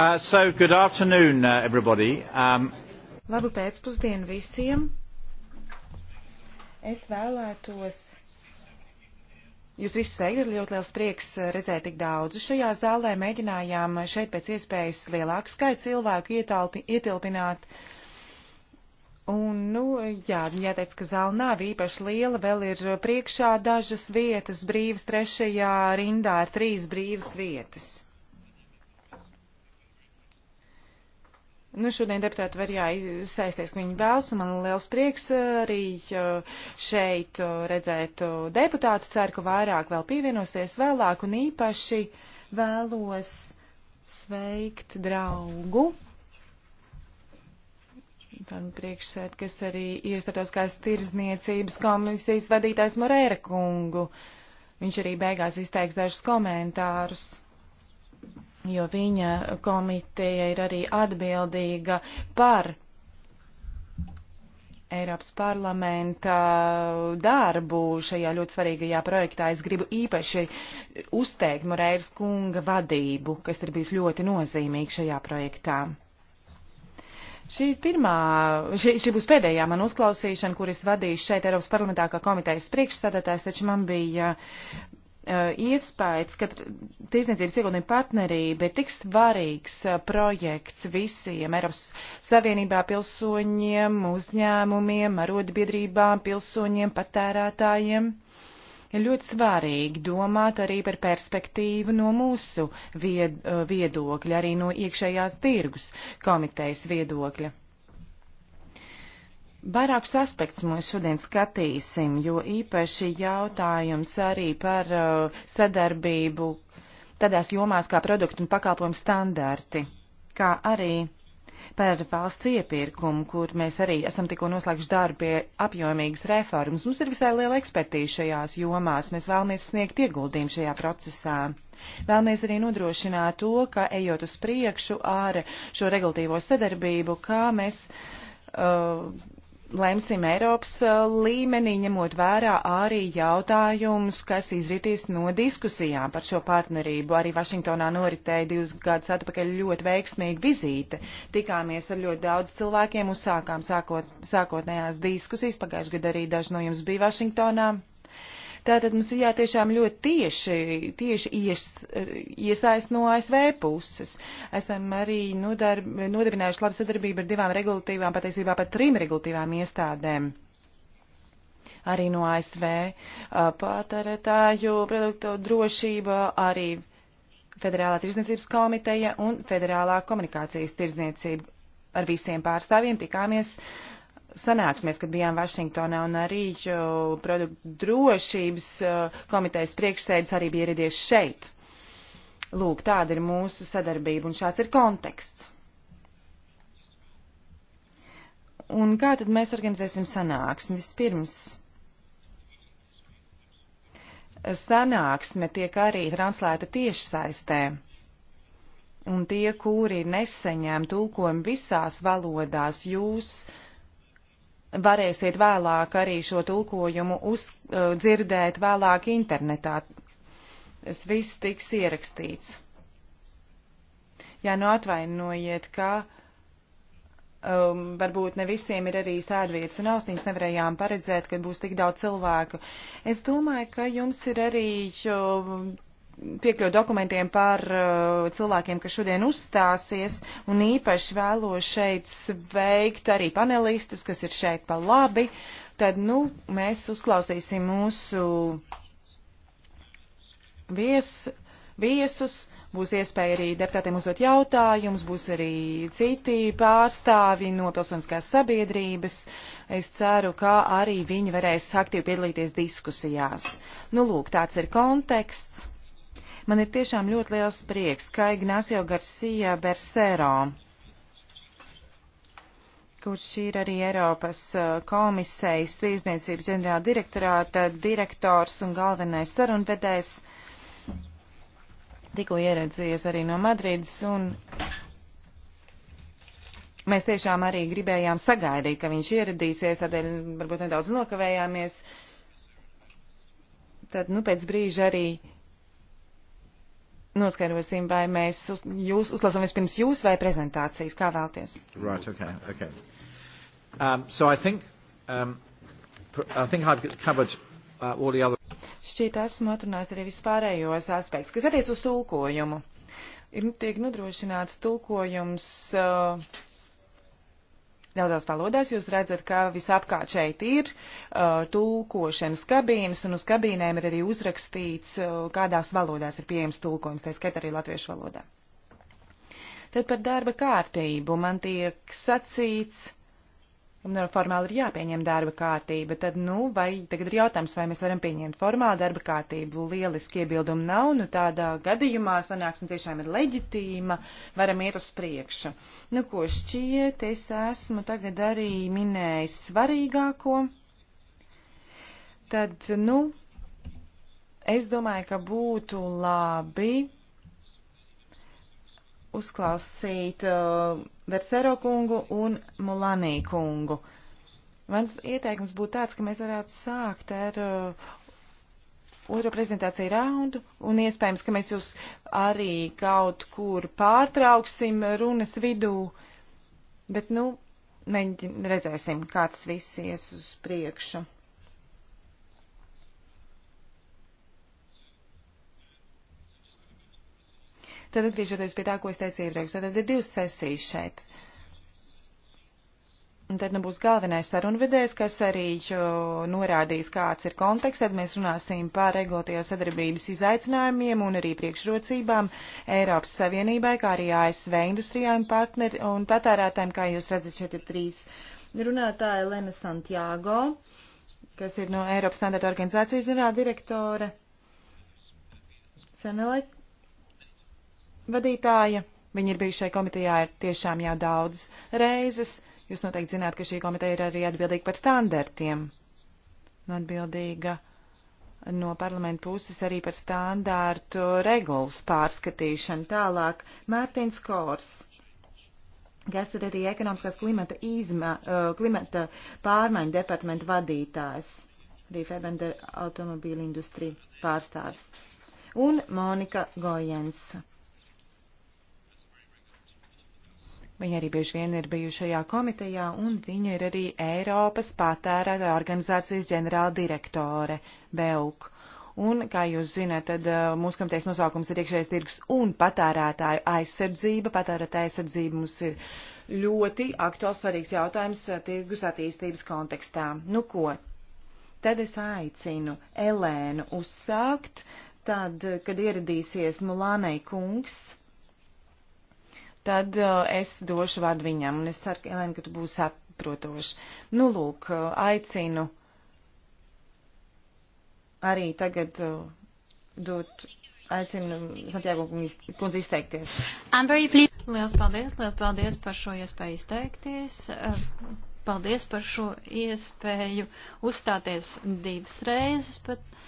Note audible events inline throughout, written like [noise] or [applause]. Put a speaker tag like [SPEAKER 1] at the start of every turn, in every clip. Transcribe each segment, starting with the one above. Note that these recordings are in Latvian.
[SPEAKER 1] Uh, so, good afternoon, uh, everybody. Um,
[SPEAKER 2] Labu pēcpusdienu visiem. Es vēlētos jūs visus sveikt. Ir ļoti liels prieks uh, redzēt tik daudzu šajā zālē. Mēģinājām uh, šeit pēc iespējas lielāku skaitu cilvēku ietalpi, ietilpināt. Un, nu, jā, jāteic, ka zāle nav īpaši liela, vēl ir priekšā dažas vietas brīvas, trešajā rindā ir trīs brīvas vietas. Nu, šodien deputāti var jāsaisties, ka viņi vēlas, un man liels prieks eh, arī eh, šeit eh, redzēt deputātus. Ceru, ka vairāk vēl pievienosies vēlāk, un īpaši vēlos sveikt draugu. Priekšsēd, kas arī ir starptautiskās tirzniecības komisijas vadītājs Morēra kungu. Viņš arī beigās izteiks dažus komentārus jo viņa komiteja ir arī atbildīga par Eiropas parlamenta darbu šajā ļoti svarīgajā projektā. Es gribu īpaši uzteikt Moreiras kunga vadību, kas ir bijis ļoti nozīmīga šajā projektā. Šī, pirmā, šī, šī būs pēdējā man uzklausīšana, kur es vadīšu šeit Eiropas parlamentā kā komitejas priekšstādātājs, taču man bija Uh, iespējas, ka tirsniecības ieguldījuma partnerība ir tik svarīgs uh, projekts visiem Eiropas Savienībā pilsoņiem, uzņēmumiem, arotbiedrībām, pilsoņiem, patērētājiem. Ir ļoti svarīgi domāt arī par perspektīvu no mūsu vied uh, viedokļa, arī no iekšējās tirgus komitejas viedokļa. Vairākus aspektus mēs šodien skatīsim, jo īpaši jautājums arī par uh, sadarbību tādās jomās kā produktu un pakalpojumu standarti, kā arī par valsts iepirkumu, kur mēs arī esam tikko noslēguši darbu pie apjomīgas reformas. Mums ir visai liela ekspertīze šajās jomās, mēs vēlamies sniegt ieguldījumu šajā procesā. Vēlamies arī nodrošināt to, ka ejot uz priekšu ar šo regulatīvo sadarbību, kā mēs. Uh, lemsim Eiropas uh, līmenī, ņemot vērā arī jautājumus, kas izritīs no diskusijām par šo partnerību. Arī Vašingtonā noritēja divus gadus atpakaļ ļoti veiksmīga vizīte. Tikāmies ar ļoti daudz cilvēkiem, uzsākām sākot, sākotnējās diskusijas, pagājušajā gadā arī daži no jums bija Vašingtonā. Tātad mums ir jātiešām ļoti tieši, tieši ies, iesaist no ASV puses. Esam arī nodarb, nodarbinājuši labu sadarbību ar divām regulatīvām, patiesībā pat trim regulatīvām iestādēm arī no ASV patērētāju produktu drošība, arī Federālā tirzniecības komiteja un Federālā komunikācijas tirzniecība. Ar visiem pārstāvjiem tikāmies sanāksmēs, kad bijām Vašingtonā un arī produktu drošības eh, komitejas priekšsēdis arī bija ieradies šeit. Lūk, tāda ir mūsu sadarbība un šāds ir konteksts. Un kā tad mēs organizēsim sanāksmi? Vispirms sanāksme tiek arī translēta tiešsaistē un tie, kuri neseņēma tulkojumu visās valodās, jūs varēsiet vēlāk arī šo tulkojumu uzdzirdēt eh, vēlāk internetā. Tas viss tiks ierakstīts. Jā, nu atvainojiet, ka um, varbūt ne visiem ir arī sēdvietas un austiņas nevarējām paredzēt, kad būs tik daudz cilvēku. Es domāju, ka jums ir arī um, piekļūt dokumentiem par uh, cilvēkiem, kas šodien uzstāsies, un īpaši vēlos šeit sveikt arī panelistus, kas ir šeit pa labi. Tad, nu, mēs uzklausīsim mūsu vies, viesus, būs iespēja arī deputātiem uzdot jautājumus, būs arī citi pārstāvi no pilsoniskās sabiedrības. Es ceru, ka arī viņi varēs aktīvi piedalīties diskusijās. Nu, lūk, tāds ir konteksts. Man ir tiešām ļoti liels prieks, ka Ignācio Garcia Bersero, kurš ir arī Eiropas uh, komisijas tirzniecības ģenerāla direktorāta direktors un galvenais sarunvedējs, tikko ieradzies arī no Madrides un mēs tiešām arī gribējām sagaidīt, ka viņš ieradīsies, tādēļ varbūt nedaudz nokavējāmies. Tad, nu, pēc brīža arī noskaidrosim, vai mēs uz, jūs uzklausām vispirms jūs vai prezentācijas, kā vēlties.
[SPEAKER 1] Right, okay, okay. Um, so I think, um, I think I've covered uh, all the other.
[SPEAKER 2] Šķiet esmu atrunājis arī vispārējos aspektus, kas attiec uz tulkojumu. Ir tiek nodrošināts tulkojums uh, daudzās valodās. Jūs redzat, ka visapkārt šeit ir uh, tulkošanas kabīnes, un uz kabīnēm ir arī uzrakstīts, uh, kādās valodās ir pieejams tulkojums, tā skaitā arī latviešu valodā. Tad par darba kārtību man tiek sacīts, Un formāli ir jāpieņem darba kārtība. Tad, nu, vai tagad ir jautājums, vai mēs varam pieņemt formālu darba kārtību? Lieliski iebildumi nav, nu tādā gadījumā sanāksme tiešām ir leģitīma, varam iet uz priekšu. Nu, ko šķiet, es esmu tagad arī minējis svarīgāko. Tad, nu, es domāju, ka būtu labi uzklausīt uh, Versero kungu un Mulanī kungu. Mans ieteikums būtu tāds, ka mēs varētu sākt ar uh, otro prezentāciju raundu, un iespējams, ka mēs jūs arī kaut kur pārtrauksim runas vidū, bet, nu, mēģināsim, redzēsim, kā tas viss ies uz priekšu. Tad atgriežoties pie tā, ko es teicu iepriekš, tad ir divas sesijas šeit. Un tad nu būs galvenais sarunvedējs, kas arī norādīs, kāds ir konteksts. Tad mēs runāsim par regulatīvās sadarbības izaicinājumiem un arī priekšrocībām Eiropas Savienībai, kā arī ASV industrijai un, partneri, un patērētājiem, kā jūs redzat, šeit ir trīs runātāji - Lena Santiago, kas ir no Eiropas standarta organizācijas zinā direktore, Senelek vadītāja. Viņi ir bijuši šai komitejā tiešām jau daudz reizes. Jūs noteikti zināt, ka šī komiteja ir arī atbildīga par standartiem. Un atbildīga no parlamenta puses arī par standārtu regulas pārskatīšanu. Tālāk, Mārtiņš Kors kas ir arī ekonomiskās klimata, izma, uh, klimata pārmaiņu departamenta vadītājs, arī Ferbender automobīļa industrija pārstāvs, un Monika Gojens, Viņa arī bieži vien ir bijušajā komitejā, un viņa ir arī Eiropas patērētāja organizācijas ģenerāla direktore BEUK. Un, kā jūs zināt, tad uh, mūsu komitejas nosaukums ir iekšējais tirgus un patērētāju aizsardzība. Patērētāja aizsardzība mums ir ļoti aktuāls svarīgs jautājums uh, tirgus attīstības kontekstā. Nu ko? Tad es aicinu Elēnu uzsākt, tad, kad ieradīsies Mulānei kungs tad uh, es došu vārdu viņam, un es ceru, ka, Elēna, ka tu būsi saprotoši. Nu, lūk, uh, aicinu arī tagad uh, dot, aicinu Santiago kundzi izteikties.
[SPEAKER 3] Liels paldies, liels paldies par šo iespēju izteikties. Uh, paldies par šo iespēju uzstāties divas reizes, bet. Uh,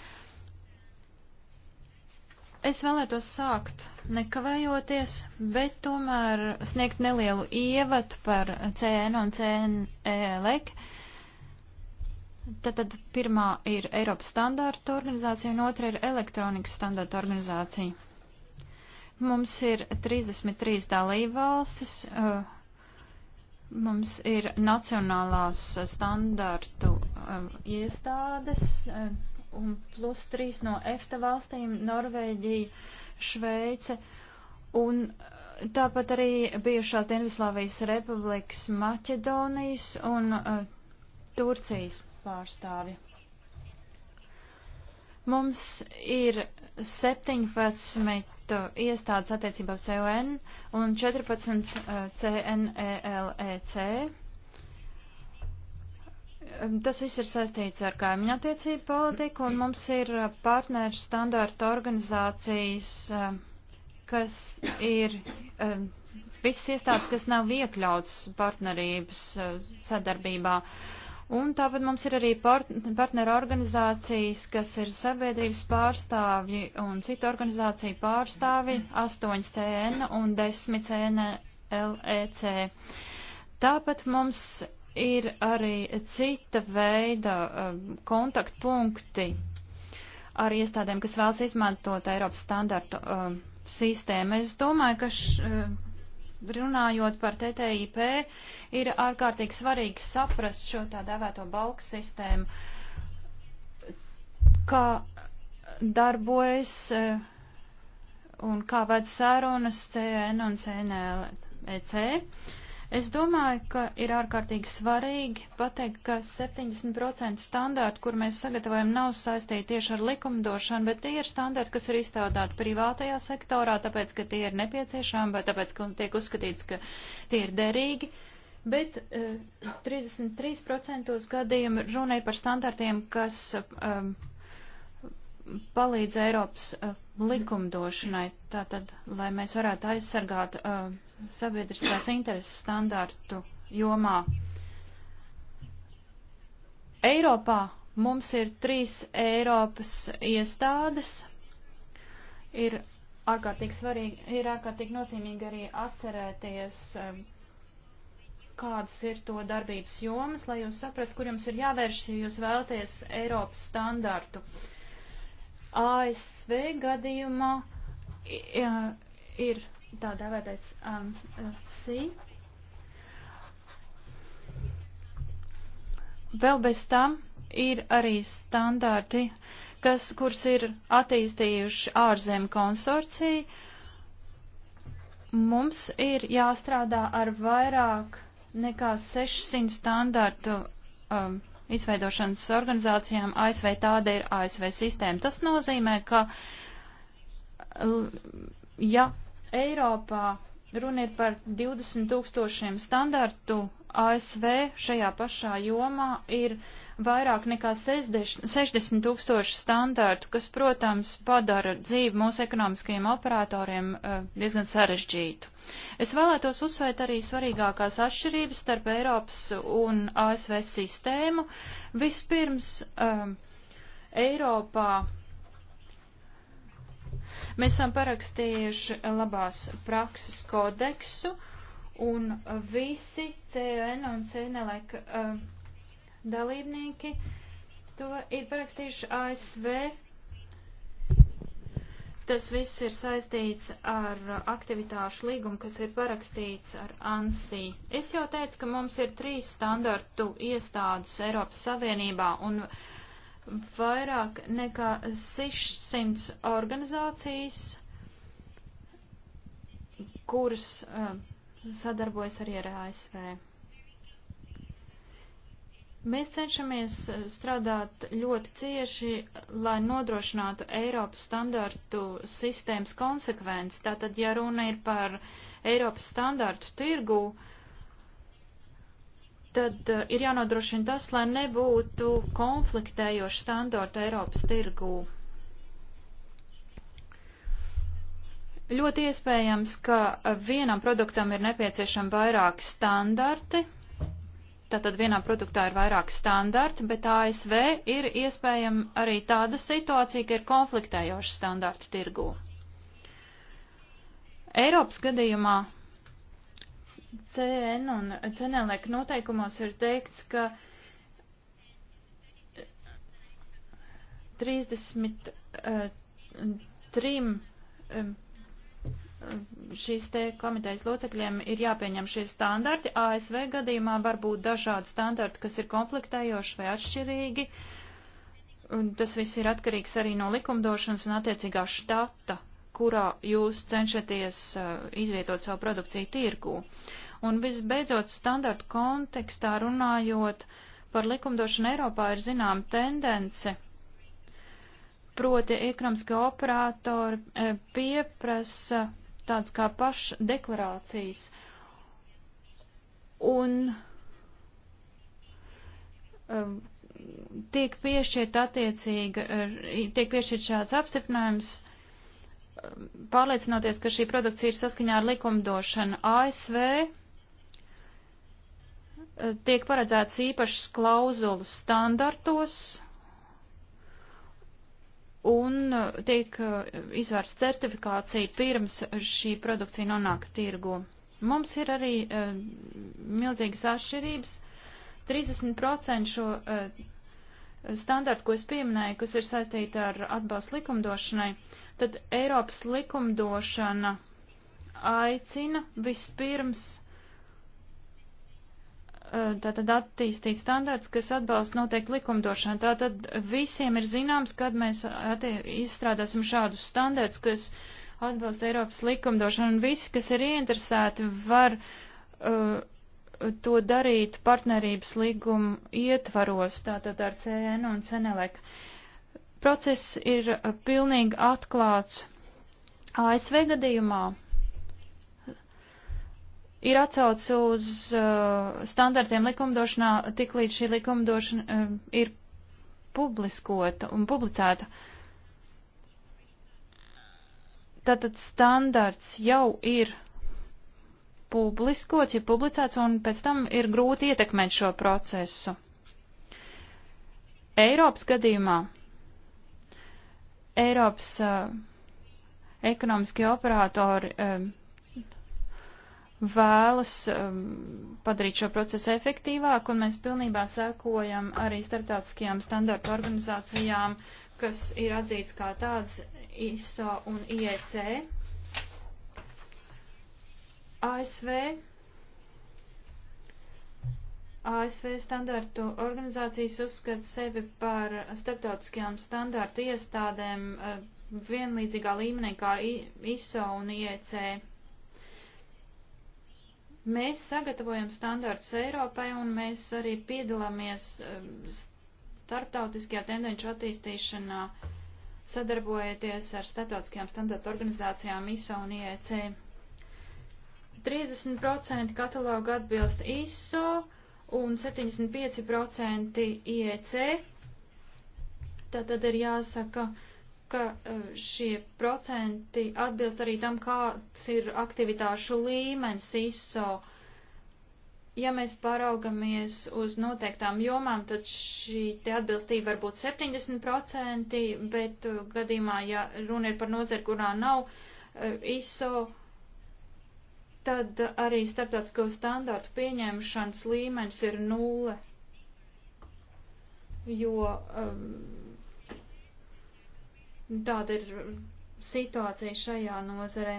[SPEAKER 3] Es vēlētos sākt nekavējoties, bet tomēr sniegt nelielu ievadu par CN un CNELEC. Tātad e e pirmā ir Eiropas standārta organizācija un otra ir elektronikas standārta organizācija. Mums ir 33 dalībvalstis, eh, mums ir nacionālās standārtu eh, iestādes eh, un plus 3 no EFTA valstīm - Norvēģija, Šveice un uh, tāpat arī bijušās Dienvidslāvijas republikas Maķedonijas un uh, Turcijas pārstāvi. Mums ir 17 uh, iestādes attiecībā uz CON un 14 uh, CNELEC. Tas viss ir saistīts ar kaimiņu attiecību politiku, un mums ir eh, partneru standārta organizācijas, eh, kas ir visas iestādes, kas nav iekļauts partnerības eh, sadarbībā. Un tāpat mums ir arī partneru organizācijas, kas ir sabiedrības pārstāvji un citu organizāciju pārstāvji, 8 CN un 10 CNLEC. Tāpat mums ir arī cita veida um, kontaktpunkti ar iestādēm, kas vēlas izmantot Eiropas standartu um, sistēmu. Es domāju, ka š, um, runājot par TTIP, ir ārkārtīgi svarīgi saprast šo tā dēvēto balku sistēmu, kā darbojas uh, un kā ved sarunas CN un CNLEC. Es domāju, ka ir ārkārtīgi svarīgi pateikt, ka 70% standārti, kur mēs sagatavojam, nav saistīti tieši ar likumdošanu, bet tie ir standārti, kas ir izstrādāti privātajā sektorā, tāpēc, ka tie ir nepieciešami vai tāpēc, ka tiek uzskatīts, ka tie ir derīgi. Bet uh, eh, 33% gadījumu runa ir par standartiem, kas um, uh, palīdz Eiropas uh, likumdošanai, tātad, lai mēs varētu aizsargāt uh, sabiedriskās intereses standārtu jomā. Eiropā mums ir trīs Eiropas iestādes. Ir ārkārtīgi svarīgi, ir ārkārtīgi nozīmīgi arī atcerēties, um, kādas ir to darbības jomas, lai jūs saprastu, kur jums ir jāvērš, ja jūs vēlaties Eiropas standārtu. Uh, ASV gadījumā ir tā dēvētais um, C. Vēl bez tam ir arī standarti, kas, kurus ir attīstījuši ārzem konsorcija. Mums ir jāstrādā ar vairāk nekā 600 standartu um, izveidošanas organizācijām ASV tāda ir ASV sistēma. Tas nozīmē, ka ja Eiropā runa ir par 20 tūkstošiem standartu, ASV šajā pašā jomā ir vairāk nekā 60 tūkstošu standārtu, kas, protams, padara dzīvi mūsu ekonomiskajiem operatoriem eh, diezgan sarežģītu. Es vēlētos uzsvērt arī svarīgākās atšķirības starp Eiropas un ASV sistēmu. Vispirms, eh, Eiropā mēs esam parakstījuši labās prakses kodeksu, un visi CN un CNLEK. Uh, dalībnieki. To ir parakstījuši ASV. Tas viss ir saistīts ar aktivitāšu līgumu, kas ir parakstīts ar ANSI. Es jau teicu, ka mums ir trīs standartu iestādes Eiropas Savienībā un vairāk nekā 600 organizācijas, kuras uh, sadarbojas arī ar ASV. Mēs cenšamies eh, strādāt ļoti cieši, lai nodrošinātu Eiropas standartu sistēmas konsekvenci. Tātad, ja runa ir par Eiropas standartu tirgu, tad eh, ir jānodrošina tas, lai nebūtu konfliktējoši standarti Eiropas tirgū. Ļoti iespējams, ka vienam produktam ir nepieciešami vairāki standarti, Tātad vienā produktā ir vairāk standarti, bet ASV ir iespējama arī tāda situācija, ka ir konfliktējoši standarti tirgū. Eiropas gadījumā CN un CNLK noteikumos ir teikts, ka 33 šīs te komitejas locekļiem ir jāpieņem šie standarti. ASV gadījumā var būt dažādi standarti, kas ir konfliktējoši vai atšķirīgi. Tas viss ir atkarīgs arī no likumdošanas un attiecīgā štata, kurā jūs cenšaties eh, izvietot savu produkciju tirgū. Un visbeidzot, standartu kontekstā runājot par likumdošanu Eiropā ir zinām tendence proti ekonomiskie operatori eh, pieprasa tāds kā pašdeklarācijas. Un um, tiek piešķirt attiecīga, uh, tiek piešķirt šāds apstiprinājums, um, pārliecinoties, ka šī produkcija ir saskaņā ar likumdošanu ASV. Uh, tiek paredzēts īpašas klauzulas standartos, un uh, tiek uh, izvērsta certifikācija pirms šī produkcija nonāk tirgu. Mums ir arī uh, milzīgas atšķirības. 30% šo uh, standartu, ko es pieminēju, kas ir saistīta ar atbalstu likumdošanai, tad Eiropas likumdošana aicina vispirms Eh, tātad attīstīt standārts, kas atbalsta noteikti likumdošanu. Tātad visiem ir zināms, kad mēs izstrādāsim šādus standārts, kas atbalsta Eiropas likumdošanu, un visi, kas ir ieinteresēti, var uh, to darīt partnerības līguma ietvaros, tātad ar CN un CNLEK. Process ir pilnīgi atklāts ASV gadījumā ir atsauc uz uh, standartiem likumdošanā, tik līdz šī likumdošana uh, ir publiskota un publicēta. Tātad standarts jau ir publiskots, ir publicēts, un pēc tam ir grūti ietekmēt šo procesu. Eiropas gadījumā Eiropas uh, ekonomiskie operatori uh, vēlas um, padarīt šo procesu efektīvāku, un mēs pilnībā sekojam arī starptautiskajām standartu organizācijām, kas ir atzīts kā tādas ISO un IEC. ASV ASV standartu organizācijas uzskata sevi par starptautiskajām standartu iestādēm uh, vienlīdzīgā līmenī kā ISO un IEC. Mēs sagatavojam standārts Eiropai un mēs arī piedalāmies um, starptautiskajā tendenču attīstīšanā, sadarbojoties ar starptautiskajām standārta organizācijām ISO un IEC. 30% katalogu atbilst ISO un 75% IEC. Tātad ir jāsaka, ka ka e, šie procenti atbilst arī tam, kāds ir aktivitāšu līmenis ISO. Ja mēs paraugamies uz noteiktām jomām, tad šī te atbilstība var būt 70%, bet e, gadījumā, ja runa ir par nozari, kurā nav e, ISO, tad arī starptautisko standārtu pieņemšanas līmenis ir nulle, jo um, Tāda ir um, situācija šajā nozarē.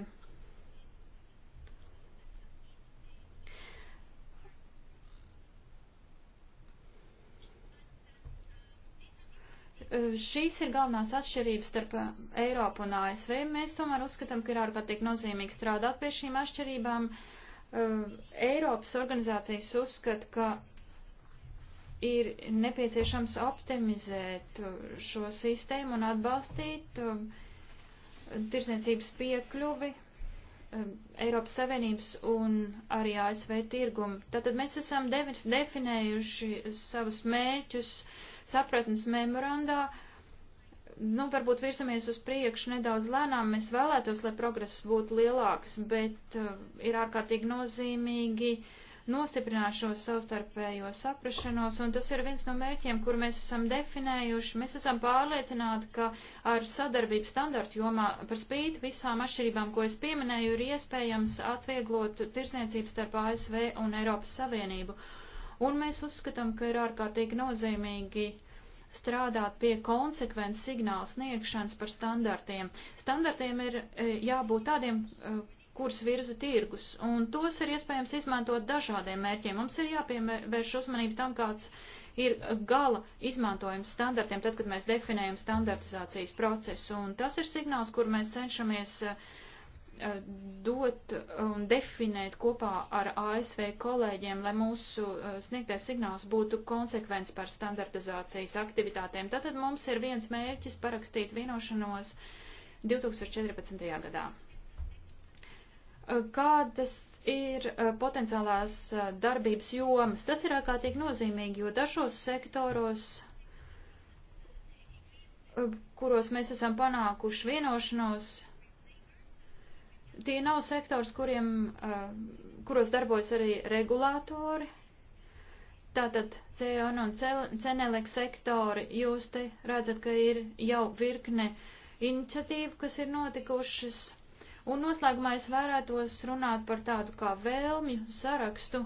[SPEAKER 3] Uh, šīs ir galvenās atšķirības starp uh, Eiropu un ASV. Mēs tomēr uzskatām, ka ir ārkārtīgi nozīmīgi strādāt pie šīm atšķirībām. Uh, Eiropas organizācijas uzskata, ka ir nepieciešams optimizēt uh, šo sistēmu un atbalstīt um, tirsniecības piekļuvi um, Eiropas Savienības un arī ASV tirgumu. Tātad mēs esam definējuši savus mērķus sapratnes memorandā. Nu, varbūt virsamies uz priekšu nedaudz lēnām. Mēs vēlētos, lai progress būtu lielāks, bet uh, ir ārkārtīgi nozīmīgi uh, nostiprināt šo savstarpējo saprašanos, un tas ir viens no mērķiem, kur mēs esam definējuši. Mēs esam pārliecināti, ka ar sadarbību standartu jomā par spīti visām atšķirībām, ko es pieminēju, ir iespējams atvieglot tirsniecības starp ASV un Eiropas Savienību. Un mēs uzskatām, ka ir ārkārtīgi nozīmīgi strādāt pie konsekvences signāla sniegšanas par standartiem. Standartiem ir e, jābūt tādiem, e, kuras virza tirgus, un tos ir iespējams izmantot dažādiem mērķiem. Mums ir jāpievērš uzmanība tam, kāds ir gala izmantojums standartiem, tad, kad mēs definējam standartizācijas procesu, un tas ir signāls, kur mēs cenšamies eh, dot un definēt kopā ar ASV kolēģiem, lai mūsu eh, sniegtais signāls būtu konsekvents par standartizācijas aktivitātēm. Tātad mums ir viens mērķis parakstīt vienošanos 2014. gadā. Eh, kādas ir eh, potenciālās eh, darbības jomas. Tas ir ārkārtīgi nozīmīgi, jo dažos sektoros, kuros mēs esam panākuši vienošanos, tie nav sektors, kuriem, kuros darbojas arī regulātori. Tātad CEON un CENELEK sektori, jūs te redzat, ka ir jau virkne iniciatīvu, kas ir notikušas Un noslēgumā es vērētos runāt par tādu kā vēlmju sarakstu,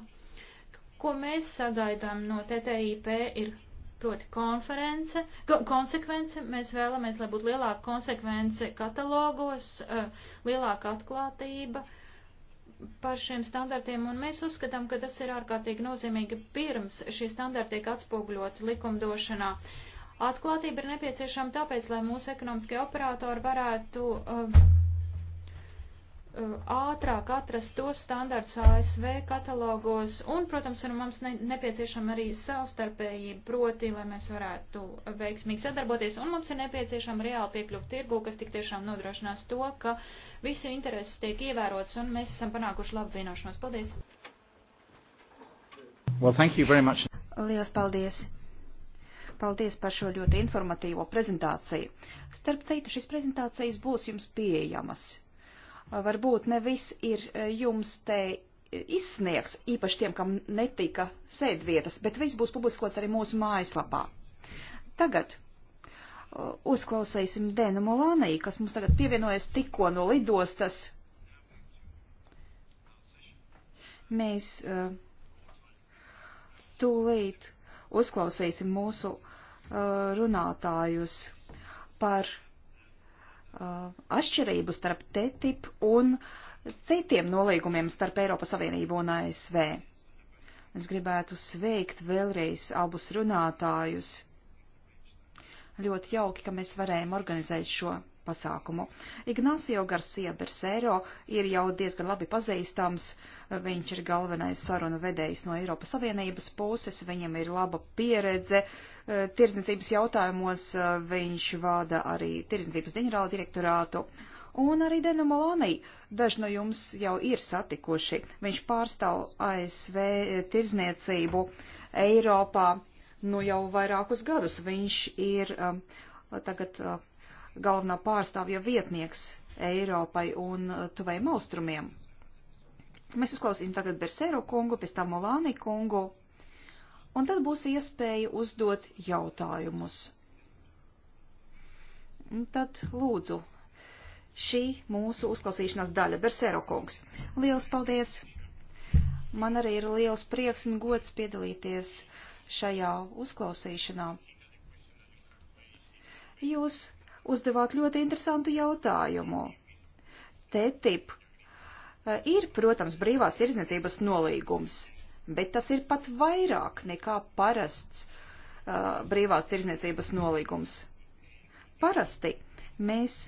[SPEAKER 3] ko mēs sagaidām no TTIP ir proti konference, ko, konsekvence. Mēs vēlamies, lai būtu lielāka konsekvence katalogos, eh, lielāka atklātība par šiem standartiem, un mēs uzskatām, ka tas ir ārkārtīgi nozīmīgi pirms šie standarti tiek atspoguļoti likumdošanā. Atklātība ir nepieciešama tāpēc, lai mūsu ekonomiskie operatori varētu uh, ātrāk atrast tos standarts ASV katalogos, un, protams, ir mums ne, nepieciešama arī savstarpējība, proti, lai mēs varētu veiksmīgi sadarboties, un mums ir nepieciešama reāli piekļuva tirgu, kas tik tiešām nodrošinās to, ka visu intereses tiek ievērots, un mēs esam panākuši labu vienošanos. Paldies!
[SPEAKER 1] Well, thank you very much.
[SPEAKER 4] Lielas paldies! Paldies par šo ļoti informatīvo prezentāciju. Starp citu, šīs prezentācijas būs jums pieejamas Varbūt ne viss ir e, jums te e, izsniegs, īpaši tiem, kam netika sēdvietas, bet viss būs publiskots arī mūsu mājaslapā. Tagad e, uzklausīsim Dēnu Mulānī, kas mums tagad pievienojas tikko no lidostas. Mēs uh, tūlīt uzklausīsim mūsu uh, runātājus par Uh, atšķirību starp TTIP un citiem nolīgumiem starp Eiropas Savienību un ASV. Es gribētu sveikt vēlreiz abus runātājus. Ļoti jauki, ka mēs varējām organizēt šo pasākumu. Ignācio Garcia Bersero ir jau diezgan labi pazīstams. Viņš ir galvenais sarunu vedējs no Eiropas Savienības puses, viņam ir laba pieredze uh, Eh, tirdzniecības jautājumos eh, viņš vada arī Tirdzniecības ģenerāla direktorātu. Un arī Denu Molonī daži no jums jau ir satikuši. Viņš pārstāv ASV eh, tirzniecību Eiropā nu jau vairākus gadus. Viņš ir um, tagad uh, galvenā pārstāvja vietnieks Eiropai un uh, tuvējiem austrumiem. Mēs uzklausīsim tagad Berseru kungu, pēc tam Molāni kungu, un tad būs iespēja uzdot jautājumus. Un tad lūdzu, šī mūsu uzklausīšanās daļa, Bersero kungs. Liels paldies! Man arī ir liels prieks un gods piedalīties šajā uzklausīšanā. Jūs uzdevāt ļoti interesantu jautājumu. TTIP eh, ir, protams, brīvās tirzniecības nolīgums bet tas ir pat vairāk nekā parasts uh, brīvās tirzniecības nolīgums. Parasti mēs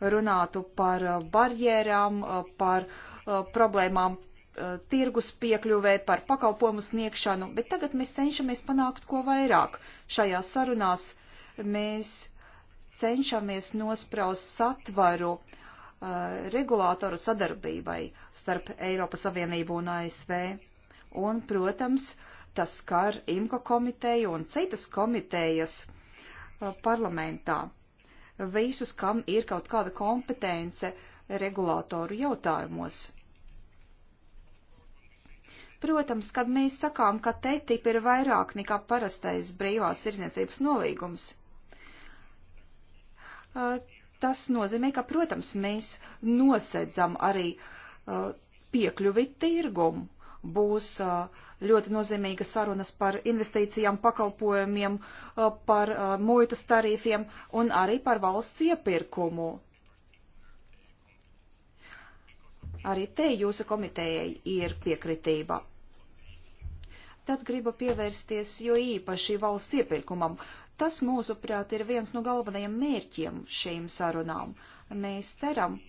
[SPEAKER 4] runātu par uh, barjerām, uh, par uh, problēmām uh, tirgus piekļuvē, par pakalpojumu sniegšanu, bet tagad mēs cenšamies panākt ko vairāk. Šajā sarunās mēs cenšamies nospraust satvaru uh, regulātoru sadarbībai starp Eiropas Savienību un ASV un, protams, tas skar IMKO komiteju un citas komitejas uh, parlamentā. Visus, kam ir kaut kāda kompetence regulātoru jautājumos. Protams, kad mēs sakām, ka TTIP ir vairāk nekā parastais brīvās tirzniecības nolīgums, uh, tas nozīmē, ka, protams, mēs nosedzam arī uh, piekļuvi tirgumu būs ļoti nozīmīga sarunas par investīcijām, pakalpojumiem, par muitas tarifiem un arī par valsts iepirkumu. Arī te jūsu komitejai ir piekritība. Tad gribu pievērsties jo īpaši valsts iepirkumam. Tas, mūsuprāt, ir viens no galvenajiem mērķiem šīm sarunām. Mēs ceram,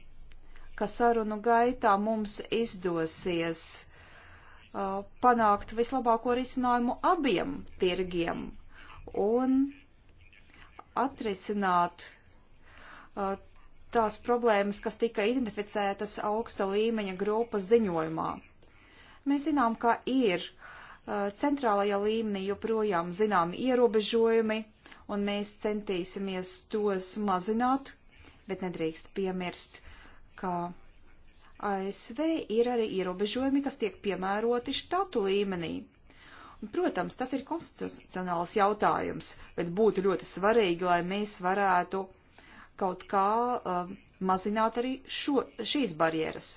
[SPEAKER 4] ka sarunu gaitā mums izdosies uh, Uh, panākt vislabāko risinājumu abiem tirgiem un atrisināt uh, tās problēmas, kas tika identificētas augsta līmeņa grupas ziņojumā. Mēs zinām, ka ir uh, centrālajā līmenī joprojām zinām ierobežojumi, un mēs centīsimies tos mazināt, bet nedrīkst piemirst, ka ASV ir arī ierobežojumi, kas tiek piemēroti štatu līmenī. Un, protams, tas ir konstitucionāls jautājums, bet būtu ļoti svarīgi, lai mēs varētu kaut kā uh, mazināt arī šo, šīs barjeras.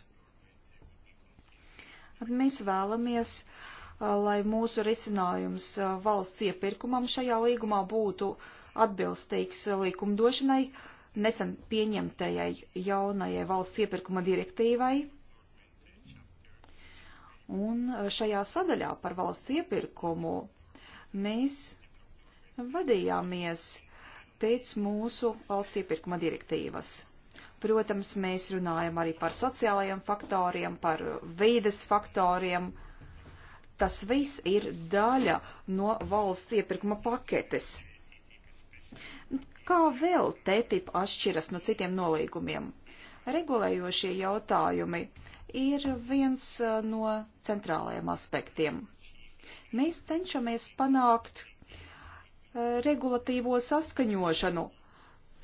[SPEAKER 4] Mēs vēlamies, uh, lai mūsu risinājums uh, valsts iepirkumam šajā līgumā būtu atbilstīgs uh, likumdošanai, uh, nesen pieņemtajai jaunajai valsts iepirkuma direktīvai. Un šajā sadaļā par valsts iepirkumu mēs vadījāmies pēc mūsu valsts iepirkuma direktīvas. Protams, mēs runājam arī par sociālajiem faktoriem, par veides faktoriem. Tas viss ir daļa no valsts iepirkuma paketes. Kā vēl TTIP atšķiras no citiem nolīgumiem? Regulējošie jautājumi ir viens eh, no centrālajiem aspektiem. Mēs cenšamies panākt eh, regulatīvo saskaņošanu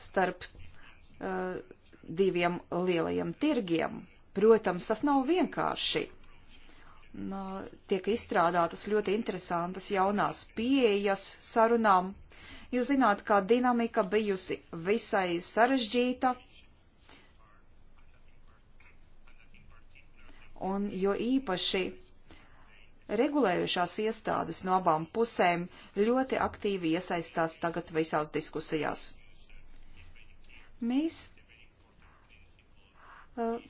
[SPEAKER 4] starp uh, diviem lielajiem tirgiem. Protams, tas nav vienkārši. Un, uh, tiek izstrādātas ļoti interesantas jaunās pieejas sarunām. Jūs zināt, kā dinamika bijusi visai sarežģīta. Un jo īpaši regulējušās iestādes no abām pusēm ļoti aktīvi iesaistās tagad visās diskusijās. Mēs uh,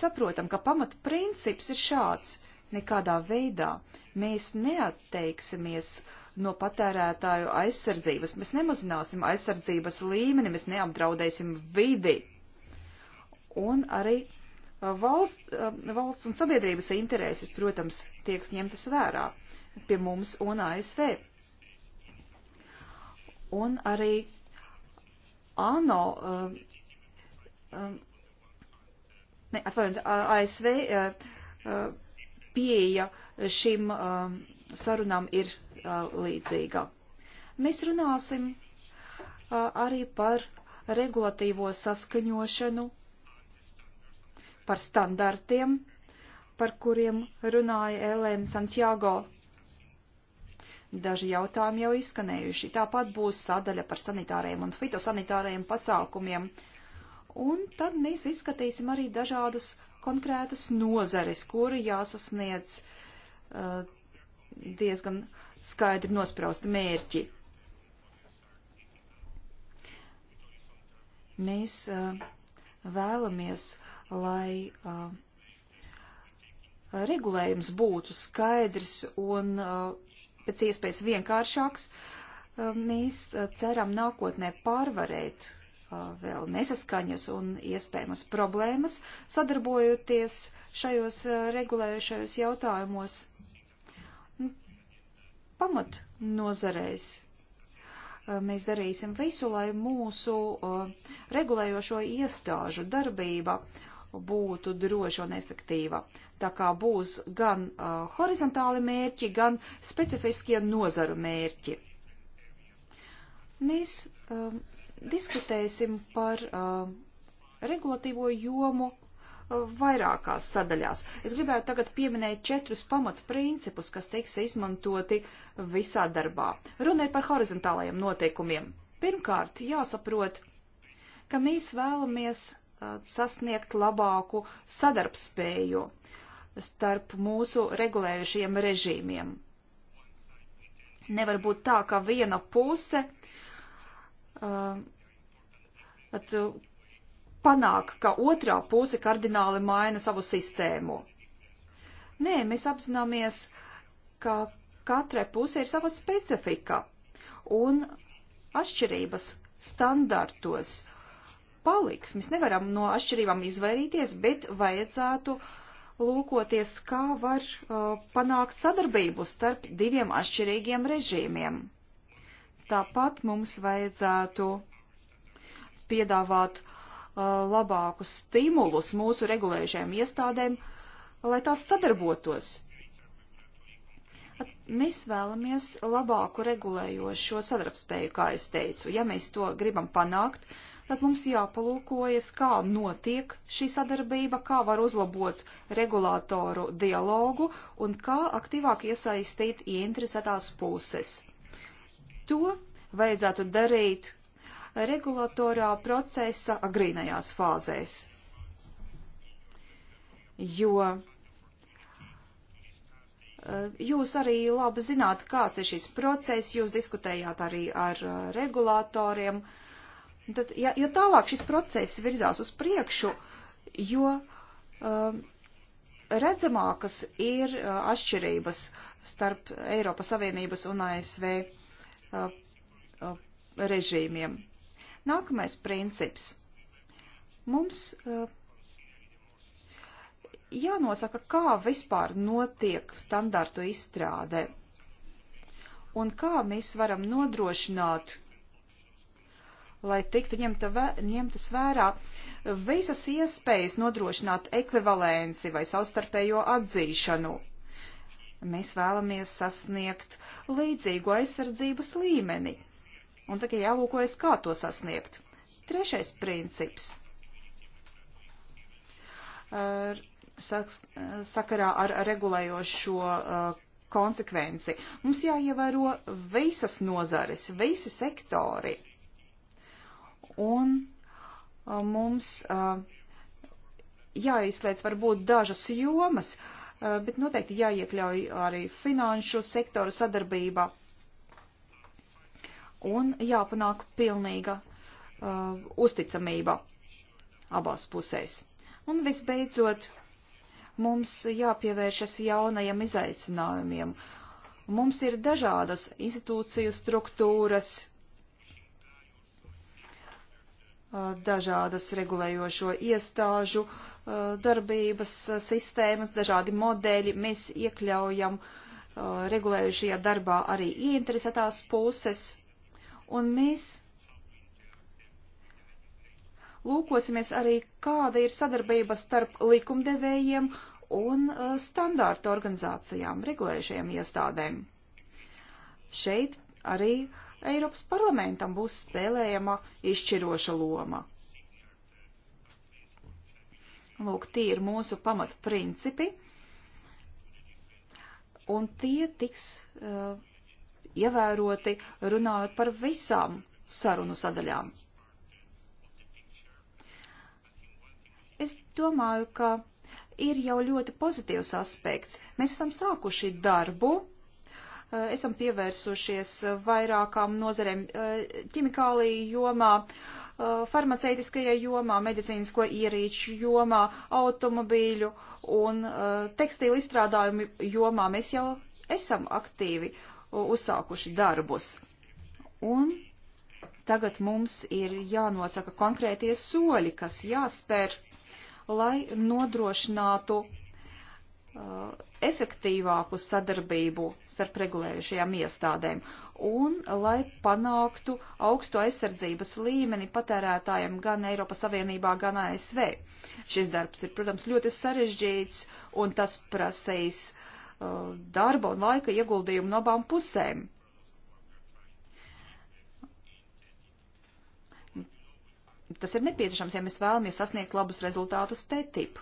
[SPEAKER 4] saprotam, ka pamatprincips ir šāds. Nekādā veidā mēs neatteiksimies uh, no patērētāju aizsardzības. Mēs nemazināsim aizsardzības līmeni, mēs neapdraudēsim vidi. Un arī uh, valsts, uh, valsts un sabiedrības intereses, protams, tiek ņemtas vērā pie mums un ASV. Un arī ANO, um, um, ne, atvainojiet, ASV uh, uh, pieeja šim um, sarunām ir uh, līdzīga. Mēs runāsim uh, arī par regulatīvo saskaņošanu, par standartiem, par kuriem runāja Elēna Santiago. Daži jautājumi jau izskanējuši. Tāpat būs sadaļa par sanitāriem un fitosanitāriem pasākumiem. Un tad mēs izskatīsim arī dažādas konkrētas nozares, kuri jāsasniedz uh, diezgan skaidri nosprausti mērķi. Mēs uh, vēlamies, lai uh, regulējums būtu skaidrs un uh, pēc iespējas vienkāršāks. Mēs ceram nākotnē pārvarēt vēl nesaskaņas un iespējamas problēmas, sadarbojoties šajos regulējušajos jautājumos pamat nozareis. Uh, mēs darīsim visu, lai mūsu uh, regulējošo iestāžu darbība būtu droša un efektīva. Tā kā būs gan uh, horizontāli mērķi, gan specifiskie nozaru mērķi. Mēs uh, diskutēsim par uh, regulatīvo jomu vairākās sadaļās. Es gribētu tagad pieminēt četrus pamatprincipus, kas tiks izmantoti visā darbā. Runa ir par horizontālajiem noteikumiem. Pirmkārt, jāsaprot, ka mēs vēlamies uh, sasniegt labāku sadarbspēju starp mūsu regulējušajiem režīmiem. Nevar būt tā, ka viena puse uh, at, panāk, ka otrā puse kardināli maina savu sistēmu. Nē, mēs apzināmies, ka katrai pusē ir sava specifika un atšķirības standartos paliks. Mēs nevaram no atšķirībām izvairīties, bet vajadzētu lūkoties, kā var uh, panākt sadarbību starp diviem atšķirīgiem režīmiem. Tāpat mums vajadzētu piedāvāt uh, Uh, labākus stimulus mūsu regulējušajām iestādēm, lai tās sadarbotos. At, mēs vēlamies labāku regulējošo sadarbspēju, kā es teicu. Ja mēs to gribam panākt, tad mums jāpalūkojas, kā notiek šī sadarbība, kā var uzlabot regulātoru dialogu un kā aktīvāk iesaistīt ieinteresētās puses. To vajadzētu darīt regulatorā procesa agrīnajās fāzēs. Jo eh, jūs arī labi zināt, kāds ir šis process, jūs diskutējāt arī ar eh, regulātoriem. Tad, ja, jo tālāk šis process virzās uz priekšu, jo um, redzamākas ir uh, atšķirības starp Eiropas Savienības un ASV uh, uh, režīmiem. Nākamais princips. Mums uh, jānosaka, kā vispār notiek standartu izstrāde un kā mēs varam nodrošināt, lai tiktu ņemta vē, ņemtas vērā visas iespējas nodrošināt ekvivalenci vai savstarpējo atzīšanu. Mēs vēlamies sasniegt līdzīgu aizsardzības līmeni un tagad jālūkojas, kā to sasniegt. Trešais princips. Ar, saks, sakarā ar regulējošo uh, konsekvenci. Mums jāievēro visas nozares, visi sektori. Un uh, mums uh, jāizslēdz varbūt dažas jomas, uh, bet noteikti jāiekļauj arī finanšu sektoru sadarbība un jāpanāk pilnīga uh, uzticamība abās pusēs. Un visbeidzot, mums jāpievēršas jaunajiem izaicinājumiem. Mums ir dažādas institūciju struktūras, uh, dažādas regulējošo iestāžu uh, darbības uh, sistēmas, dažādi modeļi. Mēs iekļaujam regulējušajā darbā arī ieinteresētās puses un mēs lūkosimies arī, kāda ir sadarbība starp likumdevējiem un uh, standārta organizācijām, regulējušajām iestādēm. Šeit arī Eiropas parlamentam būs spēlējama izšķiroša loma. Lūk, tie ir mūsu pamatprincipi, un tie tiks uh, ievēroti, runājot par visām sarunu sadaļām. Es domāju, ka ir jau ļoti pozitīvs aspekts. Mēs esam sākuši darbu, eh, esam pievērsušies vairākām nozarēm eh, ķimikālija jomā, eh, farmaceitiskajā jomā, medicīnisko ierīču jomā, automobīļu un tekstīlu izstrādājumu jomā. Mēs jau esam aktīvi uzsākuši darbus. Un tagad mums ir jānosaka konkrētie soļi, kas jāspēr, lai nodrošinātu uh, efektīvāku sadarbību starp regulējušajām iestādēm un lai panāktu augstu aizsardzības līmeni patērētājiem gan Eiropas Savienībā, gan ASV. Šis darbs ir, protams, ļoti sarežģīts un tas prasīs uh, Uh, darba un laika ieguldījumu no abām pusēm. Tas ir nepieciešams, ja mēs vēlamies sasniegt labus rezultātus TTIP.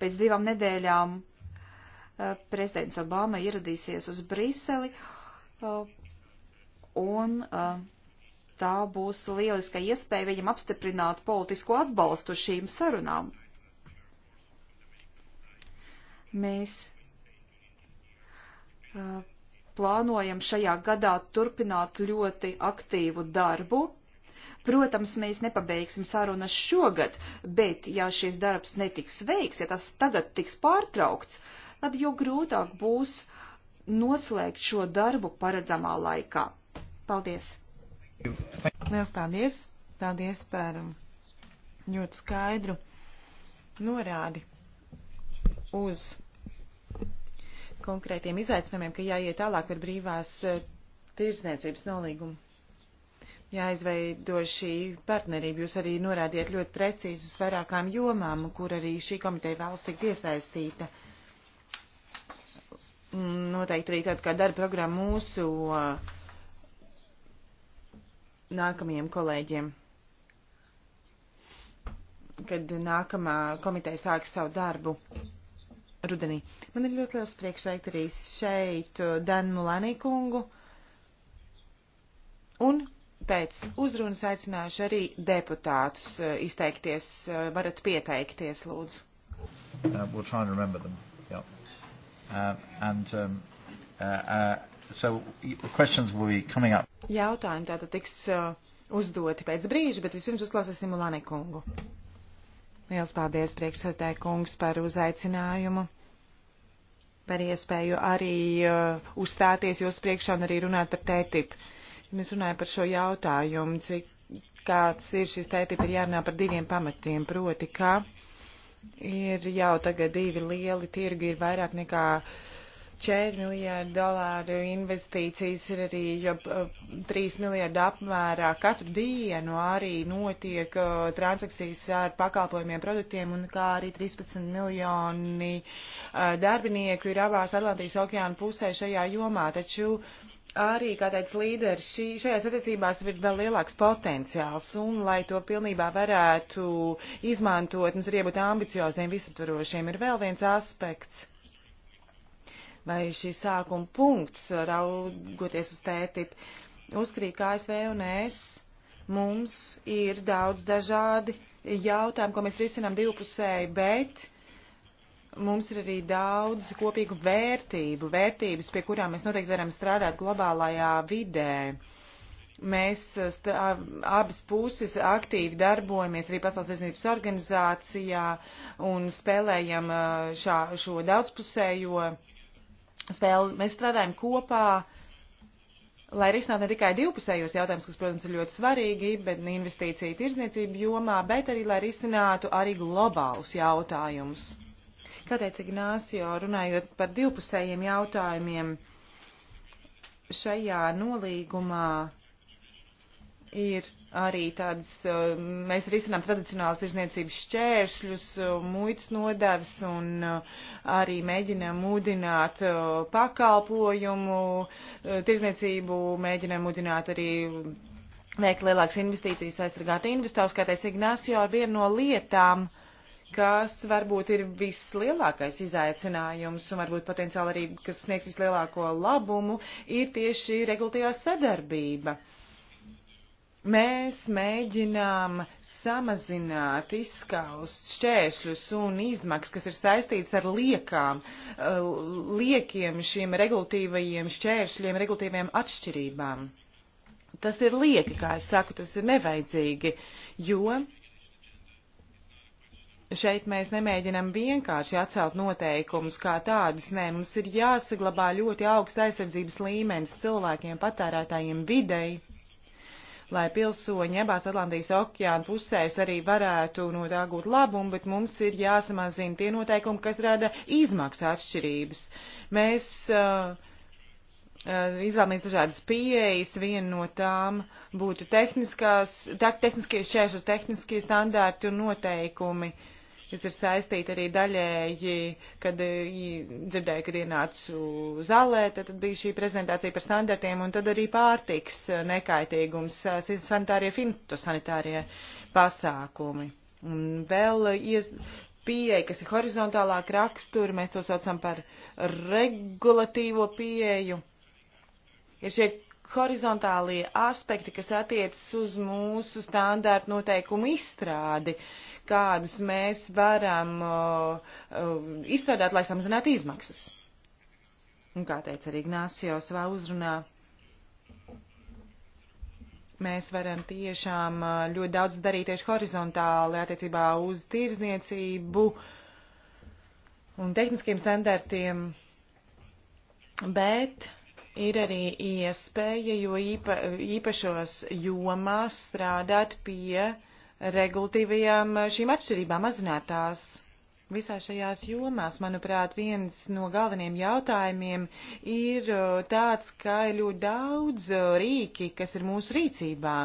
[SPEAKER 4] Pēc divām nedēļām uh, prezidents Obama ieradīsies uz Briseli, uh, un tā būs lieliska iespēja viņam apstiprināt politisko atbalstu šīm sarunām. Mēs uh, plānojam šajā gadā turpināt ļoti aktīvu darbu. Protams, mēs nepabeigsim sarunas šogad, bet ja šis darbs netiks veikts, ja tas tagad tiks pārtraukts, tad jo grūtāk būs noslēgt šo darbu paredzamā laikā. Paldies!
[SPEAKER 2] Liels paldies! Paldies par ļoti skaidru norādi uz konkrētiem izaicinājumiem, ka jāiet tālāk par brīvās eh, tirzniecības nolīgumu. Jāizveido šī partnerība. Jūs arī norādījat ļoti precīzi uz vairākām jomām, kur arī šī komiteja vēlas tikt iesaistīta. Noteikti arī tāda kā darba programma mūsu eh, nākamajiem kolēģiem kad nākamā komiteja sāks savu darbu rudenī. Man ir ļoti liels prieks veikt arī šeit uh, Danu Mulanī kungu. Un pēc uzrunas aicināšu arī deputātus uh, izteikties. Uh, varat pieteikties, lūdzu.
[SPEAKER 1] Uh, we'll try and remember them. Yeah. Uh, and um, uh, uh, so questions will be coming up.
[SPEAKER 2] Jautājumi tātad tiks uh, uzdoti pēc brīža, bet vispirms uzklausīsim Mulane kungu. Uh, Liels paldies priekšsētāji kungs par uzaicinājumu, par iespēju arī uh, uzstāties jūs priekšā un arī runāt par tētipu. Mēs runājam par šo jautājumu, cik kāds ir šis tētipa, ir jārunā par diviem pamatiem, proti, ka ir jau tagad divi lieli tirgi, ir vairāk nekā uh, 4 miljārdu dolāru investīcijas ir arī jau 3 miljārdu apmērā. Katru dienu arī notiek uh, transakcijas ar pakalpojumiem, produktiem un kā arī 13 miljoni uh, darbinieku ir abās Atlantijas okeāna pusē šajā jomā. Taču arī, kā teica līderis, šī, šajās attiecībās ir vēl lielāks potenciāls un, lai to pilnībā varētu izmantot, mums ir jābūt ambicioziem, visaptvarošiem. Ir vēl viens aspekts vai šī sākuma punkts, raugoties uz tētipu, uzkrīt kā ASV un es. Mums ir daudz dažādi jautājumi, ko mēs risinām divpusēji, bet mums ir arī daudz kopīgu vērtību, vērtības, pie kurām mēs noteikti varam strādāt globālajā vidē. Mēs stāv, abas puses aktīvi darbojamies arī Pasaules Savienības organizācijā un spēlējam šā, šo daudzpusējo uh, spēli. Mēs strādājam kopā, lai risinātu ne tikai divpusējos jautājumus, kas, protams, ir ļoti svarīgi, bet investīcija tirzniecība jomā, bet arī, lai risinātu arī globālus jautājumus. Kā teica Ignācio, runājot par divpusējiem jautājumiem, šajā nolīgumā ir arī tādas, eh, mēs risinām tradicionālas tirzniecības šķēršļus, eh, muitas nodevs un eh, arī mēģinām mudināt pakalpojumu tirzniecību, mēģinām mudināt arī veikt lielākas investīcijas, aizsargāt investors, kā teica Ignācio, ar vienu no lietām, kas varbūt ir vislielākais izaicinājums un varbūt potenciāli arī, kas sniegs vislielāko labumu, ir tieši regulatīvā sadarbība. Uh, Mēs mēģinām samazināt, izskaust šķēršļus un izmaksas, kas ir saistītas ar liekām, uh, liekiem šiem regulatīvajiem šķēršļiem, regulatīvajām atšķirībām. Tas ir lieki, kā es saku, tas ir nevajadzīgi, jo šeit mēs nemēģinam vienkārši atcelt noteikumus kā tādus. Nē, mums ir jāsaglabā ļoti augsts aizsardzības līmenis cilvēkiem, patērētājiem, videi lai pilsoņi abās Atlantijas okeāna pusēs arī varētu no tā gūt labumu, bet mums ir jāsamazina tie noteikumi, kas rada izmaksu atšķirības. Mēs uh, uh, izvēlamies dažādas pieejas, viena no tām būtu tehniskās, tehniskie šķēršļi, tehniskie standārti un noteikumi. Uh, kas ir saistīti arī daļēji, kad e, dzirdēju, kad ienācu zālē, tad, tad bija šī prezentācija par standartiem un tad arī pārtiks e, nekaitīgums, sanitārie, fitosanitārie pasākumi. Un vēl e, ies, pieeja, kas ir horizontālāk rakstura, mēs to saucam par regulatīvo pieeju. Ir šie horizontālie aspekti, kas attiecas uz mūsu standārtu noteikumu izstrādi. Uh, kādus mēs varam uh, uh, izstrādāt, lai samazinātu izmaksas. Un kā teica arī Ignācijā savā uzrunā, mēs varam tiešām uh, ļoti daudz darīt tieši horizontāli attiecībā uz tirzniecību un tehniskiem standartiem, bet ir arī iespēja, jo īpa, īpašos jomās strādāt pie uh, regulatīvajām eh, šīm atšķirībām mazinātās. Visā šajās jomās, manuprāt, viens no galvenajiem jautājumiem ir eh, tāds, ka ir ļoti daudz eh, rīki, kas ir mūsu rīcībā.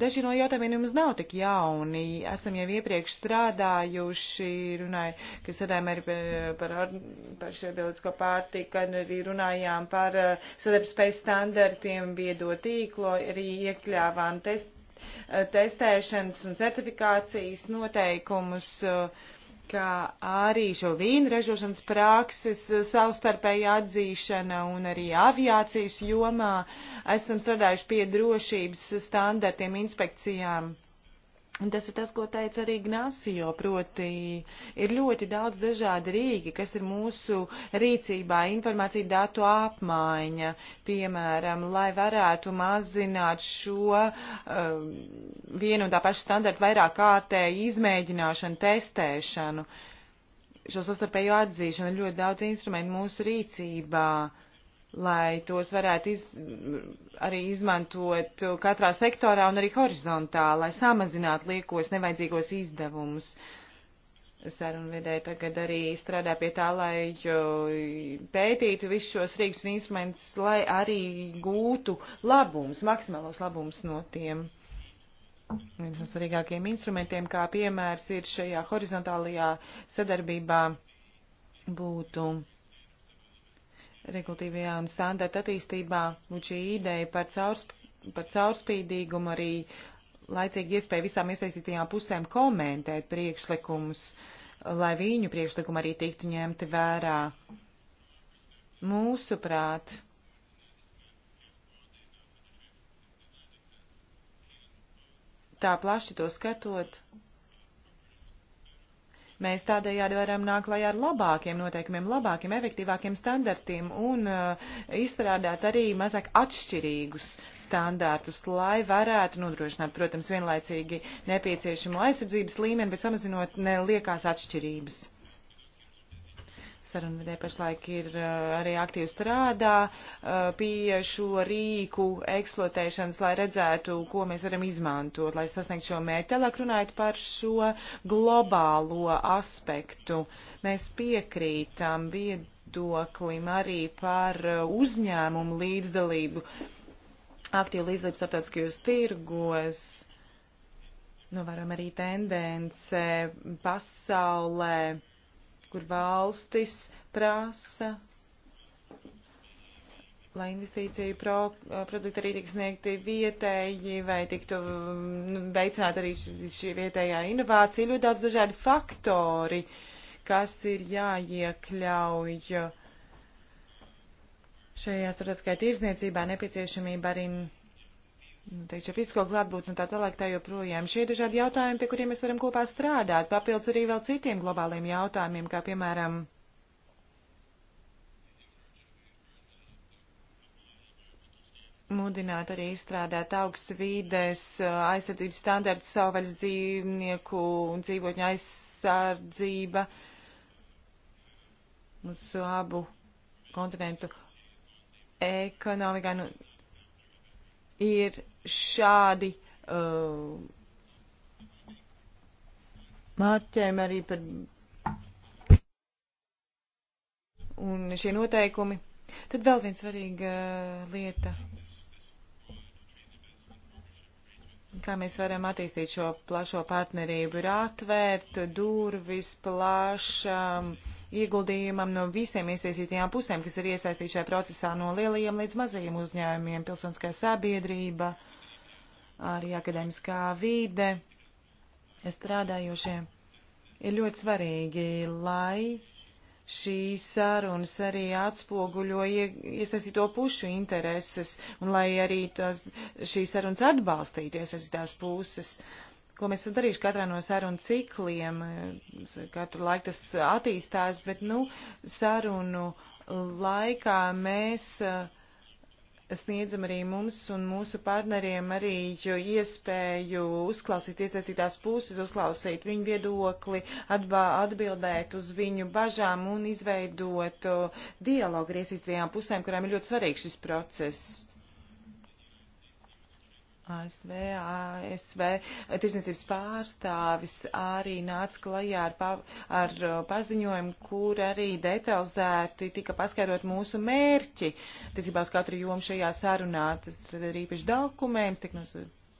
[SPEAKER 2] Daži no jautājumiem mums nav tik jauni. Esam jau iepriekš strādājuši, runāju, ka sadājām arī par, par, par šo bioloģisko pārtiku, arī runājām par sadarbspējas standartiem, viedo tīklo, arī iekļāvām test, Eh, testēšanas un certifikācijas noteikumus, eh, kā arī šo vīnu ražošanas prakses eh, savstarpēja atzīšana un arī aviācijas jomā esam strādājuši pie drošības standartiem inspekcijām Un tas ir tas, ko teica arī Gnāsijo, proti ir ļoti daudz dažādi rīki, kas ir mūsu rīcībā, informācija datu apmaiņa, piemēram, lai varētu mazināt šo um, vienu un tā pašu standartu vairāk kārtēju izmēģināšanu, testēšanu, šo sastarpēju atzīšanu, ļoti daudz instrumentu mūsu rīcībā. Uh, lai tos varētu iz, arī izmantot katrā sektorā un arī horizontāli, lai samazinātu liekos nevajadzīgos izdevumus. Sarunvedēji tagad arī strādā pie tā, lai pētītu visus šos rīks un instrumentus, lai arī gūtu labumus, maksimālos labumus no tiem. Viens no svarīgākajiem instrumentiem, kā piemērs, ir šajā horizontālajā sadarbībā būtu regulatīvajā un standarta attīstībā, un šī ideja par, caursp par caurspīdīgumu arī laicīgi iespēja visām iesaistītajām pusēm komentēt priekšlikumus, lai viņu priekšlikumi arī tiktu ņemti vērā. Mūsuprāt, tā plaši to skatot, Mēs tādējādi varam nākt klajā ar labākiem noteikumiem, labākiem, efektīvākiem standartiem un uh, izstrādāt arī mazāk atšķirīgus standārtus, lai varētu nodrošināt, protams, vienlaicīgi nepieciešamo aizsardzības līmeni, bet samazinot liekās atšķirības sarunvedē pašlaik ir eh, arī aktīvi strādā eh, pie šo rīku eksploatēšanas, lai redzētu, ko mēs varam izmantot, lai sasniegtu šo mērķi. Tālāk runājot par šo globālo aspektu, mēs piekrītam viedoklim arī par eh, uzņēmumu līdzdalību, aktīvu līdzdalību starptautiskajos tirgos. Novēram nu, arī tendence pasaulē kur valstis prasa, lai investīciju pro, eh, produkti arī tiek sniegti vietēji vai tiktu mm, veicināt arī šī vietējā inovācija. Ļoti daudz dažādi faktori, kas ir jāiekļauj šajā starptautiskajā tirzniecībā, nepieciešamība arī teikšu, fizisko klātbūtni un tā tālāk tā joprojām. Šie ir dažādi jautājumi, pie kuriem mēs varam kopā strādāt, papildus arī vēl citiem globāliem jautājumiem, kā piemēram. Mudināt arī izstrādāt augsts vides uh, aizsardzības standarts, savvaļas dzīvnieku un dzīvotņu aizsardzība uz abu kontinentu ekonomikā. Nu, ir šādi uh, mārķējumi arī par. Un šie noteikumi. Tad vēl viena svarīga uh, lieta. Kā mēs varam attīstīt šo plašo partnerību, ir atvērt durvis plašam ieguldījumam no visiem iesaistītajām pusēm, kas ir iesaistīti šajā procesā, no lielajiem līdz mazajiem uzņēmumiem, pilsoniskā sabiedrība. Uh, arī akadēmiskā vīde strādājošiem. Ir ļoti svarīgi, lai šīs sarunas arī atspoguļo iesaistīto pušu intereses un lai arī tās, šīs sarunas atbalstītu iesaistītās puses. Ko mēs tad darīšu katrā no sarunu cikliem, katru laiku tas attīstās, bet, nu, sarunu laikā mēs uh, sniedzam arī mums un mūsu partneriem arī iespēju uzklausīt iesaistītās puses, uzklausīt viņu viedokli, atbā, atbildēt uz viņu bažām un izveidot dialogu ar iesaistītajām pusēm, kurām ir ļoti svarīgs šis process. ASV, ASV tirsniecības pārstāvis arī nāca klajā ar, pa, ar paziņojumu, kur arī detalizēti tika paskaidrot mūsu mērķi, tiesībā uz katru jomu šajā sarunā. Tas ir īpaši dokuments, tik, nu,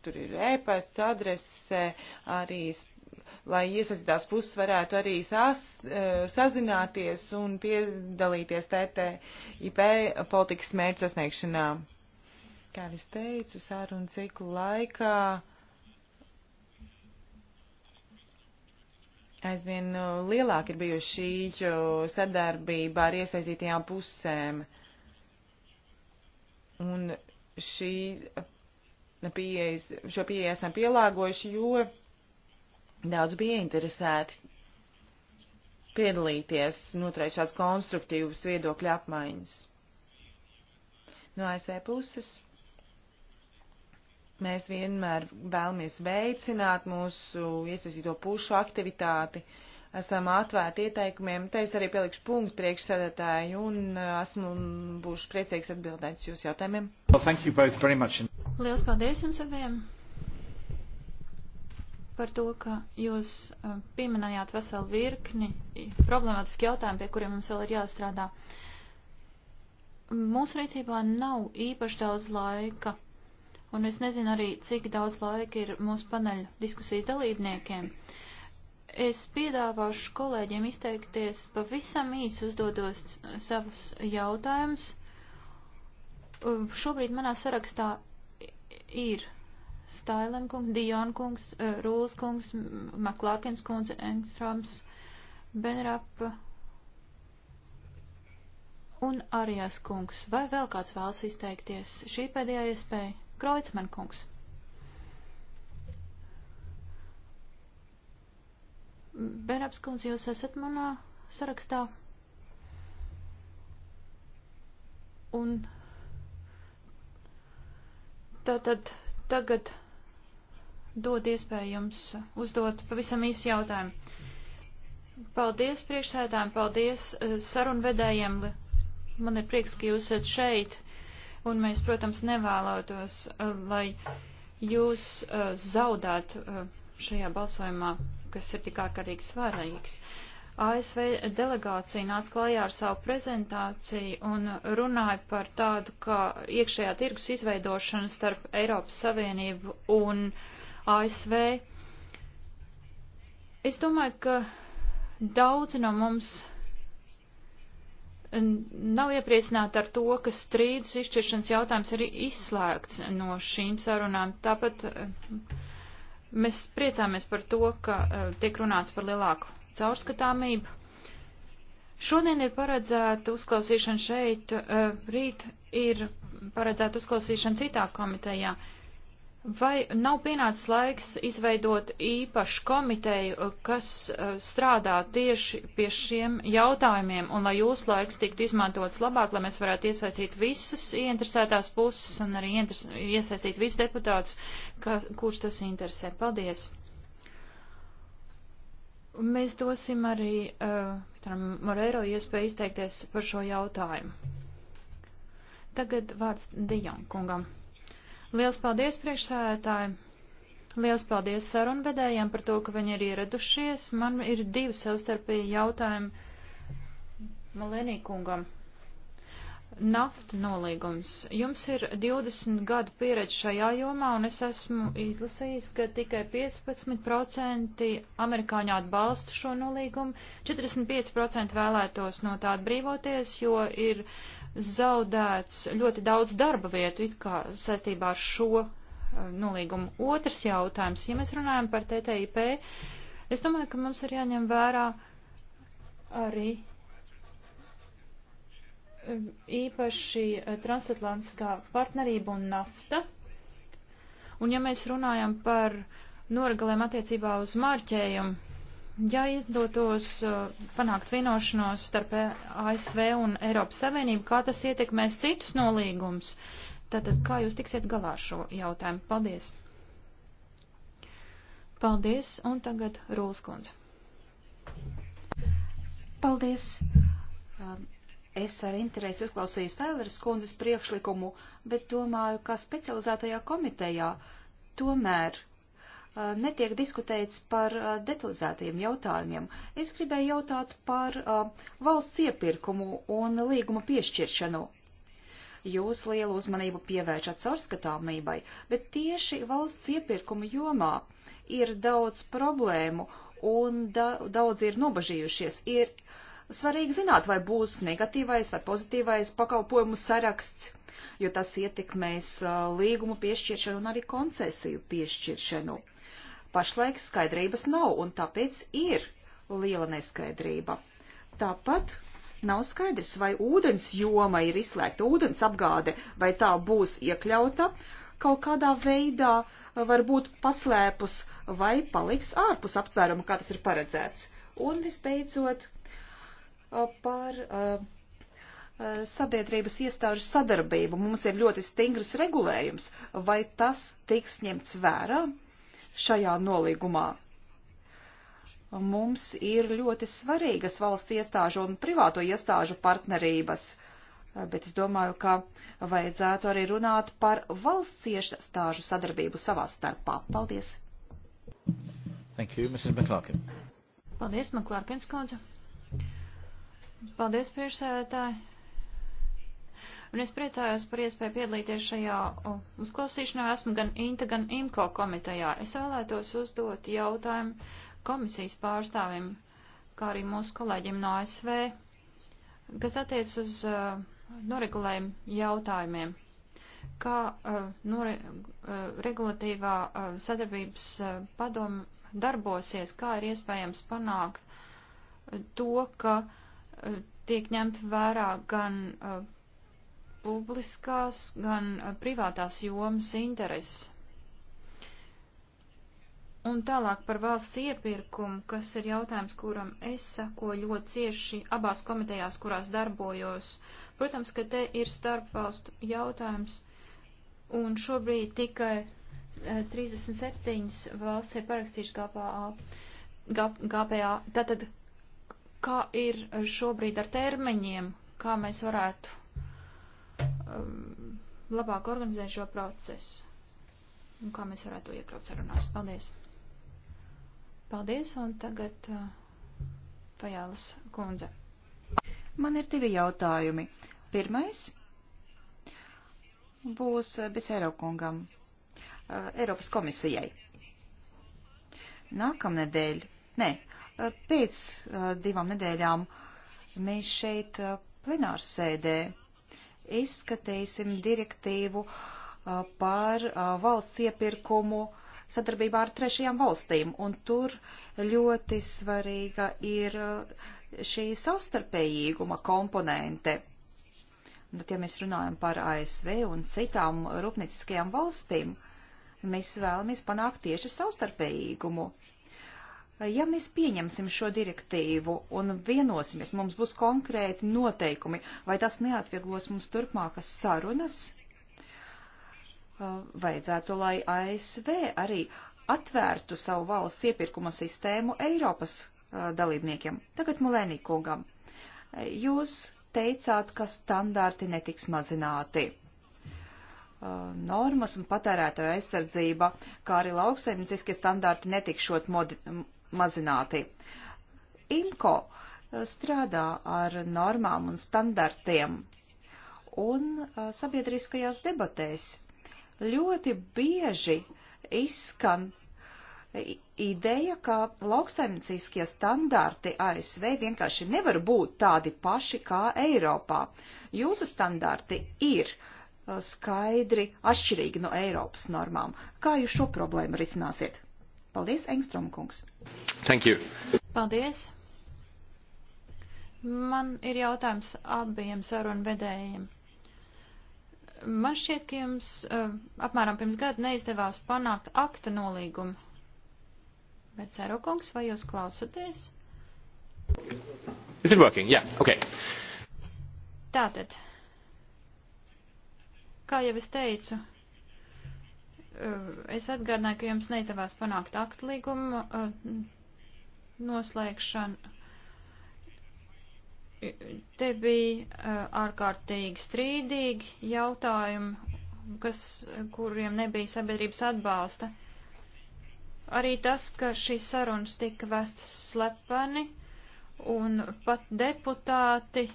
[SPEAKER 2] tur ir e-pasts, adrese, arī lai iesaistītās puses varētu arī sas, e, sazināties un piedalīties TTIP politikas mērķu sasniegšanā. Kā es teicu, sarunu ciklu laikā aizvien uh, lielāk ir bijusi šī sadarbība ar iesaistītajām pusēm. Un šī pieejas, šo pieeju esam pielāgojuši, jo daudz bija interesēti piedalīties, noturēt šāds konstruktīvs viedokļu apmaiņas. No ASV e puses Mēs vienmēr vēlamies veicināt mūsu iesaistīto pušu aktivitāti, esam atvērti ieteikumiem. Te es arī pielikšu punktu priekšsēdētāju un uh, esmu būšu priecīgs atbildēt jūsu jautājumiem.
[SPEAKER 1] Well,
[SPEAKER 3] Liels paldies jums abiem par to, ka jūs uh, pieminējāt veselu virkni problemātiski jautājumi, pie kuriem mums vēl ir jāstrādā. Mūsu rīcībā nav īpaši daudz laika un es nezinu arī, cik daudz laika ir mūsu paneļa diskusijas dalībniekiem. Es piedāvāšu kolēģiem izteikties pavisam īsi uzdodot savus jautājumus. Um, šobrīd manā sarakstā ir Stailem kungs, Dion kungs, uh, Rūls kungs, Maklārkins kungs, Engstrāms, Benrapa un Arijas kungs. Vai vēl kāds vēlas izteikties? Šī pēdējā iespēja. Kreutzmann kungs. Beraps kungs, jūs esat manā sarakstā. Un tātad tagad dod iespēju jums uzdot pavisam īsu jautājumu. Paldies priekšsēdājiem, paldies eh, sarunvedējiem. Man ir prieks, ka jūs esat šeit un mēs, protams, nevēlētos, uh, lai jūs uh, zaudāt uh, šajā balsojumā, kas ir tik ārkārtīgi svarīgs. ASV delegācija nāca klajā ar savu prezentāciju un runāja par tādu, ka iekšējā tirgus izveidošanu starp Eiropas Savienību un ASV. Es domāju, ka daudzi no mums nav iepriecināti ar to, ka strīdus izšķiršanas jautājums arī izslēgts no šīm sarunām. Tāpat eh, mēs priecāmies par to, ka eh, tiek runāts par lielāku caurskatāmību. Šodien ir paredzēta uzklausīšana šeit, eh, rīt ir paredzēta uzklausīšana citā komitejā. Uh, Vai nav pienācis laiks izveidot īpašu komiteju, uh, kas uh, strādā tieši pie šiem jautājumiem, un lai jūsu laiks tiktu izmantots labāk, lai mēs varētu iesaistīt visas ieinteresētās puses un arī iesaistīt visus deputātus, kurus tas interesē? Paldies! Mēs dosim arī uh, Morero iespēju izteikties par šo jautājumu. Tagad vārds Dijon kungam. Liels paldies priekšsēdētājiem! Liels paldies sarunvedējiem par to, ka viņi ir ieradušies. Man ir divi savstarpīgi jautājumi Malenī kungam. Nafta nolīgums. Jums ir 20 gadu pieredze šajā jomā, un es esmu izlasījis, ka tikai 15% amerikāņu atbalsta šo nolīgumu, 45% vēlētos no tā atbrīvoties, jo ir uh, zaudēts ļoti daudz darba vietu, it kā saistībā ar šo uh, nolīgumu. Otrs jautājums, ja mēs runājam par TTIP, es domāju, ka mums ir jāņem vērā arī um, īpaši uh, transatlantiskā partnerība un nafta. Un ja mēs runājam par noragalēm attiecībā uz mārķējumu, Ja izdotos uh, panākt vienošanos starp e- ASV un Eiropas Savienību, kā tas ietekmēs citus nolīgumus, tātad kā jūs tiksiet galā ar šo jautājumu? Paldies! Paldies, un tagad
[SPEAKER 4] Rūls kundze. Paldies! Um, es ar interesi uzklausīju Stēleres kundzes priekšlikumu, bet domāju, ka specializētajā komitejā tomēr Eh, netiek diskutēts par eh, detalizētajiem jautājumiem. Es gribēju jautāt par eh, valsts iepirkumu un līguma piešķiršanu. Jūs lielu uzmanību pievēršat caurskatāmībai, bet tieši valsts iepirkuma jomā ir daudz problēmu un da daudz ir nobažījušies. Ir svarīgi zināt, vai būs negatīvais vai pozitīvais pakalpojumu saraksts, jo tas ietekmēs līgumu piešķiršanu un arī koncesiju piešķiršanu Pašlaik skaidrības nav, un tāpēc ir liela neskaidrība. Tāpat nav skaidrs, vai ūdens joma ir izslēgta, ūdens apgāde, vai tā būs iekļauta kaut kādā veidā, varbūt paslēpus, vai paliks ārpus aptvēruma, kā tas ir paredzēts. Un visbeidzot, par sabiedrības iestāžu sadarbību. Mums ir ļoti stingrs regulējums, vai tas tiks ņemts vērā šajā nolīgumā. Mums ir ļoti svarīgas valsts iestāžu un privāto iestāžu partnerības, bet es domāju, ka vajadzētu arī runāt par valsts iestāžu sadarbību savā starpā. Paldies!
[SPEAKER 1] Thank you, Mrs. McClarkin.
[SPEAKER 4] Paldies, McClarkins kundze. Paldies,
[SPEAKER 3] priekšsēdētāji un es priecājos par iespēju piedalīties šajā uzklausīšanā. Esmu gan INTA, gan IMCO komitejā. Es vēlētos uzdot jautājumu komisijas pārstāvim, kā arī mūsu kolēģim no ASV, kas attiec uz uh, noregulējumu jautājumiem kā uh, no re, uh, regulatīvā uh, sadarbības uh, padoma darbosies, kā ir iespējams panākt uh, to, ka uh, tiek ņemt vērā gan uh, publiskās, gan eh, privātās jomas intereses. Un tālāk par valsts iepirkumu, kas ir jautājums, kuram es sako ļoti cieši abās komitejās, kurās darbojos. Protams, ka te ir starpvalstu jautājums, un šobrīd tikai 37 eh, valsts ir parakstījuši GPA. GPA. Tātad, kā ir šobrīd ar termiņiem, kā mēs varētu um, labāk organizēt šo procesu. Un kā mēs varētu to iekļaut sarunās. Paldies! Paldies, un tagad uh, Pajālas kundze.
[SPEAKER 4] Man ir divi jautājumi. Pirmais būs Bisēro kungam, uh, Eiropas komisijai. Nākamnedēļ, nē, uh, pēc uh, divām nedēļām mēs šeit uh, plenārsēdē izskatīsim direktīvu uh, par uh, valsts iepirkumu sadarbībā ar trešajām valstīm, un tur ļoti svarīga ir uh, šī savstarpējīguma komponente. Bet, ja mēs runājam par ASV un citām rūpnieciskajām valstīm, mēs vēlamies panākt tieši savstarpējīgumu. Uh, Ja mēs pieņemsim šo direktīvu un vienosimies, mums būs konkrēti noteikumi, vai tas neatvieglos mums turpmākas sarunas? Uh, vajadzētu, lai ASV arī atvērtu savu valsts iepirkuma sistēmu Eiropas uh, dalībniekiem. Tagad Mulēnī kungam. Jūs teicāt, ka standarti netiks mazināti uh, normas un patērētāja aizsardzība, kā arī lauksaimnieciskie standarti netikšot modi, mazināti. IMCO eh, strādā ar normām un standartiem, un eh, sabiedriskajās debatēs ļoti bieži izskan eh, ideja, ka lauksaimnieciskie standarti ASV vienkārši nevar būt tādi paši kā Eiropā. Jūsu standarti ir skaidri atšķirīgi no Eiropas normām. Kā jūs šo problēmu risināsiet? Paldies, Engstrom kungs. Thank you. Paldies. Man ir jautājums
[SPEAKER 3] abiem sarunu vedējiem. Man šķiet, ka jums uh, apmēram pirms gada neizdevās panākt akta nolīgumu. Bet Cerokungs, vai jūs klausaties?
[SPEAKER 1] Is it working? Yeah, okay.
[SPEAKER 3] Tātad, kā jau es teicu, Eh, es atgādināju, ka jums neizdevās panākt aktu līgumu eh, noslēgšanu. Te bija eh, ārkārtīgi strīdīgi jautājumi, kas, kuriem nebija sabiedrības atbalsta. Arī tas, ka šīs sarunas tika vestas slepeni un pat deputāti,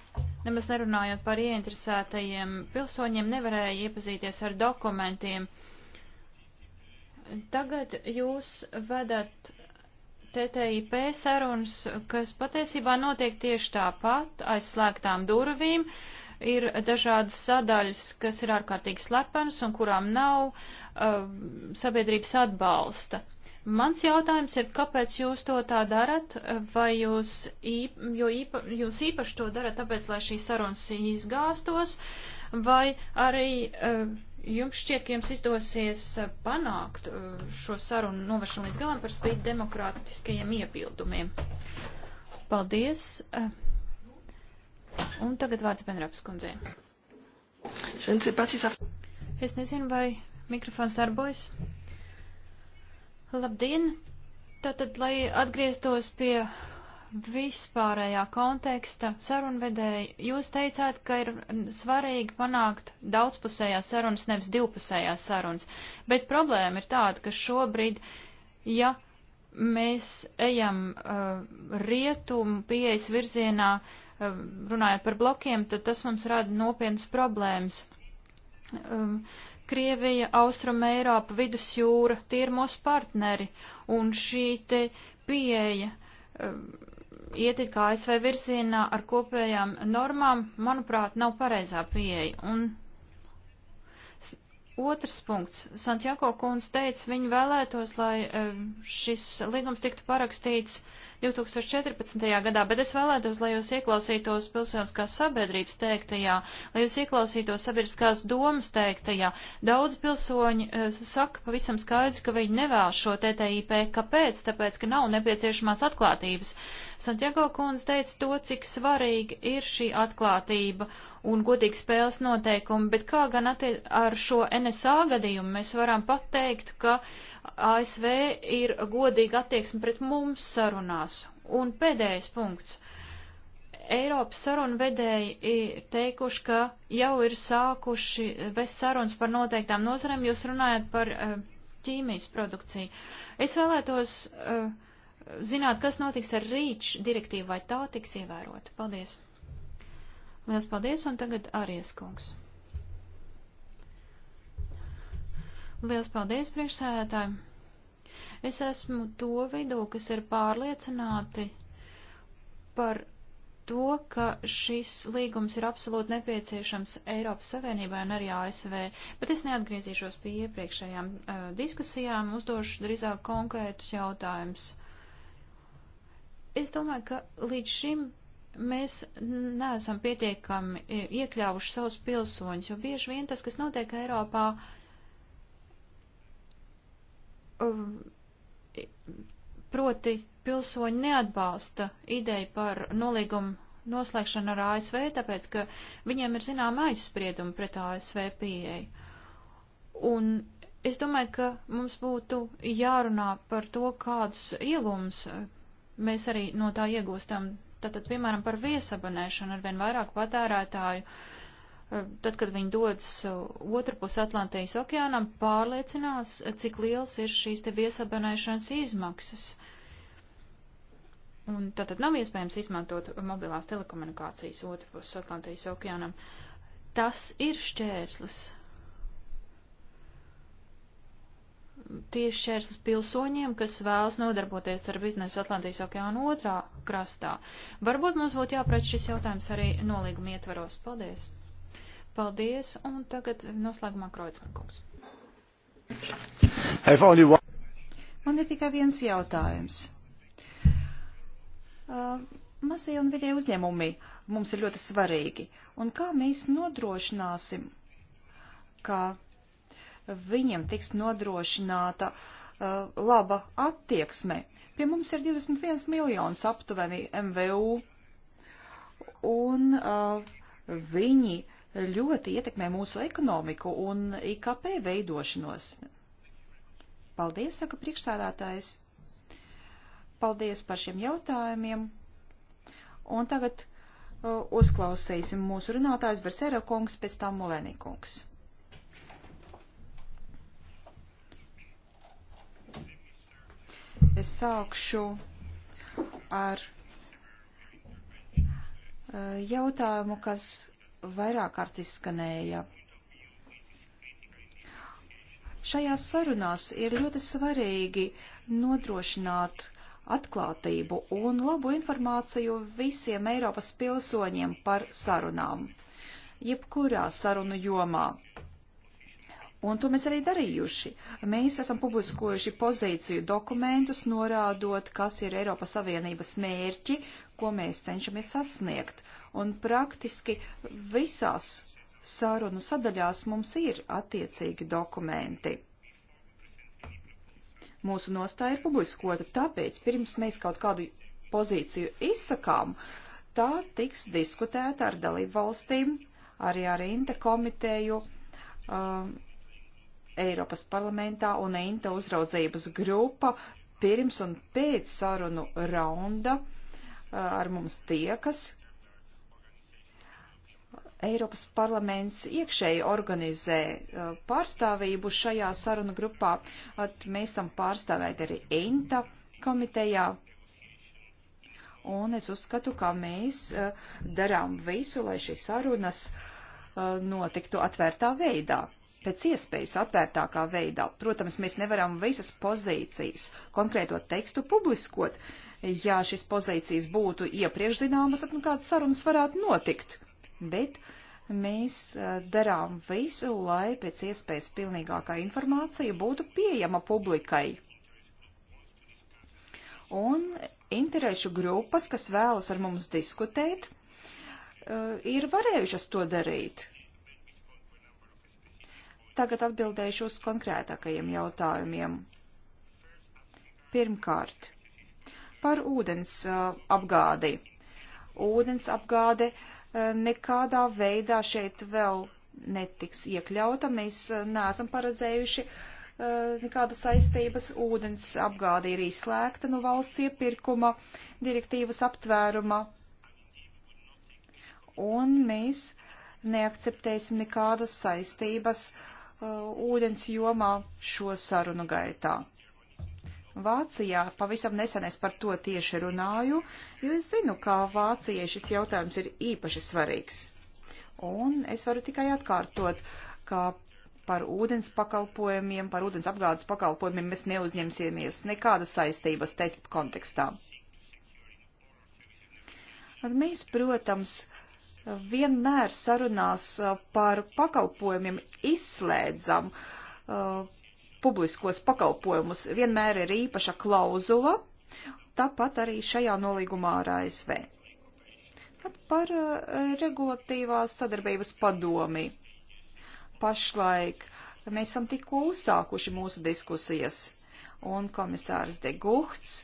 [SPEAKER 3] nemaz nerunājot par ieinteresētajiem pilsoņiem, nevarēja iepazīties ar dokumentiem. Uh, Tagad jūs vedat TTIP sarunas, kas patiesībā notiek tieši tāpat aizslēgtām durvīm. Ir dažādas sadaļas, kas ir ārkārtīgi slepenas un kurām nav uh, sabiedrības atbalsta. Mans jautājums ir, kāpēc jūs to tā darat, vai jūs, īp, jo īpa, jūs īpaši to darat, tāpēc, lai šīs sarunas izgāstos, vai arī uh, Jums šķiet, ka jums izdosies eh, panākt eh, šo sarunu novēršanu līdz galam par spīti demokrātiskajiem iebildumiem. Paldies. Eh, un tagad vārds Benraps kundzei.
[SPEAKER 1] Es
[SPEAKER 3] nezinu, vai mikrofons darbojas. Labdien! Tātad, lai atgrieztos pie vispārējā konteksta sarunvedēji, jūs teicāt, ka ir svarīgi panākt daudzpusējās sarunas, nevis divpusējās sarunas, bet problēma ir tāda, ka šobrīd, ja mēs ejam uh, rietumu pieejas virzienā, uh, runājot par blokiem, tad tas mums rada nopietnas problēmas. Um, Krievija, Austrum Eiropa, Vidusjūra, tie ir mūsu partneri, un šī te pieeja uh, ietikt kā ASV virzienā ar kopējām normām, manuprāt, nav pareizā pieeja. Un otrs punkts. Santiago kundze teica, viņi vēlētos, lai eh, šis līgums tiktu parakstīts uh, 2014. gadā, bet es vēlētos, lai jūs ieklausītos pilsoniskās sabiedrības teiktajā, lai jūs ieklausītos sabiedriskās domas teiktajā. Daudz pilsoņi uh, saka pavisam skaidri, ka viņi nevēl šo TTIP. Kāpēc? Tāpēc, ka nav nepieciešamās atklātības. Santiago kundze teica to, cik svarīgi ir šī atklātība un godīgi spēles noteikumi, bet kā gan ar šo NSA gadījumu mēs varam pateikt, ka ASV ir godīga attieksme pret mums sarunās. Un pēdējais punkts. Eiropas sarunu vedēji ir teikuši, ka jau ir sākuši vest sarunas par noteiktām nozarēm. Jūs runājat par eh, ķīmijas produkciju. Es vēlētos uh, zināt, kas notiks ar rīču direktīvu, vai tā tiks ievērota. Paldies! Liels paldies, un tagad Arijas kungs. Liels paldies priekšsēdētājiem! Es esmu to vidū, kas ir pārliecināti par to, ka šis līgums ir absolūti nepieciešams Eiropas Savienībai un arī ASV, bet es neatgriezīšos pie iepriekšējām uh, diskusijām, uzdošu drīzāk konkrētus jautājumus. Es domāju, ka līdz šim mēs neesam pietiekami iekļāvuši savus pilsoņus, jo bieži vien tas, kas notiek Eiropā, uh, Ehm, proti pilsoņi neatbalsta ideju par nolīgumu noslēgšanu ar ASV, tāpēc, ka viņiem ir zinām aizspriedumi pret ASV pieeju. Un es domāju, ka mums būtu jārunā par to, kāds iegums mēs arī no tā iegūstam. Tātad, piemēram, par viesabanēšanu arvien vairāk patērētāju uh, Eh, tad, kad viņi dodas eh, otru pusi Atlantijas okeānam, pārliecinās, eh, cik liels ir šīs te viesabanēšanas izmaksas. Un tātad nav iespējams izmantot mobilās telekomunikācijas otru pusi Atlantijas okeānam. Tas ir šķērslis. Tieši šķērslis pilsoņiem, kas vēlas nodarboties ar biznesu Atlantijas okeāna otrā krastā. Varbūt mums būtu jāprēc šis jautājums arī nolīguma ietvaros. Paldies! Paldies, un tagad noslēgumā Kreutzmankungs.
[SPEAKER 4] Man ir tikai viens jautājums. Uh, mazie un vidēji uzņēmumi mums ir ļoti svarīgi. Un kā mēs nodrošināsim, ka viņiem tiks nodrošināta uh, laba attieksme? Pie mums ir 21 miljonus aptuveni MVU, un uh, viņi uh, ļoti ietekmē mūsu ekonomiku un IKP veidošanos. Paldies, saka priekšstādātājs. Paldies par šiem jautājumiem. Un tagad uh, uzklausīsim mūsu runātājs Bersera kungs, pēc tam Molēni kungs. Es sākšu ar uh, jautājumu, kas vairāk kārt izskanēja. Šajās sarunās ir ļoti svarīgi nodrošināt atklātību un labu informāciju visiem Eiropas pilsoņiem par sarunām, jebkurā sarunu jomā. Un to mēs arī darījuši. Mēs esam publiskojuši pozīciju dokumentus, norādot, kas ir Eiropas Savienības mērķi, ko mēs cenšamies sasniegt. Un praktiski visās sārunu sadaļās mums ir attiecīgi dokumenti. Mūsu nostāja ir publiskota, tāpēc pirms mēs kaut kādu pozīciju izsakām, tā tiks diskutēta ar dalību valstīm, arī ar Inta komiteju. Um, Eiropas parlamentā un Inta uzraudzības grupa pirms un pēc sarunu raunda uh, ar mums tiekas. Eiropas parlaments iekšēji organizē uh, pārstāvību šajā sarunu grupā. At mēs tam pārstāvēt arī EINTA komitejā. Un es uzskatu, ka mēs uh, darām visu, lai šīs sarunas uh, notiktu atvērtā veidā pēc iespējas atvērtākā veidā. Protams, mēs nevaram visas pozīcijas konkrēto tekstu publiskot. Ja šīs pozīcijas būtu iepriekš zināmas, tad nu kādas sarunas varētu notikt. Bet mēs eh, darām visu, lai pēc iespējas pilnīgākā informācija būtu pieejama publikai. Un interešu grupas, kas vēlas ar mums diskutēt, eh, ir varējušas to darīt Tagad atbildēšu uz konkrētākajiem jautājumiem. Pirmkārt, par ūdens uh, apgādi. Ūdens apgāde uh, nekādā veidā šeit vēl netiks iekļauta. Mēs uh, neesam paredzējuši uh, nekādas saistības. Ūdens apgāde ir izslēgta no valsts iepirkuma direktīvas aptvēruma. Un mēs neakceptēsim nekādas saistības uh, Uh, ūdens jomā šo sarunu gaitā. Vācijā pavisam nesen es par to tieši runāju, jo es zinu, kā Vācijai šis jautājums ir īpaši svarīgs. Un es varu tikai atkārtot, ka par ūdens pakalpojumiem, par ūdens apgādes pakalpojumiem mēs neuzņemsimies nekādas saistības te kontekstā. Mēs, protams, vienmēr sarunās uh, par pakalpojumiem izslēdzam uh, publiskos pakalpojumus. Vienmēr ir īpaša klauzula, tāpat arī šajā nolīgumā ar ASV. Tad par uh, regulatīvās sadarbības padomi. Pašlaik mēs esam tikko uzsākuši mūsu diskusijas, un komisārs De Guhts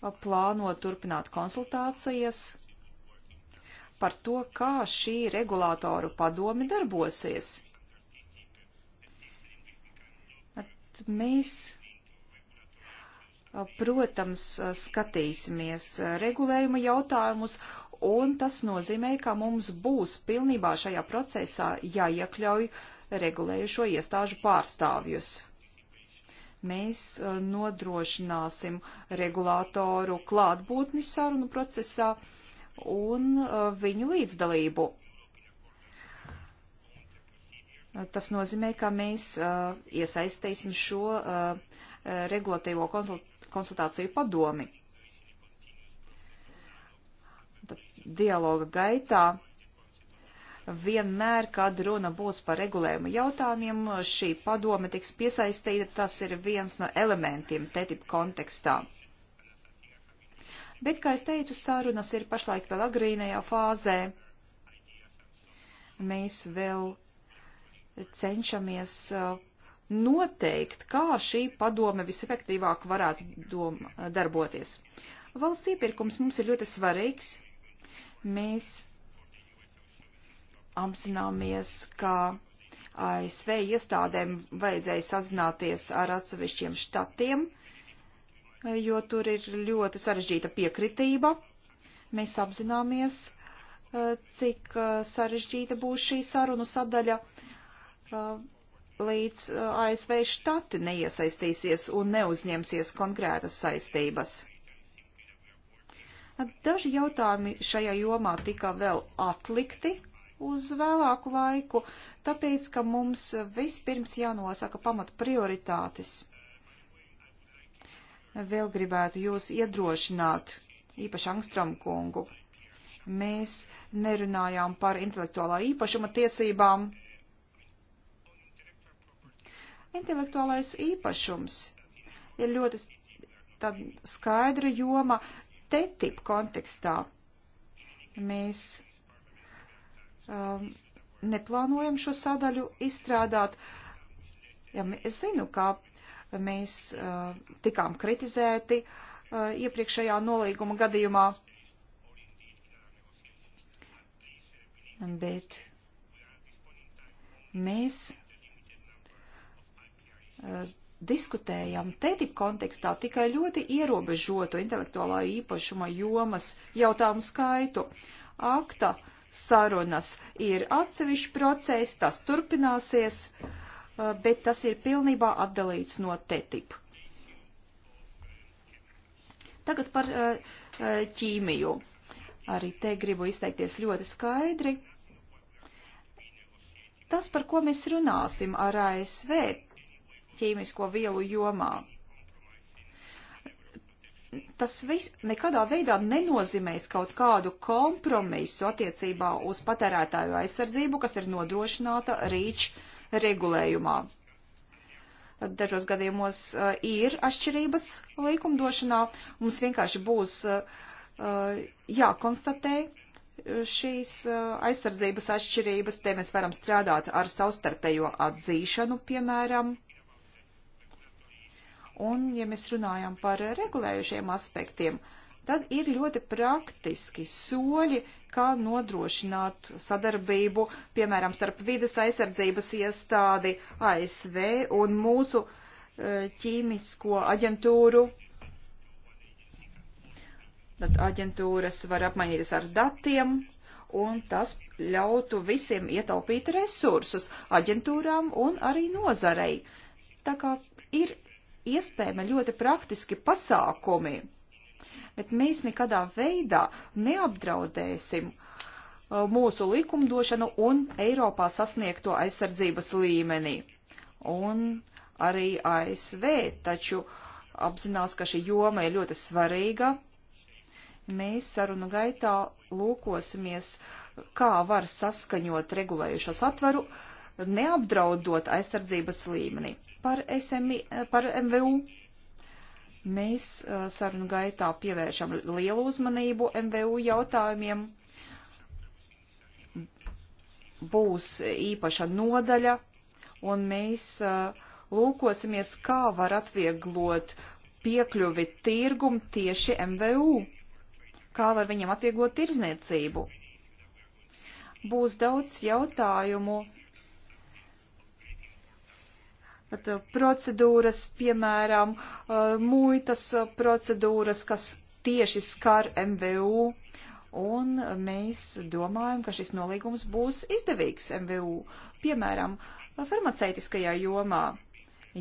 [SPEAKER 4] uh, plāno turpināt konsultācijas par to, kā šī regulātoru padome darbosies. At mēs, protams, skatīsimies regulējuma jautājumus, un tas nozīmē, ka mums būs pilnībā šajā procesā jāiekļauj regulējušo iestāžu pārstāvjus mēs e, nodrošināsim regulātoru klātbūtni sarunu procesā, un uh, viņu līdzdalību. Tas nozīmē, ka mēs uh, iesaistīsim šo uh, regulatīvo konsult konsultāciju padomi. Tad dialoga gaitā vienmēr, kad runa būs par regulējumu jautājumiem, šī padome tiks piesaistīta, tas ir viens no elementiem TTIP kontekstā. Uh, Bet, kā es teicu, sarunas ir pašlaik vēl agrīnajā fāzē. Mēs vēl cenšamies uh, noteikt, kā šī padome visefektīvāk varētu dom, uh, darboties. Valsts iepirkums mums ir ļoti svarīgs. Mēs apzināmies, ka ASV iestādēm vajadzēja sazināties ar atsevišķiem štatiem, uh, jo tur ir ļoti sarežģīta piekritība. Mēs apzināmies, eh, cik eh, sarežģīta būs šī sarunu sadaļa, eh, līdz ASV štati neiesaistīsies un neuzņemsies konkrētas saistības. Daži jautājumi šajā jomā tika vēl atlikti uz vēlāku laiku, tāpēc, ka mums vispirms jānosaka pamat prioritātes vēl gribētu jūs iedrošināt, īpaši Angstrom kungu. Mēs nerunājām par intelektuālā īpašuma tiesībām. Intelektuālais īpašums ir ļoti skaidra joma TTIP kontekstā. Mēs um, neplānojam šo sadaļu izstrādāt. Ja, es zinu, kā Mēs uh, tikām kritizēti uh, iepriekšējā nolīguma gadījumā, bet mēs uh, diskutējam TTIP kontekstā tikai ļoti ierobežotu intelektuālā īpašuma jomas jautājumu skaitu. Akta sarunas ir atsevišķi procesi, tas turpināsies. Uh, Eh, bet tas ir pilnībā atdalīts no TTIP. Tagad par eh, eh, ķīmiju. Arī te gribu izteikties ļoti skaidri. Tas, par ko mēs runāsim ar ASV ķīmisko vielu jomā, tas viss nekādā veidā nenozīmēs kaut kādu kompromisu attiecībā uz patērētāju aizsardzību, kas ir nodrošināta rīču regulējumā. Dažos gadījumos uh, ir atšķirības likumdošanā. Mums vienkārši būs uh, uh, jākonstatē šīs aizsardzības atšķirības. Te mēs varam strādāt ar savstarpējo atzīšanu, piemēram. Un, ja mēs runājam par regulējušiem aspektiem, uh, Tad ir ļoti praktiski soļi, kā nodrošināt sadarbību, piemēram, starp vides aizsardzības iestādi ASV un mūsu e, ķīmisko aģentūru. Tad aģentūras var apmainīties ar datiem, un tas ļautu visiem ietaupīt resursus aģentūrām un arī nozarei. Tā kā ir iespējami ļoti praktiski pasākumi Bet mēs nekadā veidā neapdraudēsim uh, mūsu likumdošanu un Eiropā sasniegto aizsardzības līmenī. Un arī ASV taču apzinās, ka šī joma ir ļoti svarīga. Mēs sarunu gaitā lūkosimies, kā var saskaņot regulējušo satvaru, neapdraudot aizsardzības līmeni. Par, SMI, par MVU Mēs uh, sarunu gaitā pievēršam lielu uzmanību MVU jautājumiem. Būs īpaša nodaļa, un mēs uh, lūkosimies, kā var atvieglot piekļuvi tirgumu tieši MVU, kā var viņam atvieglot tirzniecību. Būs daudz jautājumu Uh, procedūras, piemēram, uh, muitas uh, procedūras, kas tieši skar MVU. Un mēs domājam, ka šis nolīgums būs izdevīgs MVU, piemēram, farmaceitiskajā jomā.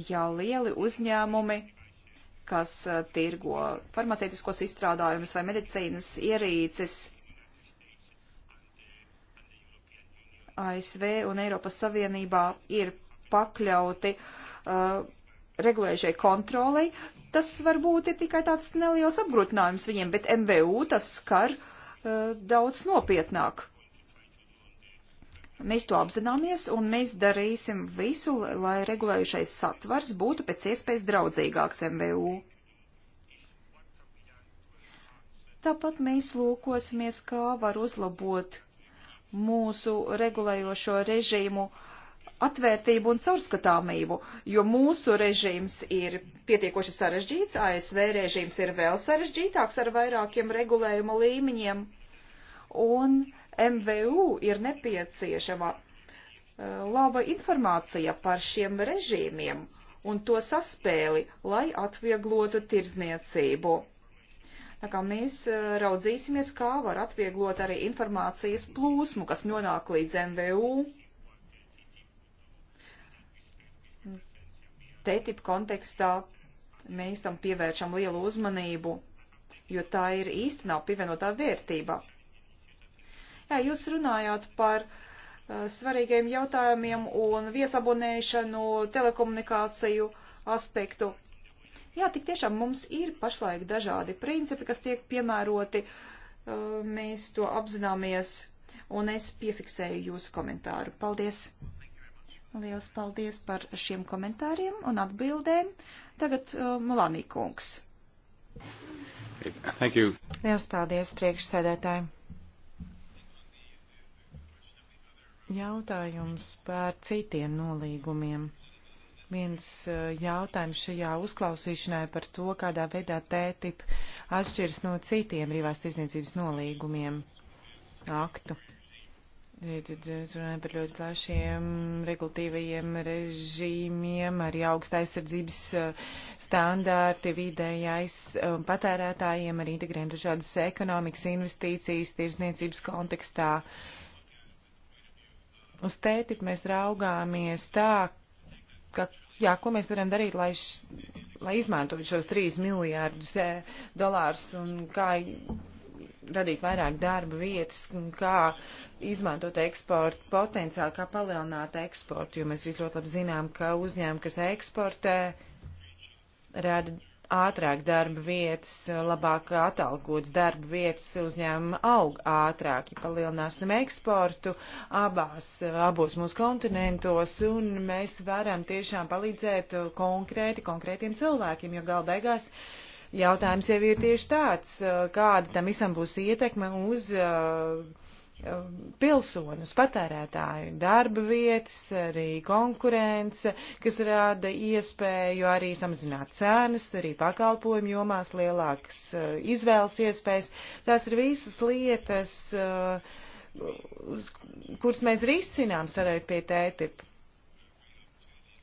[SPEAKER 4] Ja lieli uzņēmumi, kas tirgo farmaceitiskos izstrādājumus vai medicīnas ierīces, ASV un Eiropas Savienībā ir pakļauti uh, regulējušai kontrolei, tas varbūt ir tikai tāds neliels apgrūtinājums viņiem, bet MVU tas skar uh, daudz nopietnāk. Mēs to apzināmies un mēs darīsim visu, lai regulējušais satvars būtu pēc iespējas draudzīgāks MVU. Tāpat mēs lūkosimies, kā var uzlabot mūsu regulējošo režīmu uh, atvērtību un caurskatāmību, jo mūsu režīms ir pietiekoši sarežģīts, ASV režīms ir vēl sarežģītāks ar vairākiem regulējuma līmeņiem, un MVU ir nepieciešama e, laba informācija par šiem režīmiem un to saspēli, lai atvieglotu tirzniecību. Tā kā mēs e, raudzīsimies, kā var atvieglot arī informācijas plūsmu, kas nonāk līdz MVU TTIP kontekstā mēs tam pievēršam lielu uzmanību, jo tā ir īstenā pievienotā vērtība. Jā, jūs runājāt par uh, svarīgiem jautājumiem un viesabonēšanu, telekomunikāciju aspektu. Jā, tik tiešām mums ir pašlaik dažādi principi, kas tiek piemēroti. Uh, mēs to apzināmies, un es piefiksēju jūsu komentāru. Paldies! Liels paldies par šiem komentāriem un atbildēm. Tagad uh, Mulanī kungs. Thank you. Liels paldies priekšsēdētājiem.
[SPEAKER 2] Jautājums par citiem nolīgumiem. Viens uh, jautājums šajā uzklausīšanā par to, kādā veidā tētip atšķiras no citiem brīvās tiesniecības nolīgumiem aktu. Tad mēs runājam par ļoti plašiem regulatīvajiem režīmiem, arī augsta aizsardzības eh, standārti vidējais eh, patērētājiem, arī integrējam dažādas ekonomikas, investīcijas, tirzniecības kontekstā. Uz tētip mēs raugāmies tā, ka, jā, ko mēs varam darīt, lai, š, lai izmantotu šos 3 miljārdus eh, dolārus un kā radīt vairāk darba vietas, kā izmantot eksportu potenciāli, kā palielināt eksportu, jo mēs visi ļoti labi zinām, ka uzņēmumi, kas eksportē, rada ātrāk darba vietas, labāk atalgots darba vietas, uzņēmumi aug ātrāk, ja palielināsim eksportu abās, abos mūsu kontinentos, un mēs varam tiešām palīdzēt konkrēti, konkrētiem cilvēkiem, jo galbeigās beigās jautājums jau ir tieši tāds, uh, kāda tam visam būs ietekme uz uh, uh, pilsoņus, patērētāju, darba vietas, arī konkurence, kas rada iespēju arī samazināt cenas, arī pakalpojumu jomās lielākas izvēles iespējas. Tās ir visas lietas, kuras mēs risinām strādājot pie tētipa.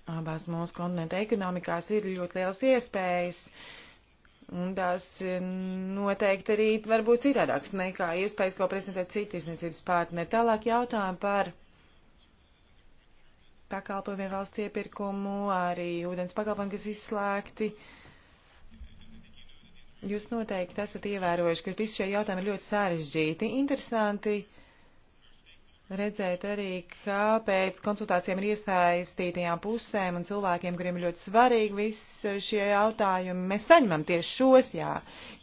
[SPEAKER 2] Abās mūsu kontinenta ekonomikās ir ļoti liels iespējas uh, Un tās noteikti arī var būt citādākas nekā iespējas, ko prezentē citi izniecības partneri. Tālāk jautājumi par pakalpojumiem valsts iepirkumu, arī ūdens pakalpojumi, kas izslēgti. Jūs noteikti esat ievērojuši, ka visi šie jautājumi ir ļoti sarežģīti. Interesanti. Uh, redzēt arī, ka pēc konsultācijām ir iesaistītajām pusēm un cilvēkiem, kuriem ir ļoti svarīgi visi šie jautājumi, mēs saņemam tieši šos jā,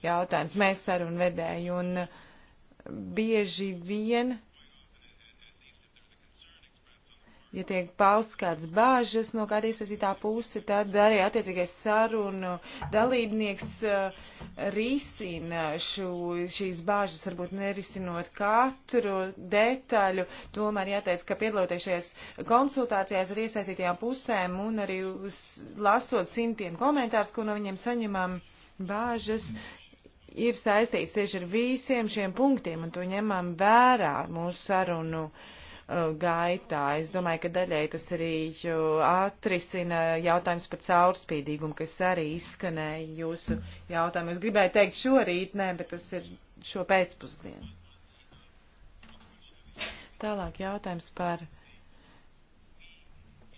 [SPEAKER 2] jautājumus, mēs sarunvedēji, un bieži vien ja tiek pausts kāds bāžas no kāda iesaistītā puse, tad arī attiecīgais sarunu dalībnieks eh, risina šo, šīs bāžas, varbūt nerisinot katru detaļu. Tomēr jāteic, ka piedaloties šajās konsultācijās ar iesaistītajām pusēm un arī uz, lasot simtiem komentārus, ko no viņiem saņemam, bāžas ir saistīts tieši ar visiem šiem punktiem, un to ņemam vērā mūsu sarunu. Uh, Uh, gaitā. Es domāju, ka daļai tas arī uh, atrisina jautājums par caurspīdīgumu, kas arī izskanēja jūsu jautājumu. Es gribēju teikt šorīt, nē, bet tas ir šo pēcpusdienu. Tālāk jautājums par.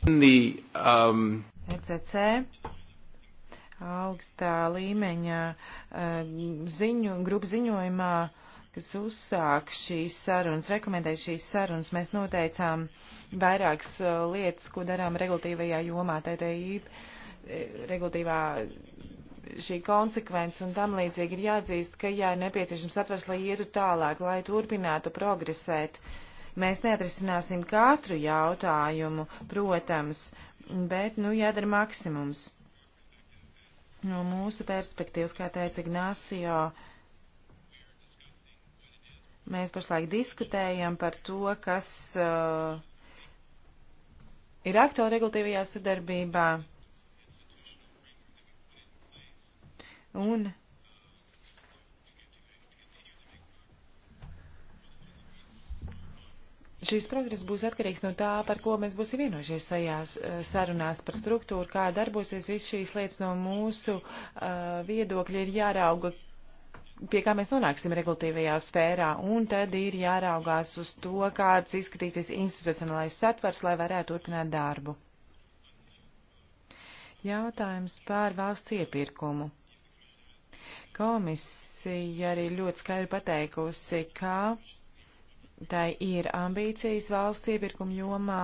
[SPEAKER 1] The, um...
[SPEAKER 2] ECC augstā līmeņa uh, ziņu, grupu ziņojumā uh, kas uzsāk šīs sarunas, rekomendēja šīs sarunas, mēs noteicām vairākas uh, lietas, ko darām regulatīvajā jomā, TTI, eh, regulatīvā šī konsekvence un tam līdzīgi ir jāatzīst, ka jā, ir nepieciešams atvers, lai ietu tālāk, lai turpinātu progresēt. Mēs neatrisināsim katru jautājumu, protams, bet, nu, jādara maksimums. No mūsu perspektīvas, kā teica Ignācio, uh, Mēs pašlaik diskutējam par to, kas uh, ir aktuāli regulatīvajā sadarbībā. Un šīs progress būs atkarīgs no tā, par ko mēs būsim vienojušies tajās uh, sarunās par struktūru, kā darbosies viss šīs lietas no mūsu uh, viedokļa ir jārauga, pie kā mēs nonāksim regulatīvajā sfērā, un tad ir jāraugās uz to, kāds izskatīsies institucionālais satvers, lai varētu turpināt darbu. Jautājums par valsts iepirkumu. Komisija arī ļoti skaidri pateikusi, ka tai ir ambīcijas valsts iepirkuma jomā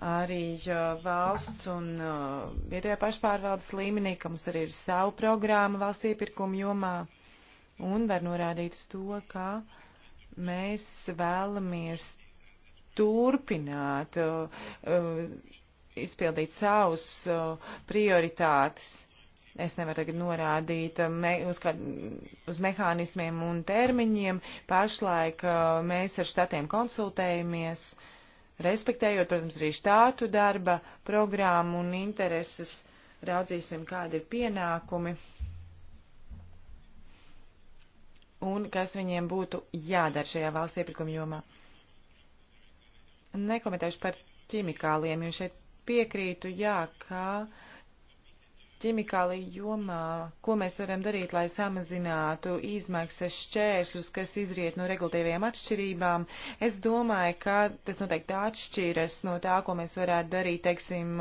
[SPEAKER 2] arī valsts un uh, vietējā pašpārvaldes līmenī, ka mums arī ir savu programmu valsts iepirkumu jomā un var norādīt uz to, ka mēs vēlamies turpināt, uh, uh, izpildīt savus prioritātes. Es nevaru tagad norādīt me, uz, kā, uz mehānismiem un termiņiem. Pašlaik mēs ar štatiem konsultējamies. Uh, respektējot, protams, arī štātu darba programmu un intereses, raudzīsim, kādi ir pienākumi un kas viņiem būtu jādara šajā valsts iepirkuma jomā. Nekomentēšu par ķimikāliem, jo šeit piekrītu, jā, kā. Ka ķimikālija jomā, ko mēs varam darīt, lai samazinātu izmaksas šķēršļus, kas izriet no regulatīviem atšķirībām. Es domāju, ka tas noteikti atšķiras no tā, ko mēs varētu darīt, teiksim,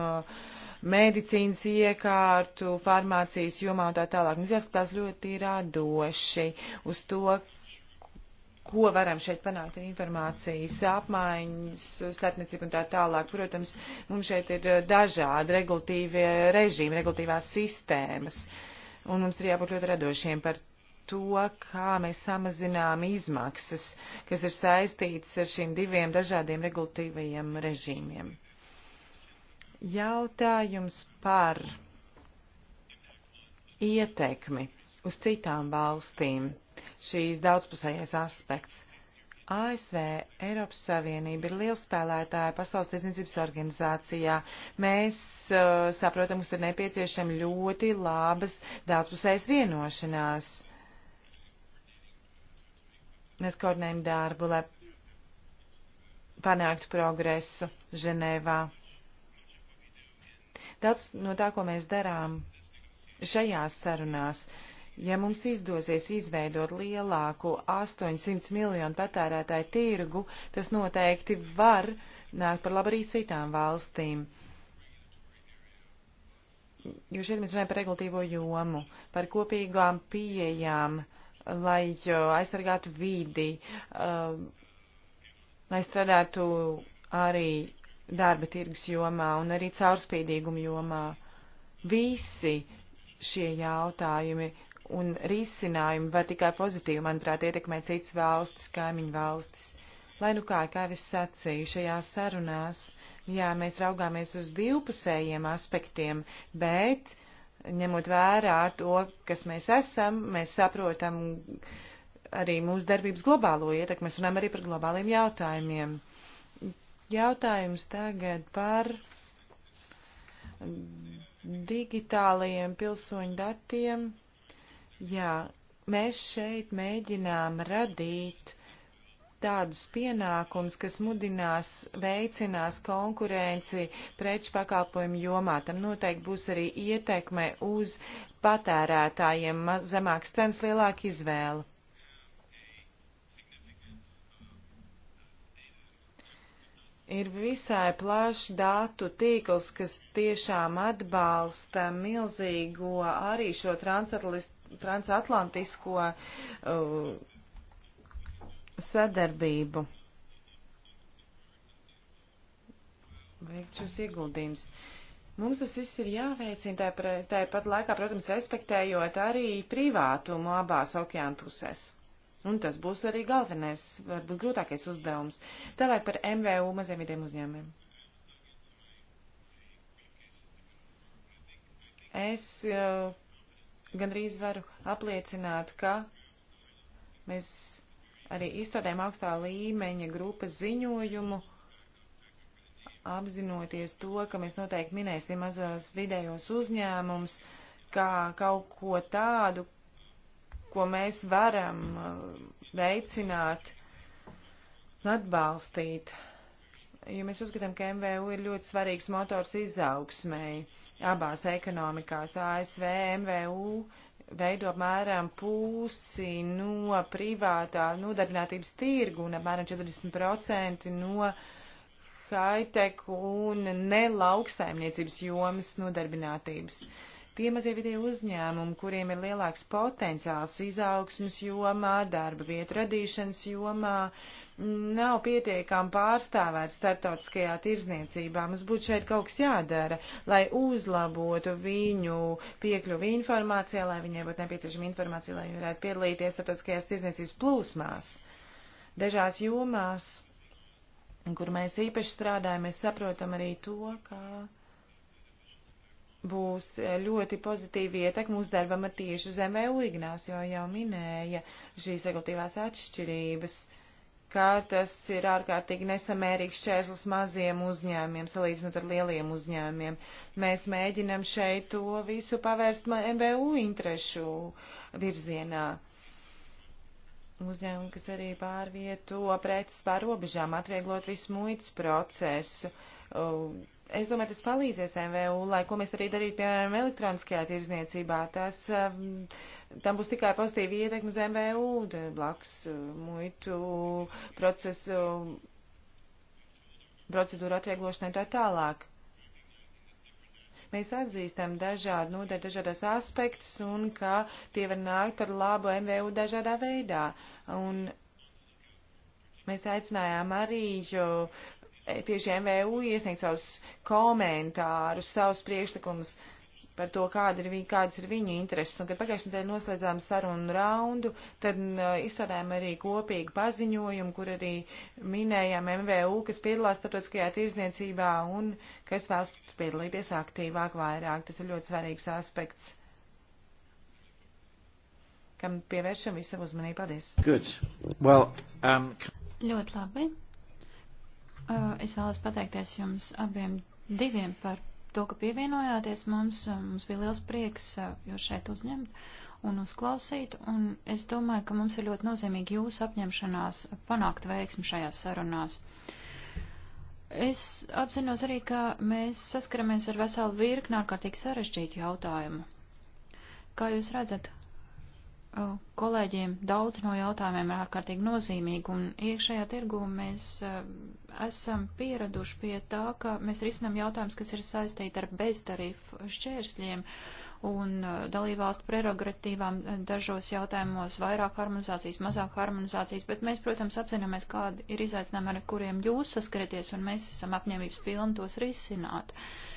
[SPEAKER 2] medicīnas iekārtu, farmācijas jomā un tā tālāk. Mums jāskatās ļoti radoši uz to, ko varam šeit panākt ar informācijas apmaiņas, starpniecību un tā tālāk. Protams, mums šeit ir eh, dažādi regulatīvie režīmi, regulatīvās sistēmas, un mums ir jābūt ļoti radošiem par to, kā mēs samazinām izmaksas, kas ir saistītas ar šiem diviem dažādiem regulatīvajiem režīmiem. Jautājums par ietekmi uz citām valstīm šīs daudzpusējais aspekts. ASV, Eiropas Savienība ir liels spēlētāja pasaules tiesniecības organizācijā. Mēs uh, saprotam, mums ir nepieciešama ļoti labas daudzpusējas vienošanās. Mēs koordinējam darbu, lai panāktu progresu Ženēvā. Daudz no tā, ko mēs darām šajās sarunās, uh, Ja mums izdosies izveidot lielāku 800 miljonu patērētāju tirgu, tas noteikti var nākt par labu arī citām valstīm. Jo šeit mēs runājam par regulatīvo jomu, par kopīgām pieejām, lai aizsargātu vidi, um, lai strādātu arī darba tirgus jomā un arī caurspīdīguma jomā. Visi šie jautājumi un risinājumi var tikai pozitīvi, manuprāt, ietekmēt citas valstis, kaimiņu valstis. Lai nu kā, kā es sacīju, šajās sarunās, jā, mēs raugāmies uz divpusējiem aspektiem, bet ņemot vērā to, kas mēs esam, mēs saprotam arī mūsu darbības globālo ietekmi, mēs runājam arī par globāliem jautājumiem. Jautājums tagad par digitālajiem pilsoņu datiem Jā, mēs šeit mēģinām radīt tādus pienākums, kas mudinās, veicinās konkurenci preču pakalpojumu jomā. Tam noteikti būs arī ietekme uz patērētājiem, zemāks cenas, lielāka izvēle. ir visai plašs datu tīkls, kas tiešām atbalsta milzīgo arī šo transatlantisko uh, sadarbību. Veikt šos ieguldījumus. Mums tas viss ir jāveicina, tāpat laikā, protams, respektējot arī privātumu abās okeāna pusēs. Un tas būs arī galvenais, varbūt grūtākais uzdevums. Tālāk par MVU maziem vidiem uzņēmumiem. Es uh, gandrīz varu apliecināt, ka mēs arī izstrādājam augstā līmeņa grupas ziņojumu, apzinoties to, ka mēs noteikti minēsim mazos vidējos uzņēmums, kā kaut ko tādu, ko mēs varam uh, veicināt un atbalstīt. Jo mēs uzskatām, ka MVU ir ļoti svarīgs motors izaugsmēji abās ekonomikās. ASV MVU veido apmēram pusi no privātā nodarbinātības tirgu un apmēram 40% no high-tech un nelauksaimniecības jomas nodarbinātības. Uh, Tie mazie vidēji uzņēmumi, kuriem ir lielāks potenciāls izaugsmas jomā, darba vietu radīšanas jomā, nav pietiekami pārstāvēts starptautiskajā tirzniecībā. Mums būtu šeit kaut kas jādara, lai uzlabotu viņu piekļuvi informācijai, lai viņai būtu nepieciešama informācija, lai viņi varētu piedalīties starptautiskajās tirzniecības plūsmās. Dažās jomās, kur mēs īpaši strādājam, mēs saprotam arī to, ka. Kā būs eh, ļoti pozitīva ietekme uz darbam ar tieši uz MVU Ignās, jo jau minēja šīs regulatīvās atšķirības, kā tas ir ārkārtīgi nesamērīgs čērslis maziem uzņēmiem, salīdzinot ar lieliem uzņēmiem. Mēs mēģinam šeit to visu pavērst MVU interešu virzienā. Uzņēmumi, kas arī pārvieto preces pār robežām, atvieglot visu muitas procesu. Uh, Es domāju, tas palīdzēs MVU, lai ko mēs arī darītu, piemēram, elektroniskajā tirzniecībā. Tas, um, tam būs tikai pozitīva ietekme uz MVU, blakus uh, muitu procesu, procedūru atvieglošanai tā tālāk. Mēs atzīstam dažādu nodaļu, dažādas aspektus un ka tie var nākt par labu MVU dažādā veidā. Un mēs aicinājām arī E, tieši MVU iesniegt savus komentārus, savus priekšlikumus par to, kāda ir viņa, kādas ir viņu intereses. Un, kad pagājušajā nedēļā noslēdzām sarunu raundu, tad uh, izstrādājām arī kopīgu paziņojumu, kur arī minējām MVU, kas piedalās starptautiskajā tirzniecībā un kas vēlas piedalīties aktīvāk vairāk. Tas ir ļoti svarīgs aspekts, kam pievēršam visu uzmanību. Paldies! Good.
[SPEAKER 1] Well, um...
[SPEAKER 2] Ļoti labi.
[SPEAKER 3] Es vēlos pateikties jums abiem diviem par to, ka pievienojāties mums. Mums bija liels prieks jūs šeit uzņemt un uzklausīt, un es domāju, ka mums ir ļoti nozīmīgi jūsu apņemšanās panākt veiksmi šajās sarunās. Es apzinos arī, ka mēs saskaramies ar veselu virkni ārkārtīgi sarežģītu jautājumu. Kā jūs redzat, kolēģiem daudz no jautājumiem ir ārkārtīgi nozīmīgi, un iekšējā tirgū mēs e, esam pieraduši pie tā, ka mēs risinām jautājumus, kas ir saistīti ar beztarifu šķēršļiem un e, dalībvalstu prerogatīvām e, dažos jautājumos vairāk harmonizācijas, mazāk harmonizācijas, bet mēs, protams, apzināmies, kādi ir izaicinājumi, ar kuriem jūs saskaraties, un mēs esam apņēmības pilni tos risināt. Uh,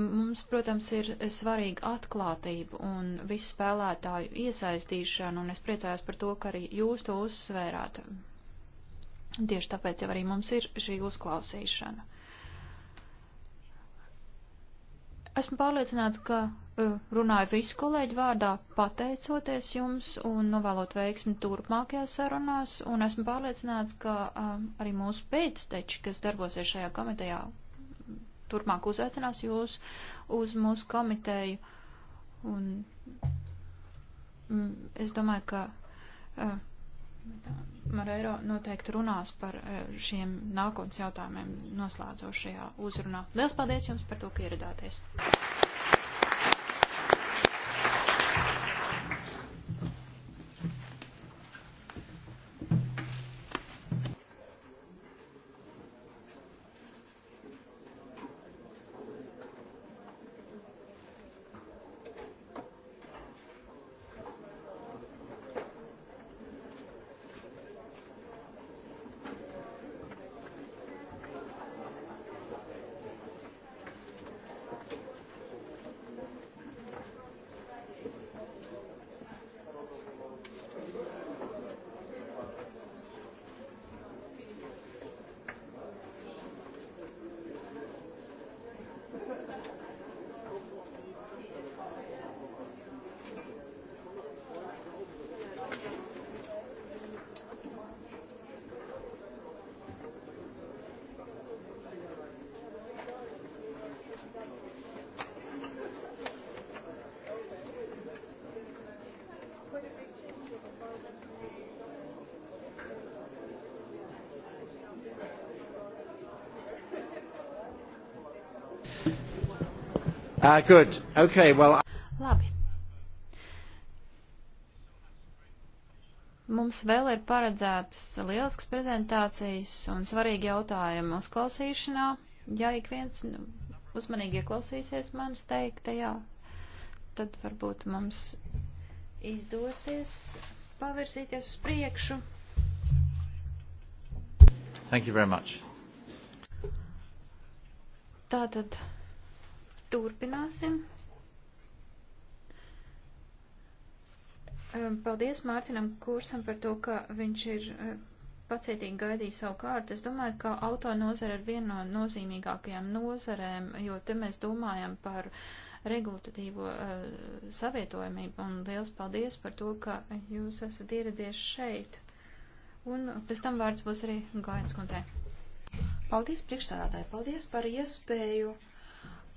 [SPEAKER 3] Mums, protams, ir svarīga atklātība un visu spēlētāju iesaistīšana, un es priecājos par to, ka arī jūs to uzsvērāt. Tieši tāpēc jau arī mums ir šī uzklausīšana. Esmu pārliecināts, ka e, runāju visu kolēģu vārdā, pateicoties jums un novēlot veiksmi turpmākajās sarunās, un esmu pārliecināts, ka um, arī mūsu pēcteči, kas darbosies šajā komitejā, turpmāk uzaicinās jūs uz mūsu komiteju. Un mm, es domāju, ka uh, eh, Marēro noteikti runās par uh, šiem nākotnes jautājumiem noslēdzošajā uzrunā. Liels paldies jums par to, ka ieradāties!
[SPEAKER 1] Uh, good. Okay, well...
[SPEAKER 2] Labi.
[SPEAKER 3] Mums vēl ir paredzētas lielisks prezentācijas un svarīgi jautājumi uzklausīšanā. Ja ik viens nu, uzmanīgi ieklausīsies manis teiktajā, tad varbūt mums izdosies pavirzīties uz priekšu.
[SPEAKER 1] Thank you very much.
[SPEAKER 3] Tātad. Turpināsim. Paldies Mārtiņam Kursam par to, ka viņš ir eh, pacietīgi gaidīja savu kārtu. Es domāju, ka auto nozara ir viena no nozīmīgākajām nozarēm, jo te mēs domājam par regulatīvo uh, savietojamību, un liels paldies par to, ka jūs esat ieradies šeit. Un
[SPEAKER 4] pēc tam vārds būs arī Gainas kundzei. Paldies priekšsādātāji, paldies par iespēju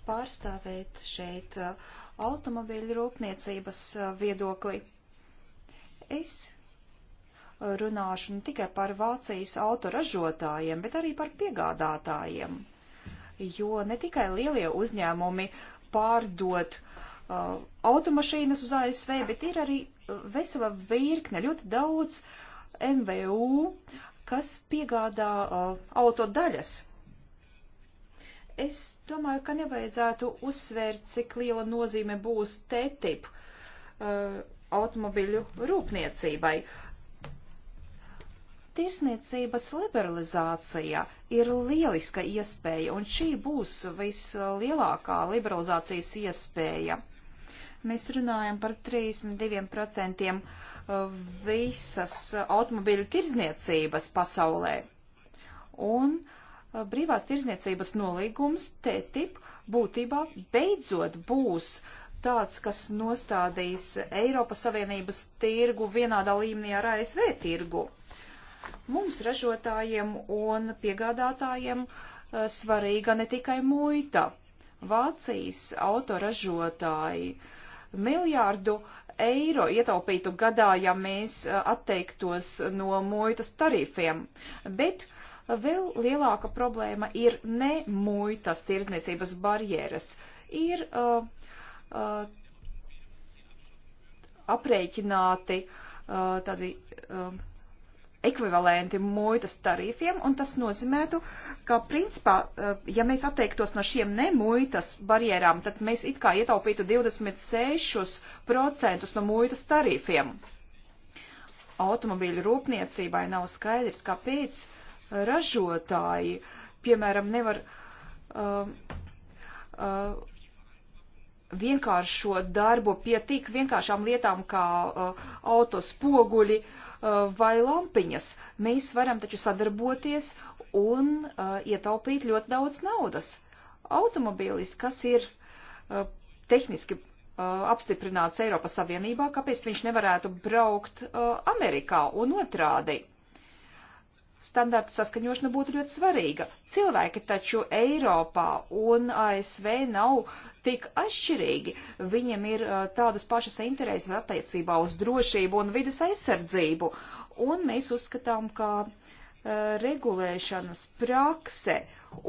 [SPEAKER 4] pārstāvēt šeit uh, automobiļu rūpniecības uh, viedokli. Es uh, runāšu ne tikai par Vācijas autoražotājiem, bet arī par piegādātājiem, jo ne tikai lielie uzņēmumi pārdot uh, automašīnas uz ASV, bet ir arī vesela virkne, ļoti daudz MVU, kas piegādā uh, auto daļas Es domāju, ka nevajadzētu uzsvērt, cik liela nozīme būs TTIP uh, automobiļu rūpniecībai. Tirsniecības liberalizācija ir lieliska iespēja, un šī būs vislielākā liberalizācijas iespēja. Mēs runājam par 32% uh, visas automobīļu tirzniecības pasaulē. Un uh, Eh, brīvās tirzniecības nolīgums TTIP būtībā beidzot būs tāds, kas nostādīs Eiropas Savienības tirgu vienādā līmenī ar ASV tirgu. Mums ražotājiem un piegādātājiem eh, svarīga ne tikai muita. Vācijas autoražotāji miljārdu eiro ietaupītu gadā, ja mēs eh, atteiktos no muitas tarifiem. Bet uh, Vēl lielāka problēma ir ne muitas tirdzniecības barjeras, ir uh, uh, aprēķināti uh, tādi uh, ekvivalenti muitas tarifiem, un tas nozīmētu, ka principā, uh, ja mēs atteiktos no šiem nemuitas barjerām, tad mēs it kā ietaupītu 26% no muitas tarifiem. Automobīļu rūpniecībai nav skaidrs, kāpēc uh, ražotāji, piemēram, nevar um, uh, uh, vienkāršot darbu pie tik vienkāršām lietām kā uh, autospoguļi uh, vai lampiņas. Mēs varam taču sadarboties un uh, ietaupīt ļoti daudz naudas. Automobilis, kas ir uh, tehniski uh, apstiprināts Eiropas Savienībā, kāpēc viņš nevarētu braukt uh, Amerikā un otrādi? standartu saskaņošana būtu ļoti svarīga. Cilvēki taču Eiropā un ASV nav tik atšķirīgi. Viņiem ir uh, tādas pašas intereses attiecībā uz drošību un vidas aizsardzību. Un mēs uzskatām, ka uh, regulēšanas prakse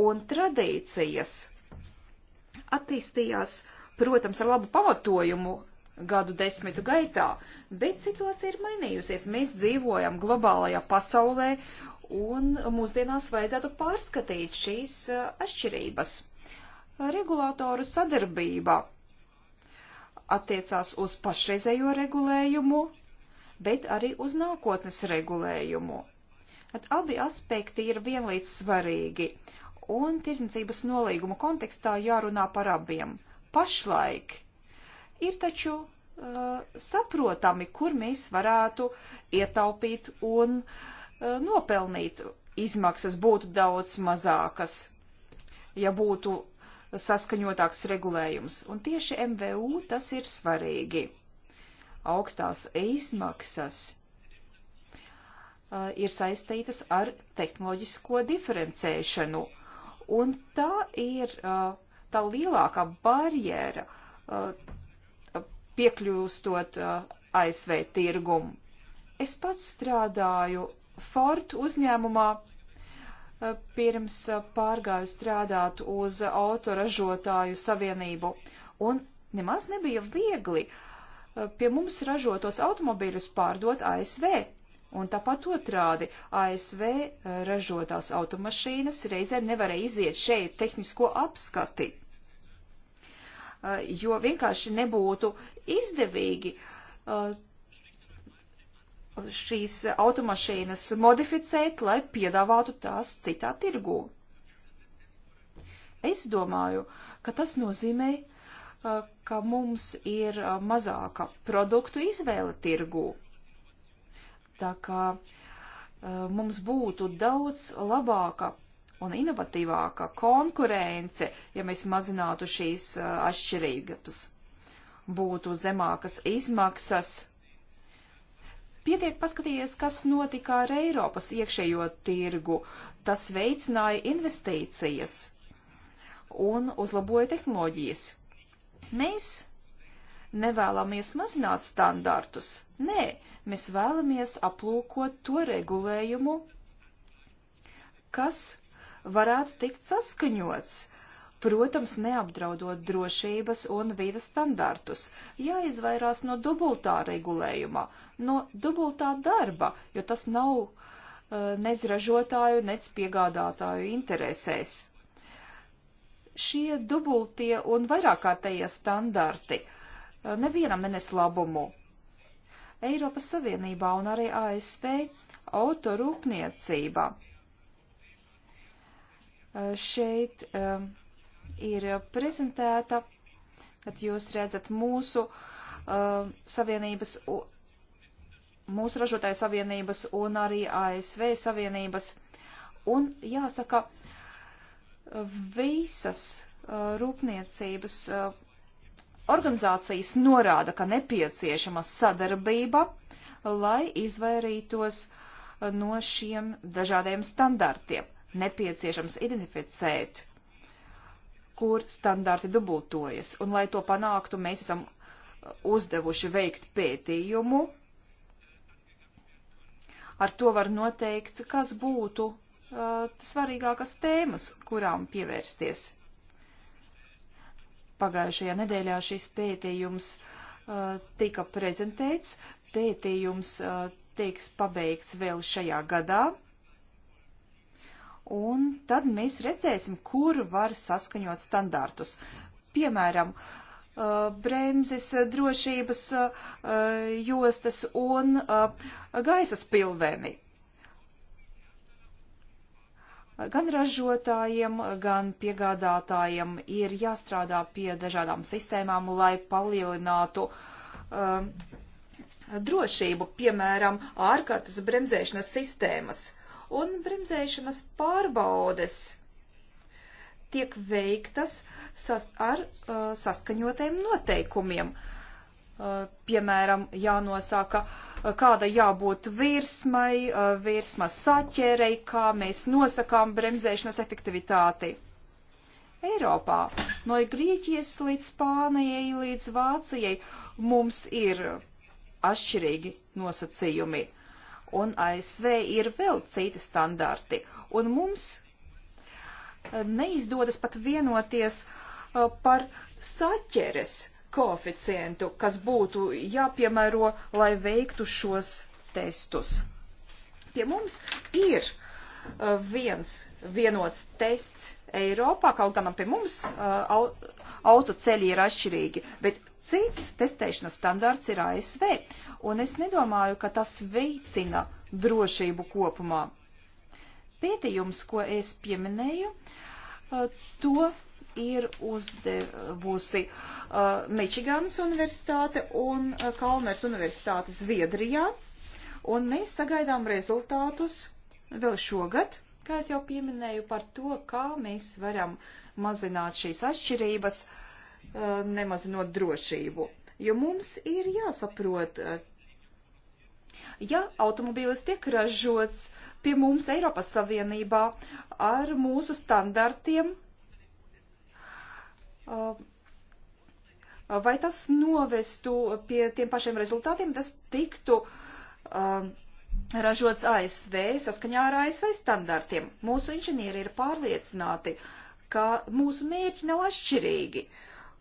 [SPEAKER 4] un tradīcijas attīstījās, protams, ar labu pamatojumu gadu desmitu gaitā, bet situācija ir mainījusies. Mēs dzīvojam globālajā pasaulē un mūsdienās vajadzētu pārskatīt šīs eh, atšķirības. Regulātoru sadarbība attiecās uz pašreizējo regulējumu, bet arī uz nākotnes regulējumu. At abi aspekti ir vienlīdz svarīgi, un tirdzniecības nolīguma kontekstā jārunā par abiem. Pašlaik ir taču eh, saprotami, kur mēs varētu ietaupīt un eh, nopelnīt. Izmaksas būtu daudz mazākas, ja būtu saskaņotāks regulējums, un tieši MVU tas ir svarīgi. Augstās izmaksas eh, ir saistītas ar tehnoloģisko diferencēšanu, un tā ir tā lielākā barjera piekļūstot uh, ASV tirgumu. Es pats strādāju Ford uzņēmumā, uh, pirms uh, pārgāju strādāt uz autoražotāju savienību, un nemaz nebija viegli pie mums ražotos automobīļus pārdot ASV. Un tāpat otrādi, ASV ražotās automašīnas reizēm nevarēja iziet šeit tehnisko apskati. Eh, jo vienkārši nebūtu izdevīgi eh, šīs automašīnas modificēt, lai piedāvātu tās citā tirgū. Es domāju, ka tas nozīmē, eh, ka mums ir mazāka produktu izvēle tirgū. Tā kā mums būtu daudz labāka un inovatīvāka konkurence, ja mēs mazinātu šīs atšķirības, būtu zemākas izmaksas. Pietiek paskatīties, kas notika ar Eiropas iekšējo tirgu. Tas veicināja investīcijas un uzlaboja tehnoloģijas. Mēs nevēlamies mazināt standartus. Nē, mēs vēlamies aplūkot to regulējumu, kas varētu tikt saskaņots, protams, neapdraudot drošības un vides standartus, jāizvairās no dubultā regulējuma, no dubultā darba, jo tas nav uh, nec ražotāju, nec piegādātāju interesēs. Šie dubultie un vairākārtējie standarti uh, nevienam nenes labumu. Eiropas Savienībā un arī ASV autorūpniecība Eh, šeit eh, ir prezentēta, kad jūs redzat mūsu eh, savienības, mūsu ražotāju savienības un arī ASV savienības. Un jāsaka, visas rūpniecības organizācijas norāda, ka nepieciešama sadarbība, lai izvairītos no šiem dažādiem standartiem nepieciešams identificēt, kur standarti dubultojas. Un, lai to panāktu, mēs esam uh, uzdevuši veikt pētījumu. Ar to var noteikt, kas būtu uh, svarīgākas tēmas, kurām pievērsties. Pagājušajā nedēļā šis pētījums uh, tika prezentēts. Pētījums uh, tiks pabeigts vēl šajā gadā un tad mēs redzēsim, kur var saskaņot standartus. Piemēram, uh, bremzes uh, drošības uh, jostas un gaisa spilveni. Gan ražotājiem, gan piegādātājiem ir jāstrādā pie dažādām sistēmām, lai palielinātu um, drošību, piemēram, ārkārtas bremzēšanas sistēmas. Uh, un bremzēšanas pārbaudes tiek veiktas sas ar uh, saskaņotiem noteikumiem. Uh, piemēram, jānosaka, uh, kāda jābūt virsmai, uh, virsmas saķērei, kā mēs nosakām bremzēšanas efektivitāti. Eiropā, no Grieķijas līdz Spānijai, līdz Vācijai, mums ir atšķirīgi nosacījumi. Uh, un ASV ir vēl citi standarti, un mums eh, neizdodas pat vienoties eh, par saķeres koeficientu, kas būtu jāpiemēro, lai veiktu šos testus. Pie mums ir eh, viens vienots tests Eiropā, kaut gan pie mums autoceļi ir atšķirīgi, bet Cits testēšanas standarts ir ASV, un es nedomāju, ka tas veicina drošību kopumā. Pētījums, ko es pieminēju, to ir uzdevusi Mičiganas universitāte un Kalmers universitāte Zviedrijā, un mēs sagaidām rezultātus vēl šogad kā es jau pieminēju, par to, kā mēs varam mazināt šīs atšķirības uh, Eh, nemazinot drošību. Jo mums ir jāsaprot, eh, ja automobīlis tiek ražots pie mums Eiropas Savienībā ar mūsu standartiem, eh, vai tas novestu pie tiem pašiem rezultātiem, tas tiktu ražots ASV saskaņā ar ASV standartiem. Mūsu inženieri ir pārliecināti, ka mūsu mērķi nav atšķirīgi. Uh,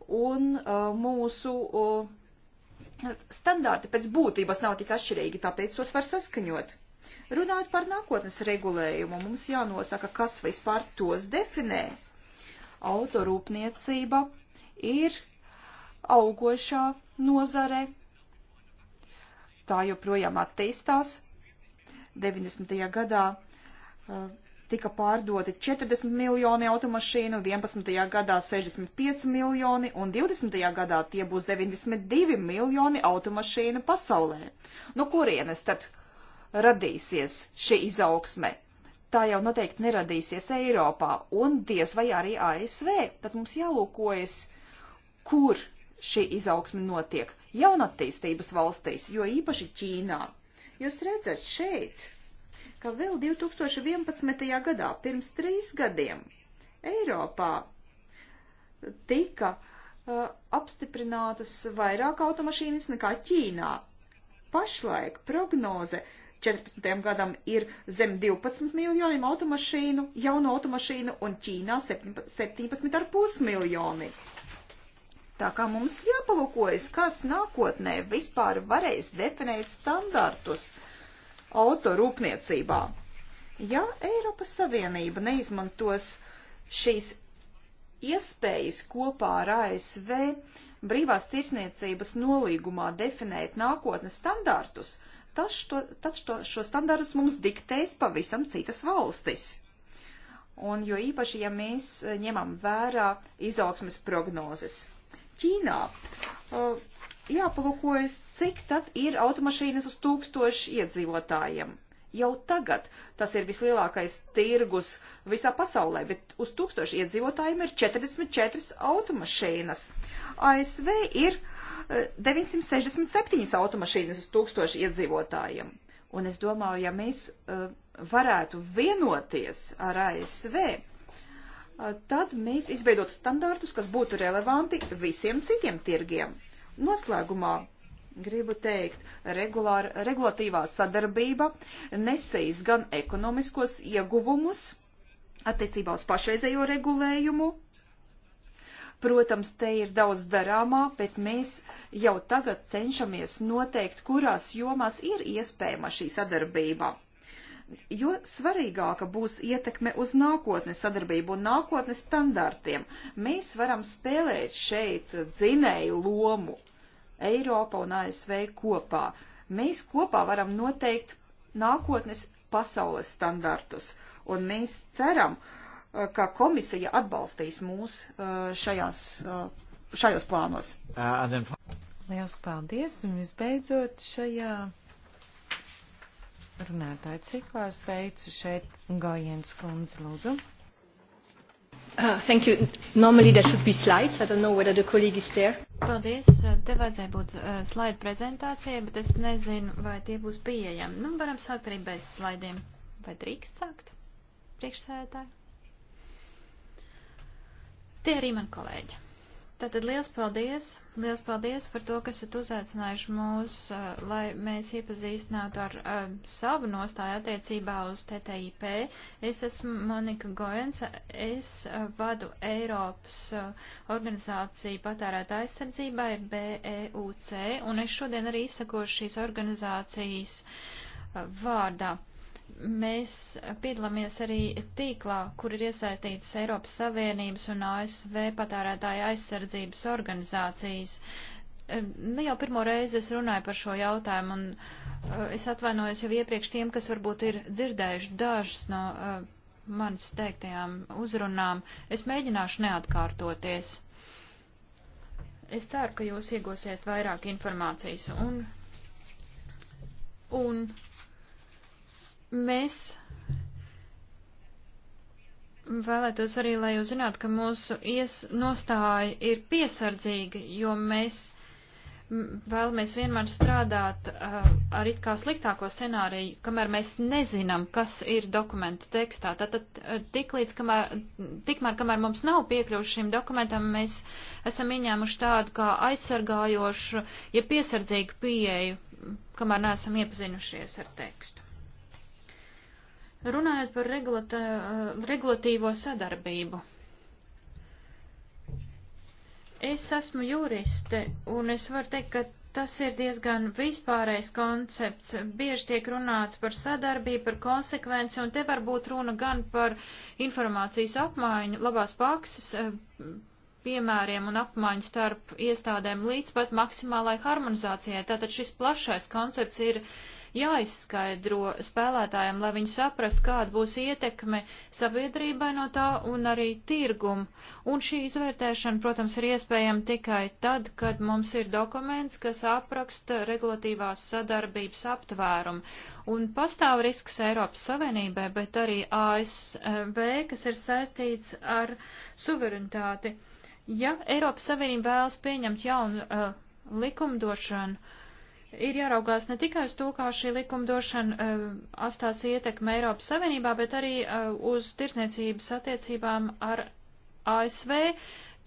[SPEAKER 4] un uh, mūsu uh, standārti pēc būtības nav tik atšķirīgi, tāpēc tos var saskaņot. Runājot par nākotnes regulējumu, mums jānosaka, kas vispār tos definē. Autorūpniecība ir augošā nozare, tā joprojām attīstās. 90. gadā uh, tika pārdoti 40 miljoni automašīnu, 11. gadā 65 miljoni un 20. gadā tie būs 92 miljoni automašīnu pasaulē. No nu, kurienes tad radīsies šī izaugsme? Tā jau noteikti neradīsies Eiropā un diez vai arī ASV. Tad mums jālūkojas, kur šī izaugsme notiek. Jaunattīstības valstīs, jo īpaši Ķīnā. Jūs redzat šeit, ka vēl 2011. gadā, pirms trīs gadiem, Eiropā tika uh, apstiprinātas vairāk automašīnas nekā Ķīnā. Pašlaik prognoze 14. gadam ir zem 12 miljoniem automašīnu, jaunu automašīnu un Ķīnā 17,5 miljoni. Tā kā mums jāpalūkojas, kas nākotnē vispār varēs definēt standartus uh, autorūpniecībā. Ja Eiropas Savienība neizmantos šīs iespējas kopā ar ASV brīvās tirsniecības nolīgumā definēt nākotnes standārtus, tad šo, tad šo, šo standārtus mums diktēs pavisam citas valstis. Un jo īpaši, ja mēs ņemam vērā izaugsmes prognozes. Ķīnā uh, jāpalūkojas, cik tad ir automašīnas uz tūkstošu iedzīvotājiem. Jau tagad tas ir vislielākais tirgus visā pasaulē, bet uz tūkstošu iedzīvotājiem ir 44 automašīnas. ASV ir 967 e, automašīnas uz tūkstošu iedzīvotājiem. Un es domāju, ja mēs uh, varētu vienoties ar ASV, uh, e, tad mēs izveidotu standārtus, kas būtu relevanti visiem citiem tirgiem. Noslēgumā gribu teikt, regulār, regulatīvā sadarbība nesīs gan ekonomiskos ieguvumus attiecībā uz pašreizējo regulējumu. Protams, te ir daudz darāmā, bet mēs jau tagad cenšamies noteikt, kurās jomās ir iespējama šī sadarbība. Jo svarīgāka būs ietekme uz nākotnes sadarbību un nākotnes standartiem, mēs varam spēlēt šeit dzinēju lomu Eiropa un ASV kopā. Mēs kopā varam noteikt nākotnes pasaules standartus, un mēs ceram, uh, ka komisija atbalstīs mūs uh, šajās, uh, šajos plānos.
[SPEAKER 2] Liels paldies, un visbeidzot šajā runātāja ciklā sveicu
[SPEAKER 4] šeit Gojens kundze, lūdzu.
[SPEAKER 3] Uh, thank you. Normally
[SPEAKER 4] there should be slides. I don't know whether the colleague is there.
[SPEAKER 3] Paldies. Te vajadzēja būt uh, eh, slaidu prezentācijai, bet es nezinu, vai tie būs pieejami. Nu, varam sākt arī bez slaidiem. Vai drīkst sākt? Priekšsēdētāji. Tie arī man kolēģi. Tātad liels paldies, liels paldies par to, kas esat uzaicinājuši mūs, eh, lai mēs iepazīstinātu ar, ar eh, savu nostāju attiecībā uz TTIP. Es esmu Monika Goens, es eh, vadu Eiropas organizāciju patērētā aizsardzībai BEUC, un es šodien arī izsakošu šīs organizācijas vārdā. Mēs piedalāmies arī tīklā, kur ir iesaistītas Eiropas Savienības un ASV patērētāja aizsardzības organizācijas. Ne jau pirmo reizi es runāju par šo jautājumu, un eh, es atvainojos jau iepriekš tiem, kas varbūt ir dzirdējuši dažas no eh, manis teiktajām uzrunām. Es mēģināšu neatkārtoties. Es ceru, ka jūs iegūsiet vairāk informācijas un, un Mēs vēlētos arī, lai jūs zinātu, ka mūsu ies nostāja ir piesardzīga, jo mēs vēlamies vienmēr strādāt uh, ar it kā sliktāko scenāriju, kamēr mēs nezinām, kas ir dokumentu tekstā. Tātad uh, tik līdz, kamēr, tikmēr, kamēr mums nav piekļuvuši šim dokumentam, mēs esam ieņēmuši tādu kā aizsargājošu, ja piesardzīgu pieeju, kamēr neesam iepazinušies ar tekstu. Runājot par eh, regulatīvo sadarbību. Es esmu juriste, un es varu teikt, ka tas ir diezgan vispārējs koncepts. Bieži tiek runāts par sadarbību, par konsekvenci, un te var būt runa gan par informācijas apmaiņu, labās prakses eh, piemēriem un apmaiņu starp iestādēm līdz pat maksimālai harmonizācijai. Tātad šis plašais koncepts ir jāizskaidro spēlētājiem, lai viņi saprast, kāda būs ietekme sabiedrībai no tā un arī tirgumu. Un šī izvērtēšana, protams, ir iespējama tikai tad, kad mums ir dokuments, kas apraksta regulatīvās sadarbības aptvērumu. Un pastāv risks Eiropas Savienībai, bet arī ASV, kas ir saistīts ar suverenitāti. Ja Eiropas Savienība vēlas pieņemt jaunu uh, likumdošanu, ir jāraugās ne tikai uz to, kā šī likumdošana uh, eh, atstās ietekmi Eiropas Savienībā, bet arī uh, uz tirsniecības attiecībām ar ASV.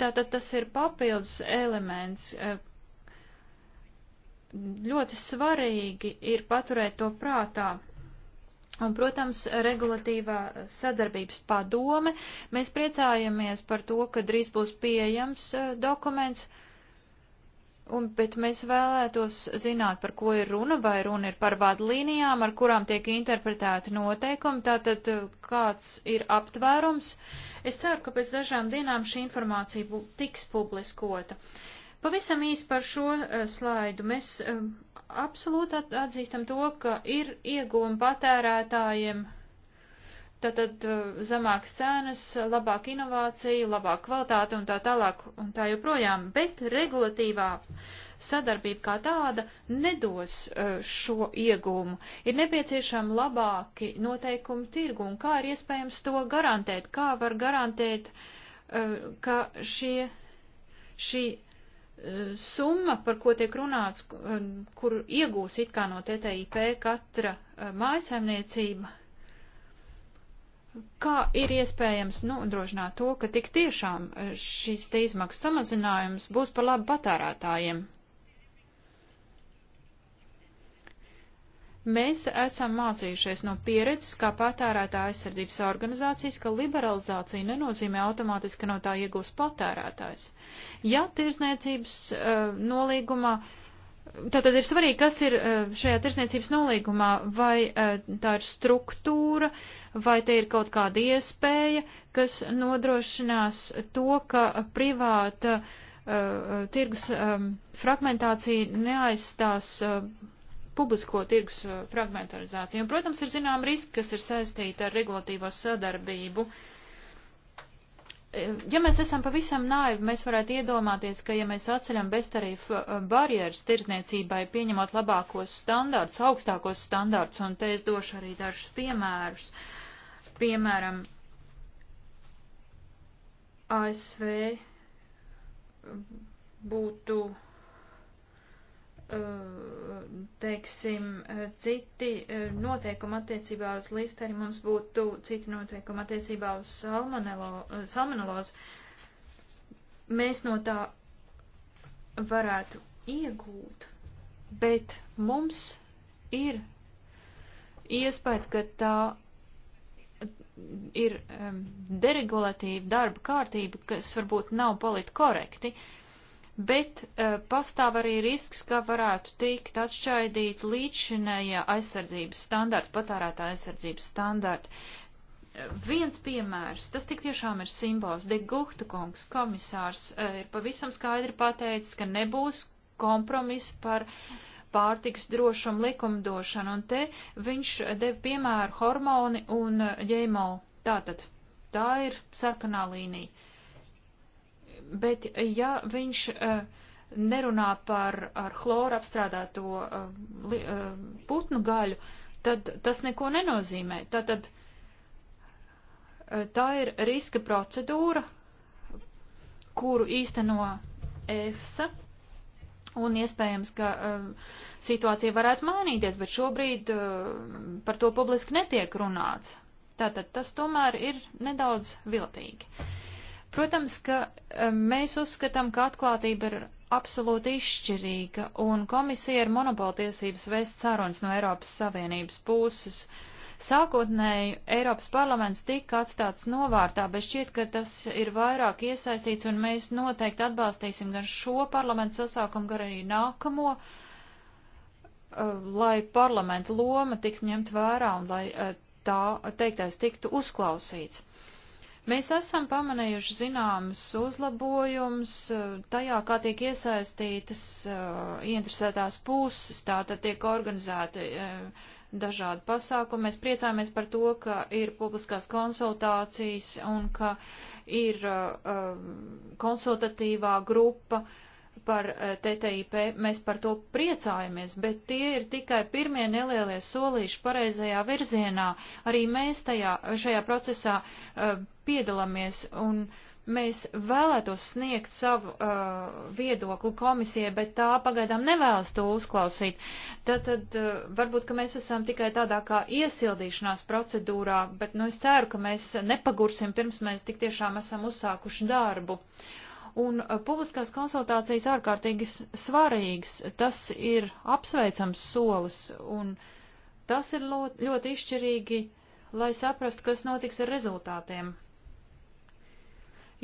[SPEAKER 3] Tātad tas ir papildus elements. Uh, ļoti svarīgi ir paturēt to prātā. Un, protams, regulatīvā sadarbības padome. Mēs priecājamies par to, ka drīz būs pieejams dokuments. Uh, Un, bet mēs vēlētos zināt, par ko ir runa, vai runa ir par vadlīnijām, ar kurām tiek interpretēti noteikumi, tātad kāds ir aptvērums. Es ceru, ka pēc dažām dienām šī informācija bū, tiks publiskota. Pavisam īsi par šo uh, slaidu. Mēs uh, absolūti at, atzīstam to, ka ir iegūmi patērētājiem Tātad eh, zemākas cenas, labāka inovācija, labāka kvalitāte un tā tālāk un tā joprojām, bet regulatīvā sadarbība kā tāda nedos eh, šo iegūmu. Ir nepieciešami labāki noteikumi tirgu un kā ir iespējams to garantēt, kā var garantēt, eh, ka šie, šī summa, par ko tiek runāts, kur iegūs it kā no TTIP katra mājasaimniecība Kā ir iespējams nu, nodrošināt nu, to, ka tik tiešām e, šis te izmaksu samazinājums būs par labu patērētājiem? Mēs esam mācījušies no pieredzes, kā patērētā aizsardzības organizācijas, ka liberalizācija nenozīmē automātiski no tā iegūs patērētājs. Ja tirzniecības uh, nolīgumā uh, Tātad ir svarīgi, kas ir eh, šajā tirsniecības nolīgumā, vai eh, tā ir struktūra, vai te ir kaut kāda iespēja, kas nodrošinās to, ka privāta uh, tirgus um, fragmentācija neaizstās uh, publisko tirgus fragmentarizāciju. Un, protams, ir zinām riski, kas ir saistīti ar regulatīvo sadarbību. Uh, ja mēs esam pavisam naivi, mēs varētu iedomāties, ka ja mēs atceļam beztarīfu eh, barjeras tirzniecībai, pieņemot labākos standārts, augstākos standārts, un te es došu arī dažus piemērus. Piemēram, ASV būtu Uh, teiksim, uh, citi uh, noteikumi attiecībā uz listeri, mums būtu citi noteikumi attiecībā uz salmonelos, mēs no tā varētu iegūt, bet mums ir iespējas, ka tā ir um, deregulatīva darba kārtība, kas varbūt nav politkorekti. korekti bet uh, pastāv arī risks, ka varētu tikt atšķaidīt līdzinējā aizsardzības standarta, patērētā aizsardzības standarta. Uh, viens piemērs, tas tik tiešām ir simbols, De Guhta kungs, komisārs, uh, ir pavisam skaidri pateicis, ka nebūs kompromisu par pārtiks drošumu likumdošanu, un te viņš deva piemēru hormoni un ģēmo. Tātad, tā ir sarkanā līnija bet ja viņš e, nerunā par ar chloru apstrādāto e, e, putnu gaļu, tad tas neko nenozīmē. Tātad tā ir riska procedūra, kuru īsteno EFSA, un iespējams, ka situācija varētu mainīties, bet šobrīd par to publiski netiek runāts. Tātad tas tomēr ir nedaudz viltīgi. Uh, Protams, ka mēs uzskatām, ka atklātība ir absolūti izšķirīga, un komisija ir monopoltiesības vēst sarunas no Eiropas Savienības puses. Sākotnēji Eiropas parlaments tika atstāts novārtā, bet šķiet, ka tas ir vairāk iesaistīts, un mēs noteikti atbalstīsim gan šo parlamentu sasaukumu, gan arī nākamo, eh, lai parlamenta loma tiktu ņemt vērā un lai eh, tā teiktais tiktu uzklausīts. Mēs esam pamanījuši zināmas uzlabojums eh, tajā, kā tiek iesaistītas uh, interesētās puses, tātad tiek organizēti uh, dažādi pasākumi. Mēs priecāmies par to, ka ir publiskās konsultācijas un ka ir uh, konsultatīvā grupa par TTIP. Mēs par to priecājamies, bet tie ir tikai pirmie nelielie solīši pareizajā virzienā. Arī mēs tajā, šajā procesā uh, piedalāmies un mēs vēlētos sniegt savu uh, viedokli komisijai, bet tā pagaidām nevēlas to uzklausīt. Tad, tad uh, varbūt, ka mēs esam tikai tādā kā iesildīšanās procedūrā, bet nu, es ceru, ka mēs nepagursim pirms mēs tik tiešām esam uzsākuši darbu. Un uh, publiskās konsultācijas ārkārtīgi svarīgas, tas ir apsveicams solis un tas ir ļoti, ļoti izšķirīgi, lai saprastu, kas notiks ar rezultātiem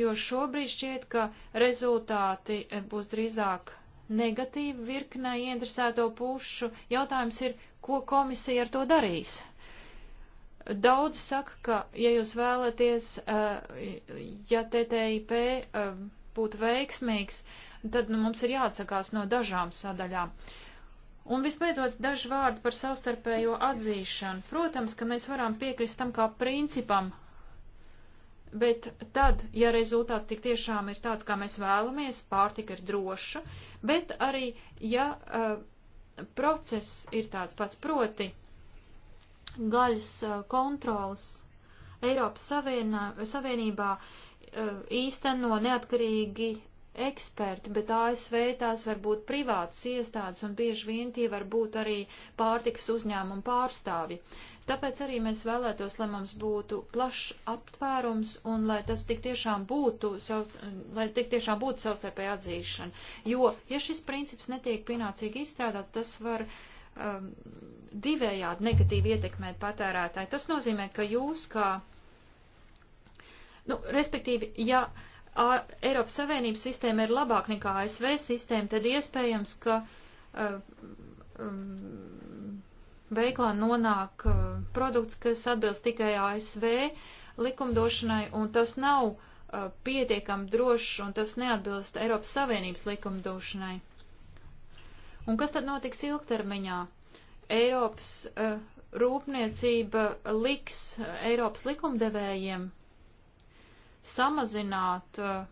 [SPEAKER 3] jo šobrīd šķiet, ka rezultāti eh, būs drīzāk negatīvi virknē ieinteresēto pušu. Jautājums ir, ko komisija ar to darīs? Daudz saka, ka, ja jūs vēlaties, eh, ja TTIP eh, būtu veiksmīgs, tad nu, mums ir jāatsakās no dažām sadaļām. Un visbeidzot, daži vārdi par savstarpējo atzīšanu. Protams, ka mēs varam piekrist tam kā principam, Bet tad, ja rezultāts tik tiešām ir tāds, kā mēs vēlamies, pārtika ir droša, bet arī, ja uh, process ir tāds pats proti gaļas uh, kontrols Eiropas Savienā, Savienībā uh, īsteno neatkarīgi eksperti, bet ASV tās var būt privātas iestādes un bieži vien tie var būt arī pārtikas uzņēmumu pārstāvi. Uh, Tāpēc arī mēs vēlētos, lai mums būtu plašs aptvērums un lai tas tik tiešām būtu, sav, lai tik tiešām būtu savstarpēja atzīšana. Jo, ja šis princips netiek pienācīgi izstrādāts, tas var um, divējādi negatīvi ietekmēt patērētāju. Tas nozīmē, ka jūs kā, nu, respektīvi, ja a, Eiropas Savienības sistēma ir labāka nekā ASV sistēma, tad iespējams, ka uh, um, um, veiklā nonāk uh, produkts, kas atbilst tikai ASV likumdošanai, un tas nav uh, pietiekam drošs, un tas neatbilst Eiropas Savienības likumdošanai. Un kas tad notiks ilgtermiņā? Eiropas uh, rūpniecība liks uh, Eiropas likumdevējiem samazināt uh,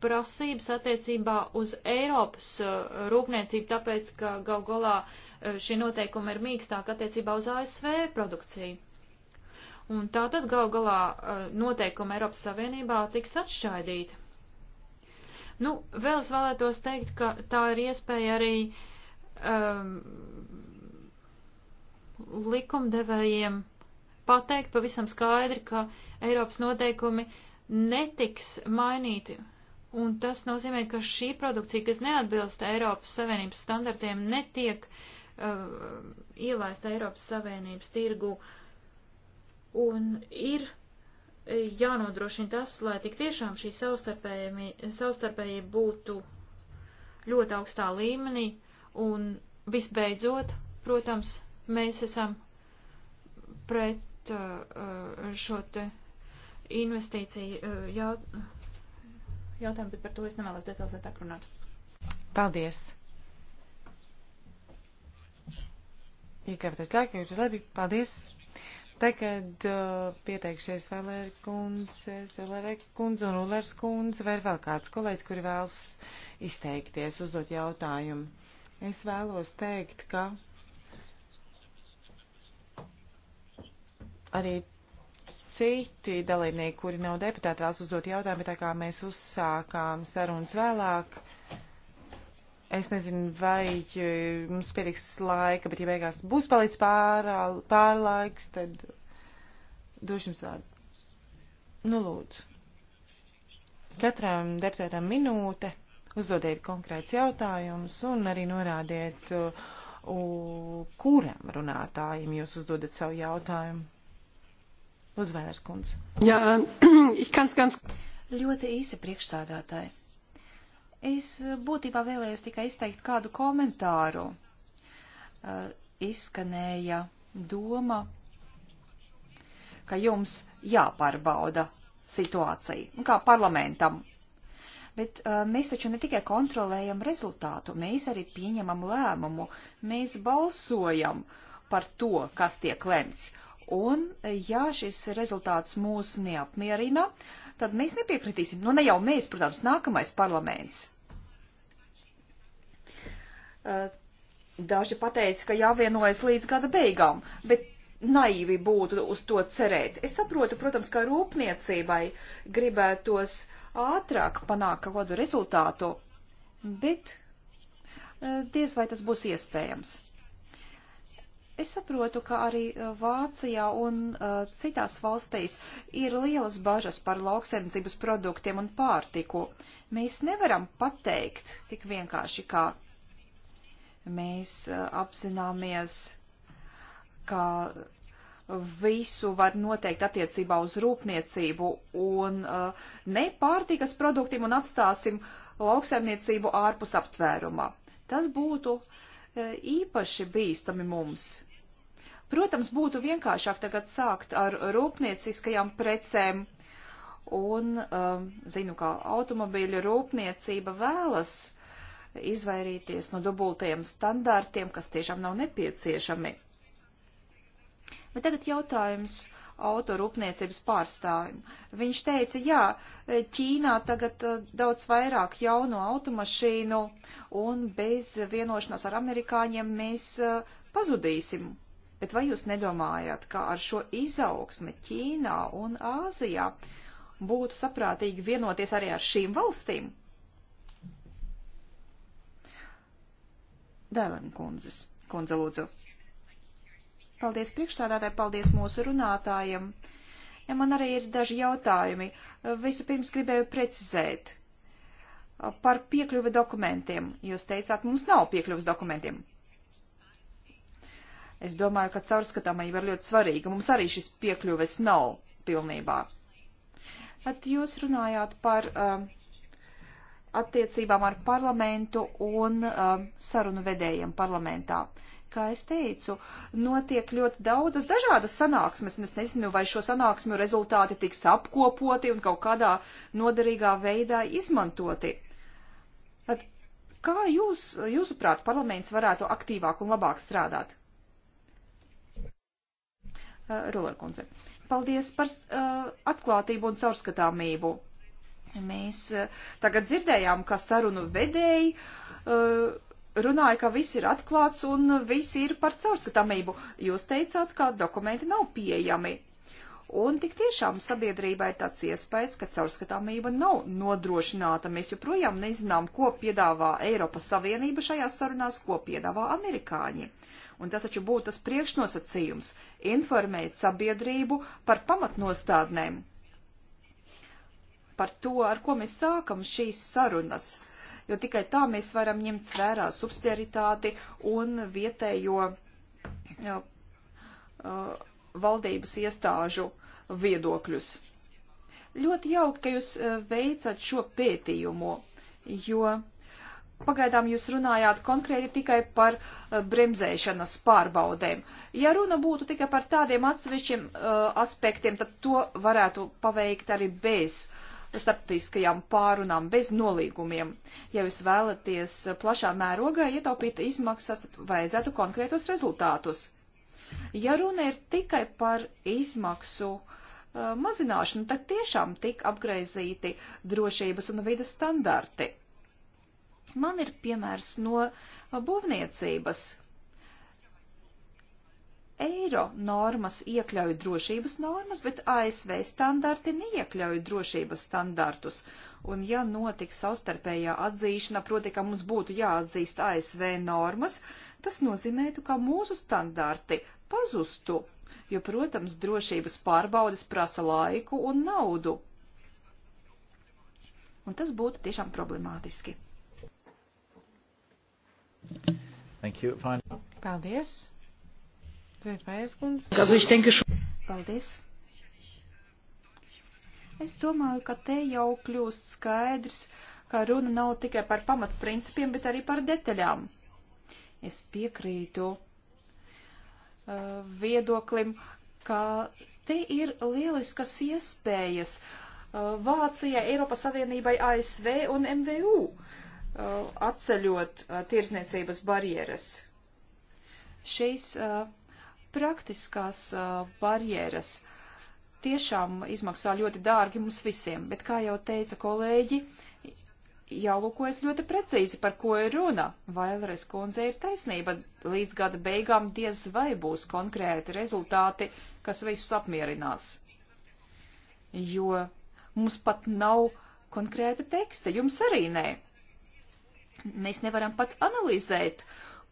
[SPEAKER 3] prasības attiecībā uz Eiropas uh, rūpniecību, tāpēc, ka gal galā uh, šie noteikumi ir mīkstāk attiecībā uz ASV produkciju. Un tātad gal galā uh, noteikumi Eiropas Savienībā tiks atšķaidīti. Nu, vēl es vēlētos teikt, ka tā ir iespēja arī um, likumdevējiem pateikt pavisam skaidri, ka Eiropas noteikumi netiks mainīti Un tas nozīmē, ka šī produkcija, kas neatbilst Eiropas Savienības standartiem, netiek uh, ielaista Eiropas Savienības tirgu. Un ir e, jānodrošina tas, lai tik tiešām šī savstarpējība būtu ļoti augstā līmenī. Un visbeidzot, protams, mēs esam pret uh, uh šo te investīciju uh, jautājumu jautājumu, bet par to es nevēlos detalizētāk runāt.
[SPEAKER 2] Paldies! Iekļauties laikam, jums labi, paldies! Tagad uh, pieteikšies Vēlēra kundze, Zelere kundze un Ulers kundze, vai ir vēl kāds kolēģis, kuri vēlas izteikties, uzdot jautājumu. Es vēlos teikt, ka arī citi dalībnieki, kuri nav deputāti, vēlas uzdot jautājumu, bet tā kā mēs uzsākām sarunas vēlāk, es nezinu, vai e, mums pietiks laika, bet ja beigās būs palicis pārlaiks, tad došu jums vārdu. Nu, lūdzu. Katram deputātam minūte, uzdodiet konkrēts jautājums un arī norādiet, e, kuram runātājiem jūs uzdodat savu jautājumu. Lūdzu, Vēlērs kundze.
[SPEAKER 4] Jā, [clears throat] ich kans, kans. Ļoti īsi priekšsādātāji. Es eh, būtībā vēlējos tikai izteikt kādu komentāru. Uh, izskanēja doma, ka jums jāpārbauda situācija, un kā parlamentam. Bet uh, mēs taču ne tikai kontrolējam rezultātu, mēs arī pieņemam lēmumu, mēs balsojam par to, kas tiek lemts. Un, ja šis rezultāts mūs neapmierina, tad mēs nepiekritīsim. Nu, ne jau mēs, protams, nākamais parlaments. Eh, daži pateica, ka jāvienojas līdz gada beigām, bet naivi būtu uz to cerēt. Es saprotu, protams, ka rūpniecībai gribētos ātrāk panākt kādu rezultātu, bet eh, diez vai tas būs iespējams. Es saprotu, ka arī e, Vācijā un uh, citās valstīs ir lielas bažas par lauksaimniecības produktiem un pārtiku. Mēs nevaram pateikt tik vienkārši, kā mēs uh, apzināmies, ka visu var noteikt attiecībā uz rūpniecību un uh, ne pārtikas produktiem un atstāsim lauksaimniecību ārpus aptvērumā. Tas būtu uh, īpaši bīstami mums Protams, būtu vienkāršāk tagad sākt ar rūpnieciskajām precēm, un um, zinu, ka automobīļu rūpniecība vēlas izvairīties no dubultajiem standārtiem, kas tiešām nav nepieciešami. Bet tagad jautājums autorūpniecības pārstāvim. Viņš teica, jā, Ķīnā tagad uh, daudz vairāk jauno automašīnu un bez vienošanās ar amerikāņiem mēs uh, pazudīsim Bet vai jūs nedomājat, ka ar šo izaugsmi Ķīnā un Āzijā būtu saprātīgi vienoties arī ar šīm valstīm? Dēlēm kundzes, kundze lūdzu. Paldies priekšstādātāji, paldies mūsu runātājiem. Ja man arī ir daži jautājumi. Visu pirms gribēju precizēt par piekļuvi dokumentiem. Jūs teicāt, mums nav piekļuvas dokumentiem. Es domāju, ka caurskatāmība ir ļoti svarīga. Mums arī šis piekļuves nav pilnībā. At jūs runājāt par uh, attiecībām ar parlamentu un uh, sarunu vedējiem parlamentā. Kā es teicu, notiek ļoti daudzas dažādas sanāksmes, un es nezinu, vai šo sanāksmu rezultāti tiks apkopoti un kaut kādā noderīgā veidā izmantoti. At kā jūs, jūsuprāt, parlaments varētu aktīvāk un labāk strādāt? Uh, Rūlerkundze. Paldies par uh, atklātību un caurskatāmību. Mēs uh, tagad dzirdējām, ka sarunu vedēji runāja, ka viss ir atklāts un viss ir par caurskatāmību. Jūs teicāt, ka dokumenti nav pieejami. Un tik tiešām sabiedrībā ir tāds iespējas, ka caurskatāmība nav nodrošināta. Mēs joprojām nezinām, ko piedāvā Eiropas Savienība šajās sarunās, ko piedāvā amerikāņi un tas taču būtu tas priekšnosacījums - informēt sabiedrību par pamatnostādnēm, par to, ar ko mēs sākam šīs sarunas, jo tikai tā mēs varam ņemt vērā subsidiaritāti un vietējo jā, valdības iestāžu viedokļus. Ļoti jauki, ka jūs veicat šo pētījumu, jo Pagaidām jūs runājāt konkrēti tikai par eh, bremzēšanas pārbaudēm. Ja runa būtu tikai par tādiem atsevišķiem uh, aspektiem, tad to varētu paveikt arī bez starptautiskajām pārunām, bez nolīgumiem. Ja jūs vēlaties plašā mērogā ietaupīt izmaksas, tad vajadzētu konkrētos rezultātus. Ja runa ir tikai par izmaksu uh, mazināšanu, tad tiešām tik apgreizīti drošības un vidas standarti Man ir piemērs no būvniecības. Eiro normas iekļauj drošības normas, bet ASV standarti neiekļauj drošības standartus. Un ja notiks savstarpējā atzīšana, proti, ka mums būtu jāatzīst ASV normas, tas nozīmētu, ka mūsu standarti pazustu, jo, protams, drošības pārbaudes prasa laiku un naudu. Un tas būtu tiešām problemātiski.
[SPEAKER 1] Thank you. Fine.
[SPEAKER 4] Paldies. Paldies. Es domāju, ka te jau kļūst skaidrs, ka runa nav tikai par pamatprincipiem, bet arī par detaļām. Es piekrītu uh, viedoklim, ka te ir lieliskas iespējas uh, Vācijai, Eiropas Savienībai, ASV un MVU. Uh, Uh, atceļot uh, tirsniecības barjeras. Šīs uh, praktiskās barjeras tiešām izmaksā ļoti dārgi mums visiem, bet, kā jau teica kolēģi, jālūkojas ļoti precīzi, par ko ir runa. Vailres kundze ir taisnība, līdz gada beigām diez vai būs konkrēti rezultāti, kas visus apmierinās. Jo mums pat nav konkrēta teksta, jums arī nē. Mēs nevaram pat analizēt,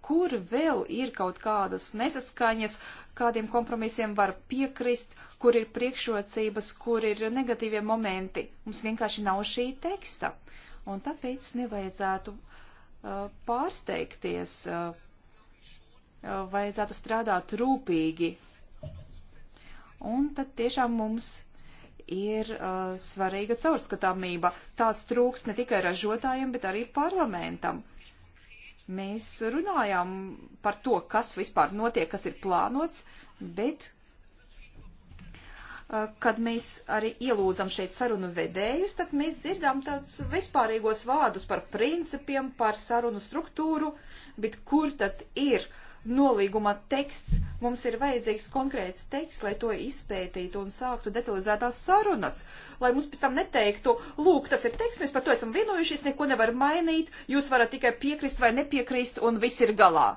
[SPEAKER 4] kur vēl ir kaut kādas nesaskaņas, kādiem kompromisiem var piekrist, kur ir priekšrocības, kur ir negatīvie momenti. Mums vienkārši nav šī teksta. Un tāpēc nevajadzētu uh, pārsteigties, uh, uh vajadzētu strādāt rūpīgi. Un tad tiešām mums ir uh, svarīga caurskatāmība. Tās trūks ne tikai ražotājiem, bet arī parlamentam. Mēs runājām par to, kas vispār notiek, kas ir plānots, bet uh, kad mēs arī ielūdzam šeit sarunu vedējus, tad mēs dzirdām tāds vispārīgos vārdus par principiem, par sarunu struktūru, bet kur tad ir uh, nolīguma teksts. Mums ir vajadzīgs konkrēts teksts, lai to izpētītu un sāktu detalizētās sarunas, lai mums pēc tam neteiktu, lūk, tas ir teksts, mēs par to esam vienojušies, neko nevar mainīt, jūs varat tikai piekrist vai nepiekrist un viss ir galā.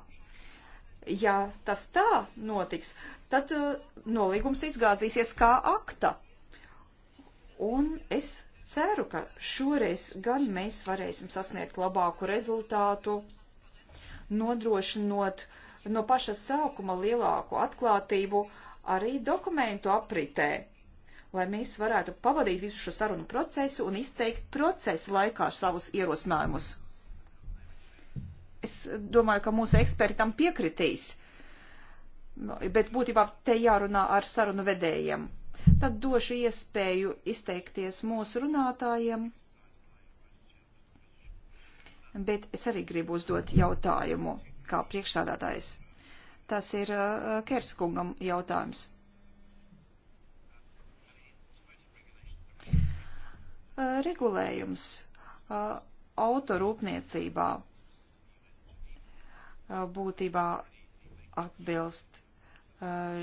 [SPEAKER 4] Ja tas tā notiks, tad uh, nolīgums izgāzīsies kā akta. Un es ceru, ka šoreiz gan mēs varēsim sasniegt labāku rezultātu, nodrošinot uh, no paša sākuma lielāku atklātību arī dokumentu apritē, lai mēs varētu pavadīt visu šo sarunu procesu un izteikt procesa laikā savus ierosinājumus. Es domāju, ka mūsu eksperti tam piekritīs, bet būtībā te jārunā ar sarunu vedējiem. Tad došu iespēju izteikties mūsu runātājiem bet es arī gribu uzdot jautājumu kā priekšsādātājs. Tas ir uh, Kerskungam jautājums. Uh, regulējums uh, autorūpniecībā būtībā atbilst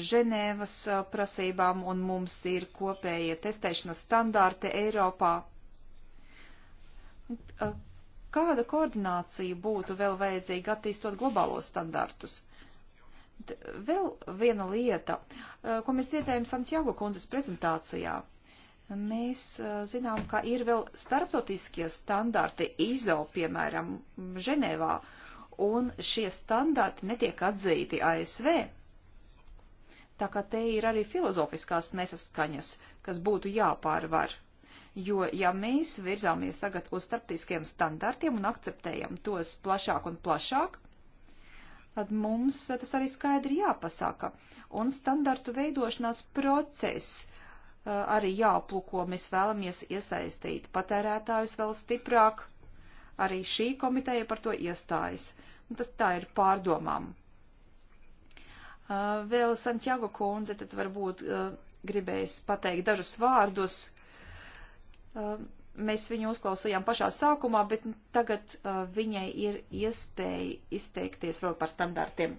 [SPEAKER 4] Ženēvas prasībām un mums ir kopējie testēšanas standārti Eiropā. Kāda koordinācija būtu vēl vajadzīga attīstot globālos standartus? Vēl viena lieta, eh, ko mēs dzirdējam Santiago kundzes prezentācijā. Mēs eh, zinām, ka ir vēl starptautiskie standarti ISO, piemēram, Ženēvā, un šie standarti netiek atzīti ASV. Tā kā te ir arī filozofiskās nesaskaņas, kas būtu jāpārvar. Jo, ja mēs virzāmies tagad uz starptiskiem standartiem un akceptējam tos plašāk un plašāk, tad mums tas arī skaidri jāpasaka. Un standartu veidošanās process eh, arī jāaplūko. Mēs vēlamies iesaistīt patērētājus vēl stiprāk. Arī šī komiteja par to iestājas. Un tas tā ir pārdomām. Eh, vēl Santiago kundze tad varbūt eh, gribējis pateikt dažus vārdus, Uh, mēs viņu uzklausījām pašā sākumā, bet tagad uh, viņai ir iespēja izteikties vēl par standartiem.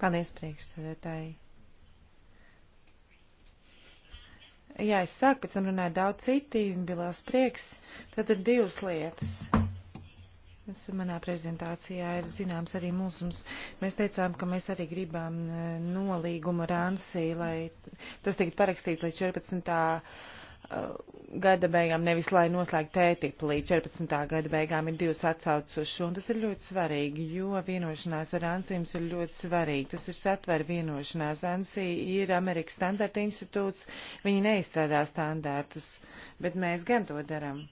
[SPEAKER 2] Paldies, priekšsēdētāji. Jā, es sāku, pēc tam runāju daudz citi, bilās prieks. Tad ir divas lietas. Es, manā prezentācijā ir zināms arī mūsu, mēs teicām, ka mēs arī gribam uh, nolīgumu ransi, lai tas tiktu parakstīts līdz 14. Uh, gada beigām, nevis lai noslēgtu tētipu līdz 14. gada beigām, ir divas atsaucas uz šo, un tas ir ļoti svarīgi, jo vienošanās ar ANSI ir ļoti svarīgi. Tas ir satver vienošanās. ANSI ir Amerikas standarta institūts, viņi neizstrādā standartus, bet mēs gan to darām.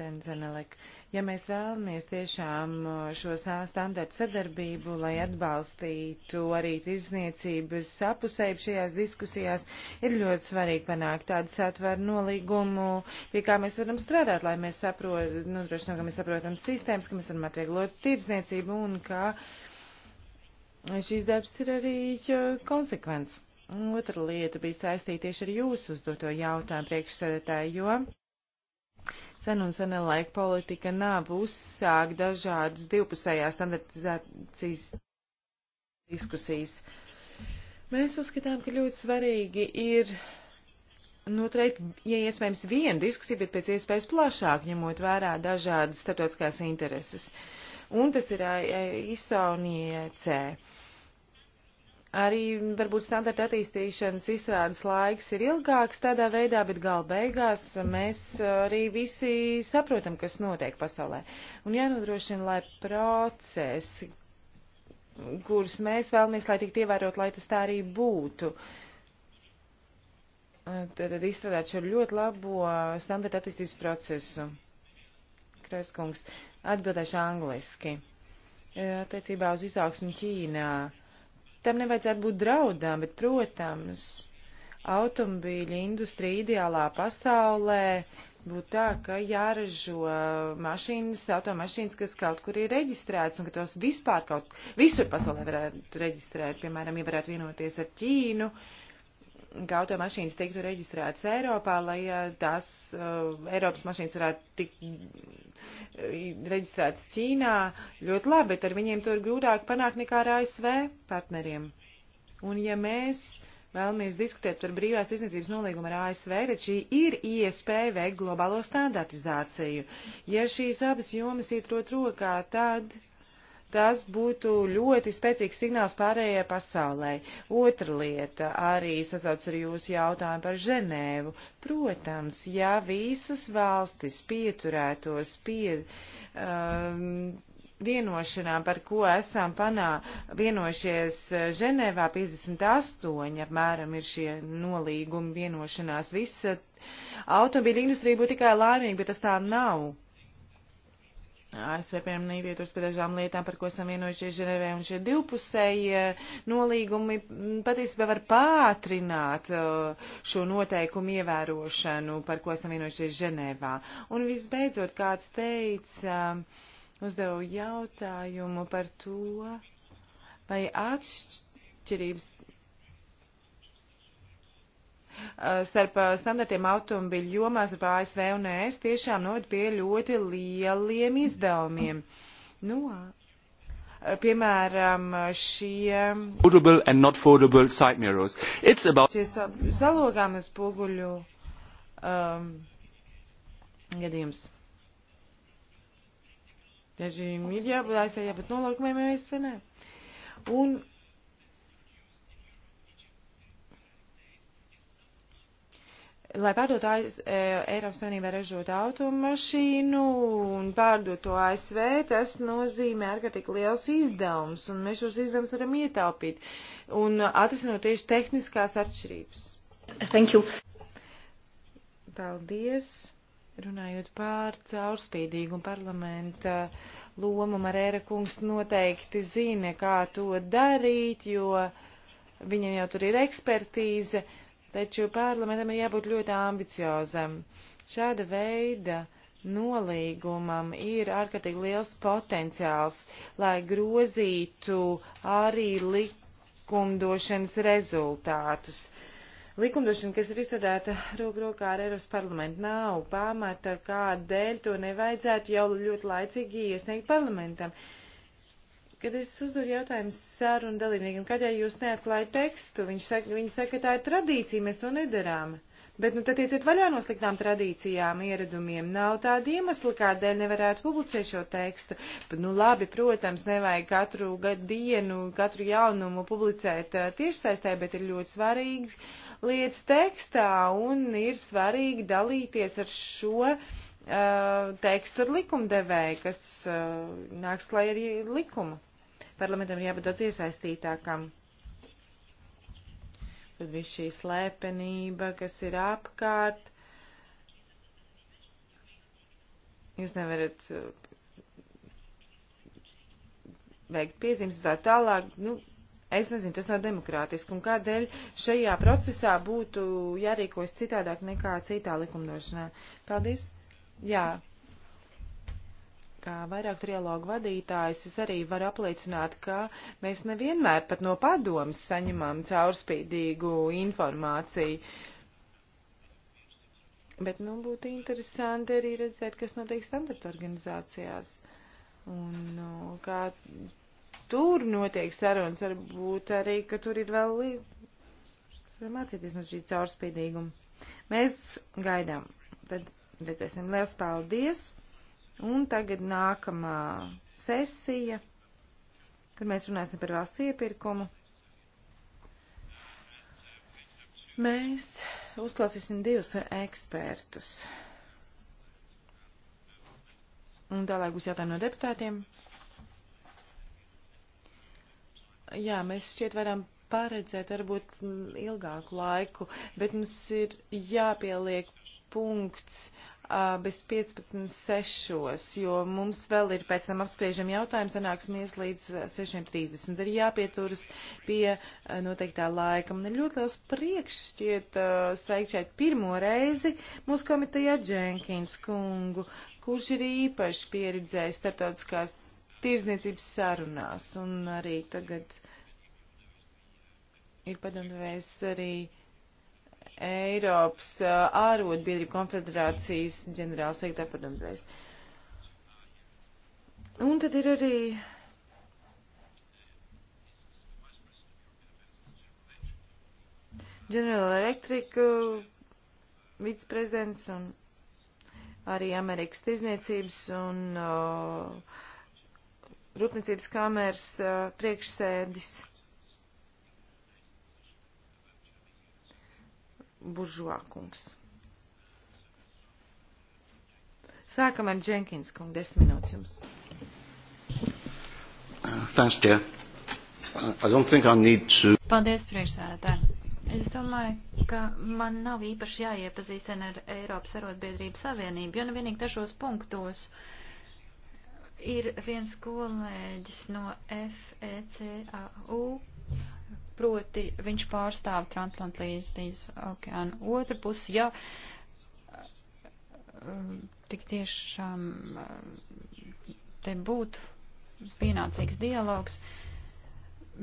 [SPEAKER 2] Cenzenelek. Uh, Ja mēs vēlamies tiešām uh, šo standartu sadarbību, lai atbalstītu arī tirzniecības sapusēju šajās diskusijās, ir ļoti svarīgi panākt tādu satvaru nolīgumu, pie kā mēs varam strādāt, lai mēs saprotam, nodrošinām, nu, ka mēs saprotam sistēmas, ka mēs varam atvieglot tirzniecību un ka šīs darbs ir arī uh, konsekvents. Otra lieta bija saistīta tieši ar jūsu uzdoto jautājumu priekšsēdētāju, jo sen un sena laika politika nav uzsāk dažādas divpusējās standartizācijas diskusijas. Mēs uzskatām, ka ļoti svarīgi ir noturēt, nu, ja iespējams, vienu diskusiju, bet pēc iespējas plašāk, ņemot vērā dažādas starptautiskās intereses. Un tas ir ISO un IEC. Arī varbūt standarta attīstīšanas izstrādes laiks ir ilgāks tādā veidā, bet gala beigās mēs arī visi saprotam, kas notiek pasaulē. Un jānodrošina, lai procesi, kurus mēs vēlamies, lai tiktu ievērot, lai tas tā arī būtu. Tad, tad izstrādāt šo ļoti labo standarta attīstības procesu. Kreiskungs, atbildēšu angliski. Attiecībā uz izaugsmu Ķīnā tam nevajadzētu būt draudām, bet, protams, automobīļa industrija ideālā pasaulē būtu tā, ka jāražo mašīnas, automašīnas, kas kaut kur ir reģistrētas un ka tos vispār kaut visur pasaulē varētu reģistrēt, piemēram, ja varētu vienoties ar Ķīnu. Uh, ka automašīnas tiktu reģistrētas Eiropā, lai tās uh, Eiropas mašīnas varētu tikt mm, reģistrētas Ķīnā. Ļoti labi, bet ar viņiem to ir grūtāk panākt nekā ar ASV partneriem. Un ja mēs vēlamies diskutēt par brīvās izniecības nolīgumu ar ASV, tad šī ir iespēja veikt globālo standartizāciju. Ja šīs abas jomas iet rot rokā, tad Tas būtu ļoti spēcīgs signāls pārējai pasaulē. Otra lieta arī sasauc ar jūsu jautājumu par Ženēvu. Protams, ja visas valstis pieturētos pie. Um, vienošanām, par ko esam panā vienojušies eh, Ženēvā 58, apmēram ir šie nolīgumi vienošanās. Visa eh, automobiļa industrija būtu tikai laimīga, bet tas tā nav. ASV, piemēram, neievietojas pie dažām lietām, par ko esam vienojušies Ženevē, un šie divpusējie eh, nolīgumi mm, patiesībā var pātrināt eh, šo noteikumu ievērošanu, par ko esam vienojušies Ženevā. Un visbeidzot, kāds teica, uzdevu jautājumu par to, vai atšķirības Eh, starp eh, standartiem automobīļu jomās ar ASV un ES tiešām noved pie ļoti lieliem izdevumiem. Nu, eh, piemēram, šie.
[SPEAKER 4] Foldable and not foldable side mirrors. It's about. Šie
[SPEAKER 2] salogām uz poguļu um, ehm, gadījums. Dažiem ir jābūt aizsējā, bet nolaukumiem mēs vienē. Un lai pārdot aiz, e, Eiropas Savienībā ražotu automašīnu un pārdot to ASV, tas nozīmē ārkārtīgi liels izdevums, un mēs šos izdevumus varam ietaupīt un atrisinot tieši tehniskās atšķirības. Thank you. Paldies. Runājot pār caurspīdīgu un parlamenta lomu, Marēra kungs noteikti zina, kā to darīt, jo viņam jau tur ir ekspertīze. Uh, taču parlamentam ir jābūt ļoti ambiciozam. Šāda veida nolīgumam ir ārkārtīgi liels potenciāls, lai grozītu arī likumdošanas rezultātus. Likumdošana, kas ir izstrādāta roku rokā ar Eiropas parlamentu, nav pamata, kādēļ to nevajadzētu jau ļoti laicīgi iesniegt parlamentam. Uh, Kad es uzdodu jautājumu sarunu dalībniekiem, kādēļ jūs neatklājat tekstu, viņi saka, viņi saka, ka tā ir tradīcija, mēs to nedarām. Bet nu tad ieciet vaļā no sliktām tradīcijām, ieradumiem. Nav tāda iemesla, kādēļ nevarētu publicēt šo tekstu. Bet, nu labi, protams, nevajag katru dienu, katru jaunumu publicēt tiešsaistē, bet ir ļoti svarīgi lietas tekstā un ir svarīgi dalīties ar šo uh, tekstu ar likumdevēju, kas uh, nāks klāj arī likumu parlamentam ir jābūt daudz iesaistītākam. Tad viss šī slēpenība, kas ir apkārt, jūs nevarat uh, veikt piezīmes tā tālāk. Nu, es nezinu, tas nav demokrātiski. Un kādēļ šajā procesā būtu jārīkojas citādāk nekā citā likumdošanā? Paldies! Jā, kā vairāk trialogu vadītājs, es arī varu apliecināt, ka mēs nevienmēr pat no padomas saņemam caurspīdīgu informāciju. Bet, nu, būtu interesanti arī redzēt, kas notiek standarta organizācijās. Un, nu, kā tur notiek sarunas, varbūt arī, ka tur ir vēl līdz. Varam mācīties no šī caurspīdīguma. Mēs gaidām. Tad redzēsim. Liels paldies! Un tagad nākamā sesija, kad mēs runāsim par valsts iepirkumu. Mēs uzklausīsim divus ekspertus. Un tālāk būs jautājumi no deputātiem. Jā, mēs šķiet varam paredzēt varbūt ilgāku laiku, bet mums ir jāpieliek punkts bez 15.6, jo mums vēl ir pēc tam apspriežam jautājumu, sanāksimies līdz 6.30. Ir jāpieturas pie noteiktā laika. Man ir ļoti liels prieks šķiet sveikt šeit pirmo reizi mūsu komitejā Dženkins kungu, kurš ir īpaši pieredzējis starptautiskās tirzniecības sarunās un arī tagad ir padomdevējs arī Eiropas uh, ārotbiedrību konfederācijas ģenerāls sekretārpadomdevējs. Un tad ir arī General Electric uh, viceprezidents un arī Amerikas tirzniecības un uh, Rūpniecības kameras uh, priekšsēdis. buržuākungs. Sākam ar Jenkins kungu, desmit
[SPEAKER 1] minūtes jums. Thanks, Chair. I don't think I need to...
[SPEAKER 3] Paldies, priekšsēdētāji. Es domāju, ka man nav īpaši jāiepazīstina ar Eiropas arotbiedrības savienību, jo nu vienīgi dažos punktos ir viens kolēģis no FECAU, proti viņš pārstāv Transatlantijas okeānu. Otra puse, ja tik tiešām te būtu pienācīgs dialogs,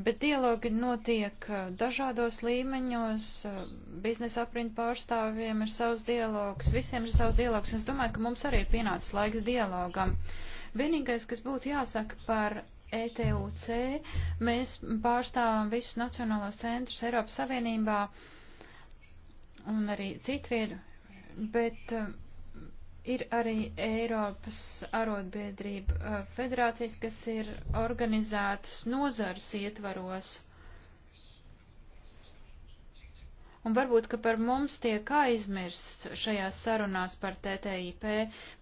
[SPEAKER 3] bet dialogi notiek eh, dažādos līmeņos, eh, biznesa aprindu pārstāvjiem ir savs dialogs, visiem ir savs dialogs, un es domāju, ka mums arī ir pienācis laiks dialogam. Vienīgais, kas būtu jāsaka par ETUC. Mēs pārstāvam visus nacionālos centrus Eiropas Savienībā un arī citviedu, bet um, ir arī Eiropas arotbiedrība uh, federācijas, kas ir organizētas nozars ietvaros. un varbūt, ka par mums tiek aizmirsts šajās sarunās par TTIP,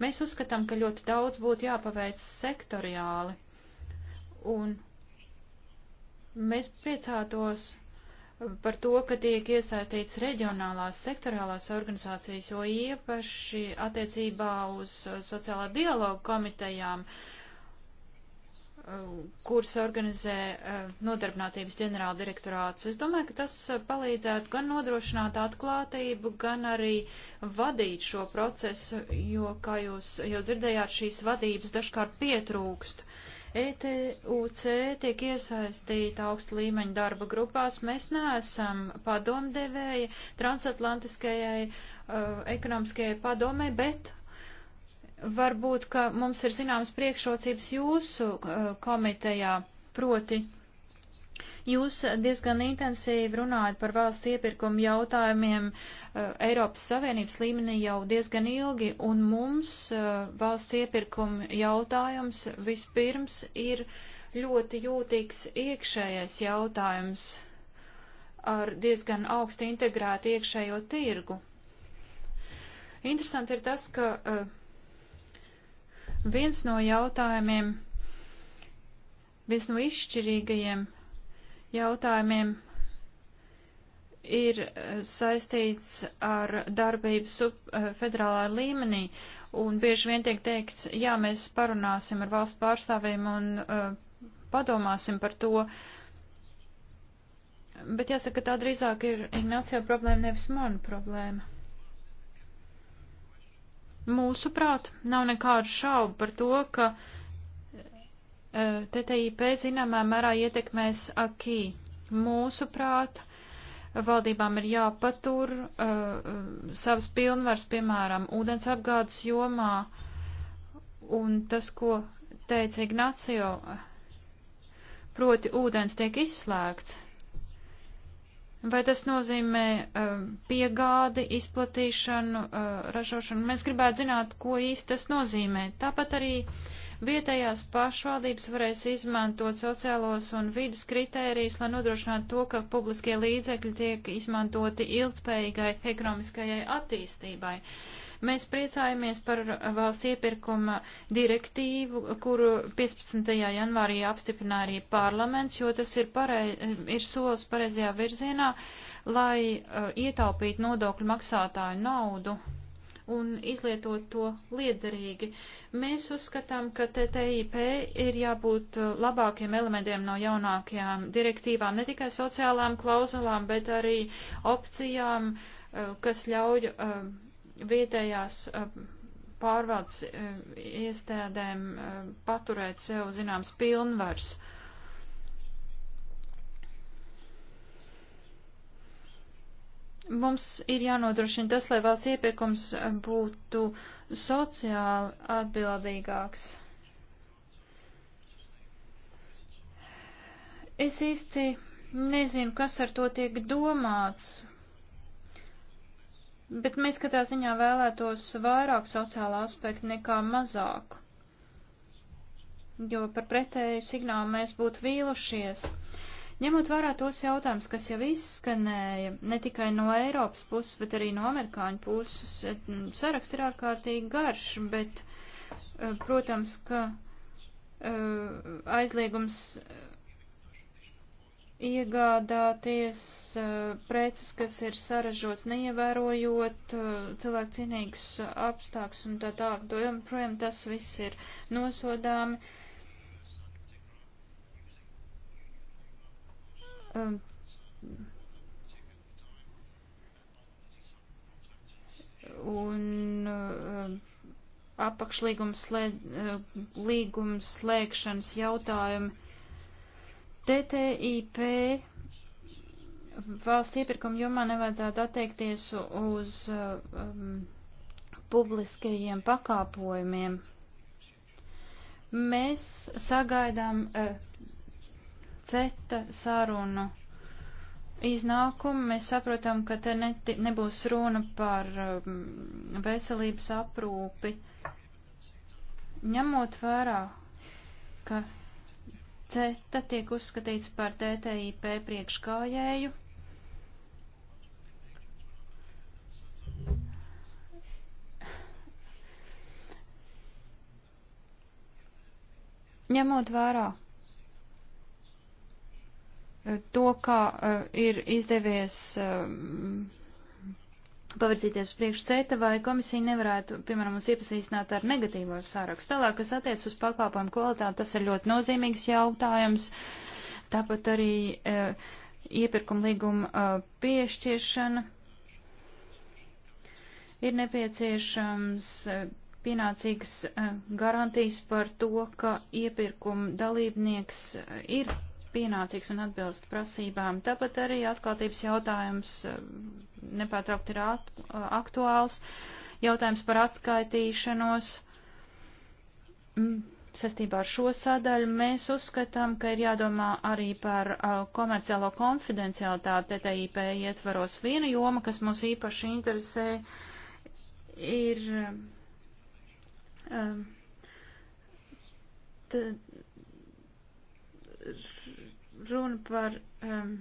[SPEAKER 3] mēs uzskatām, ka ļoti daudz būtu jāpaveic sektoriāli un mēs priecātos par to, ka tiek iesaistīts reģionālās sektorālās organizācijas, jo īpaši attiecībā uz sociālā dialogu komitejām, uh, kuras organizē uh, nodarbinātības ģenerāla direktorāts. Es domāju, ka tas uh, palīdzētu gan nodrošināt atklātību, gan arī vadīt šo procesu, jo, kā jūs jau dzirdējāt, šīs vadības dažkārt pietrūkst. Uh, ETUC tiek iesaistīta augsta līmeņa darba grupās. Mēs neesam padomdevēji transatlantiskajai uh, ekonomiskajai padomē, bet varbūt, ka mums ir zināmas priekšrocības jūsu uh, komitejā, proti Jūs diezgan intensīvi runājat par valsts iepirkumu jautājumiem eh, Eiropas Savienības līmenī jau diezgan ilgi, un mums eh, valsts iepirkuma jautājums vispirms ir ļoti jūtīgs iekšējais jautājums ar diezgan augstu integrētu iekšējo tirgu. Interesanti ir tas, ka uh, viens no jautājumiem, viens no izšķirīgajiem jautājumiem ir eh, saistīts ar darbību sub, eh, federālā līmenī, un bieži vien tiek teikts, jā, mēs parunāsim ar valsts pārstāvjiem un uh, padomāsim par to, bet jāsaka, ka tā drīzāk ir Ignācijā problēma, nevis mana problēma. Mūsuprāt, nav nekādu šaubu par to, ka uh, TTIP zināmā mērā ietekmēs akī. Mūsuprāt, valdībām ir jāpatur uh, savas pilnvars, piemēram, ūdens apgādes jomā, un tas, ko teica Ignacio, proti ūdens tiek izslēgts. Vai tas nozīmē uh, piegādi, izplatīšanu, uh, ražošanu? Mēs gribētu zināt, ko īsti tas nozīmē. Tāpat arī uh, Vietējās pašvaldības varēs izmantot sociālos un vidas kritērijus, lai nodrošinātu to, ka publiskie līdzekļi tiek izmantoti ilgspējīgai ekonomiskajai attīstībai. Mēs priecājamies par valsts iepirkuma direktīvu, kuru 15. janvārī apstiprināja arī parlaments, jo tas ir, parei, ir solis pareizajā virzienā, lai uh, ietaupītu nodokļu maksātāju naudu un izlietot to liederīgi. Mēs uzskatām, ka TTIP ir jābūt uh, labākiem elementiem no jaunākajām direktīvām, ne tikai sociālām klauzulām, bet arī opcijām, uh, kas ļauj uh, vietējās pārvaldes iestādēm paturēt sev zināms pilnvars. Mums ir jānodrošina tas, lai valsts iepirkums būtu sociāli atbildīgāks. Es īsti nezinu, kas ar to tiek domāts, bet mēs katrā ziņā vēlētos vairāk sociālā aspekta nekā mazāk, jo par pretēju signālu mēs būtu vīlušies. Ņemot vērā tos jautājumus, kas jau izskanēja ne tikai no Eiropas puses, bet arī no amerikāņu puses, saraksts ir ārkārtīgi garš, bet, e, protams, ka e, aizliegums iegādāties e, preces, kas ir saražots, neievērojot cilvēku cienīgus apstākļus un tā tālāk, joprojām tas viss ir nosodāmi Um, un um, apakšlīgums uh, līgums slēgšanas jautājumi. TTIP valsts iepirkuma jomā nevajadzētu attiekties uz uh, um, publiskajiem pakāpojumiem. Mēs sagaidām uh, CETA sarunu iznākumu, mēs saprotam, ka te neti, nebūs runa par um, veselības aprūpi. Ņemot vērā, ka CETA tiek uzskatīts par TTIP priekškājēju, ņemot vērā, to, kā eh, ir izdevies eh, pavirzīties uz priekšu CETA, vai komisija nevarētu, piemēram, mums iepazīstināt ar negatīvo sārakstu. Tālāk, kas attiec uz pakāpojumu kvalitāti, tas ir ļoti nozīmīgs jautājums. Tāpat arī uh, iepirkuma līguma uh, piešķiršana ir nepieciešams uh, pienācīgas garantijas par to, ka iepirkuma dalībnieks ir pienācīgs un atbilst prasībām. Tāpat arī atklātības jautājums eh, nepārtraukti ir at, eh, aktuāls. Jautājums par atskaitīšanos. Mm, Sestībā ar šo sadaļu mēs uzskatām, ka ir jādomā arī par uh, komerciālo konfidencialitāti TTIP ietvaros. Viena joma, kas mūs īpaši interesē, ir uh, t, runa par um,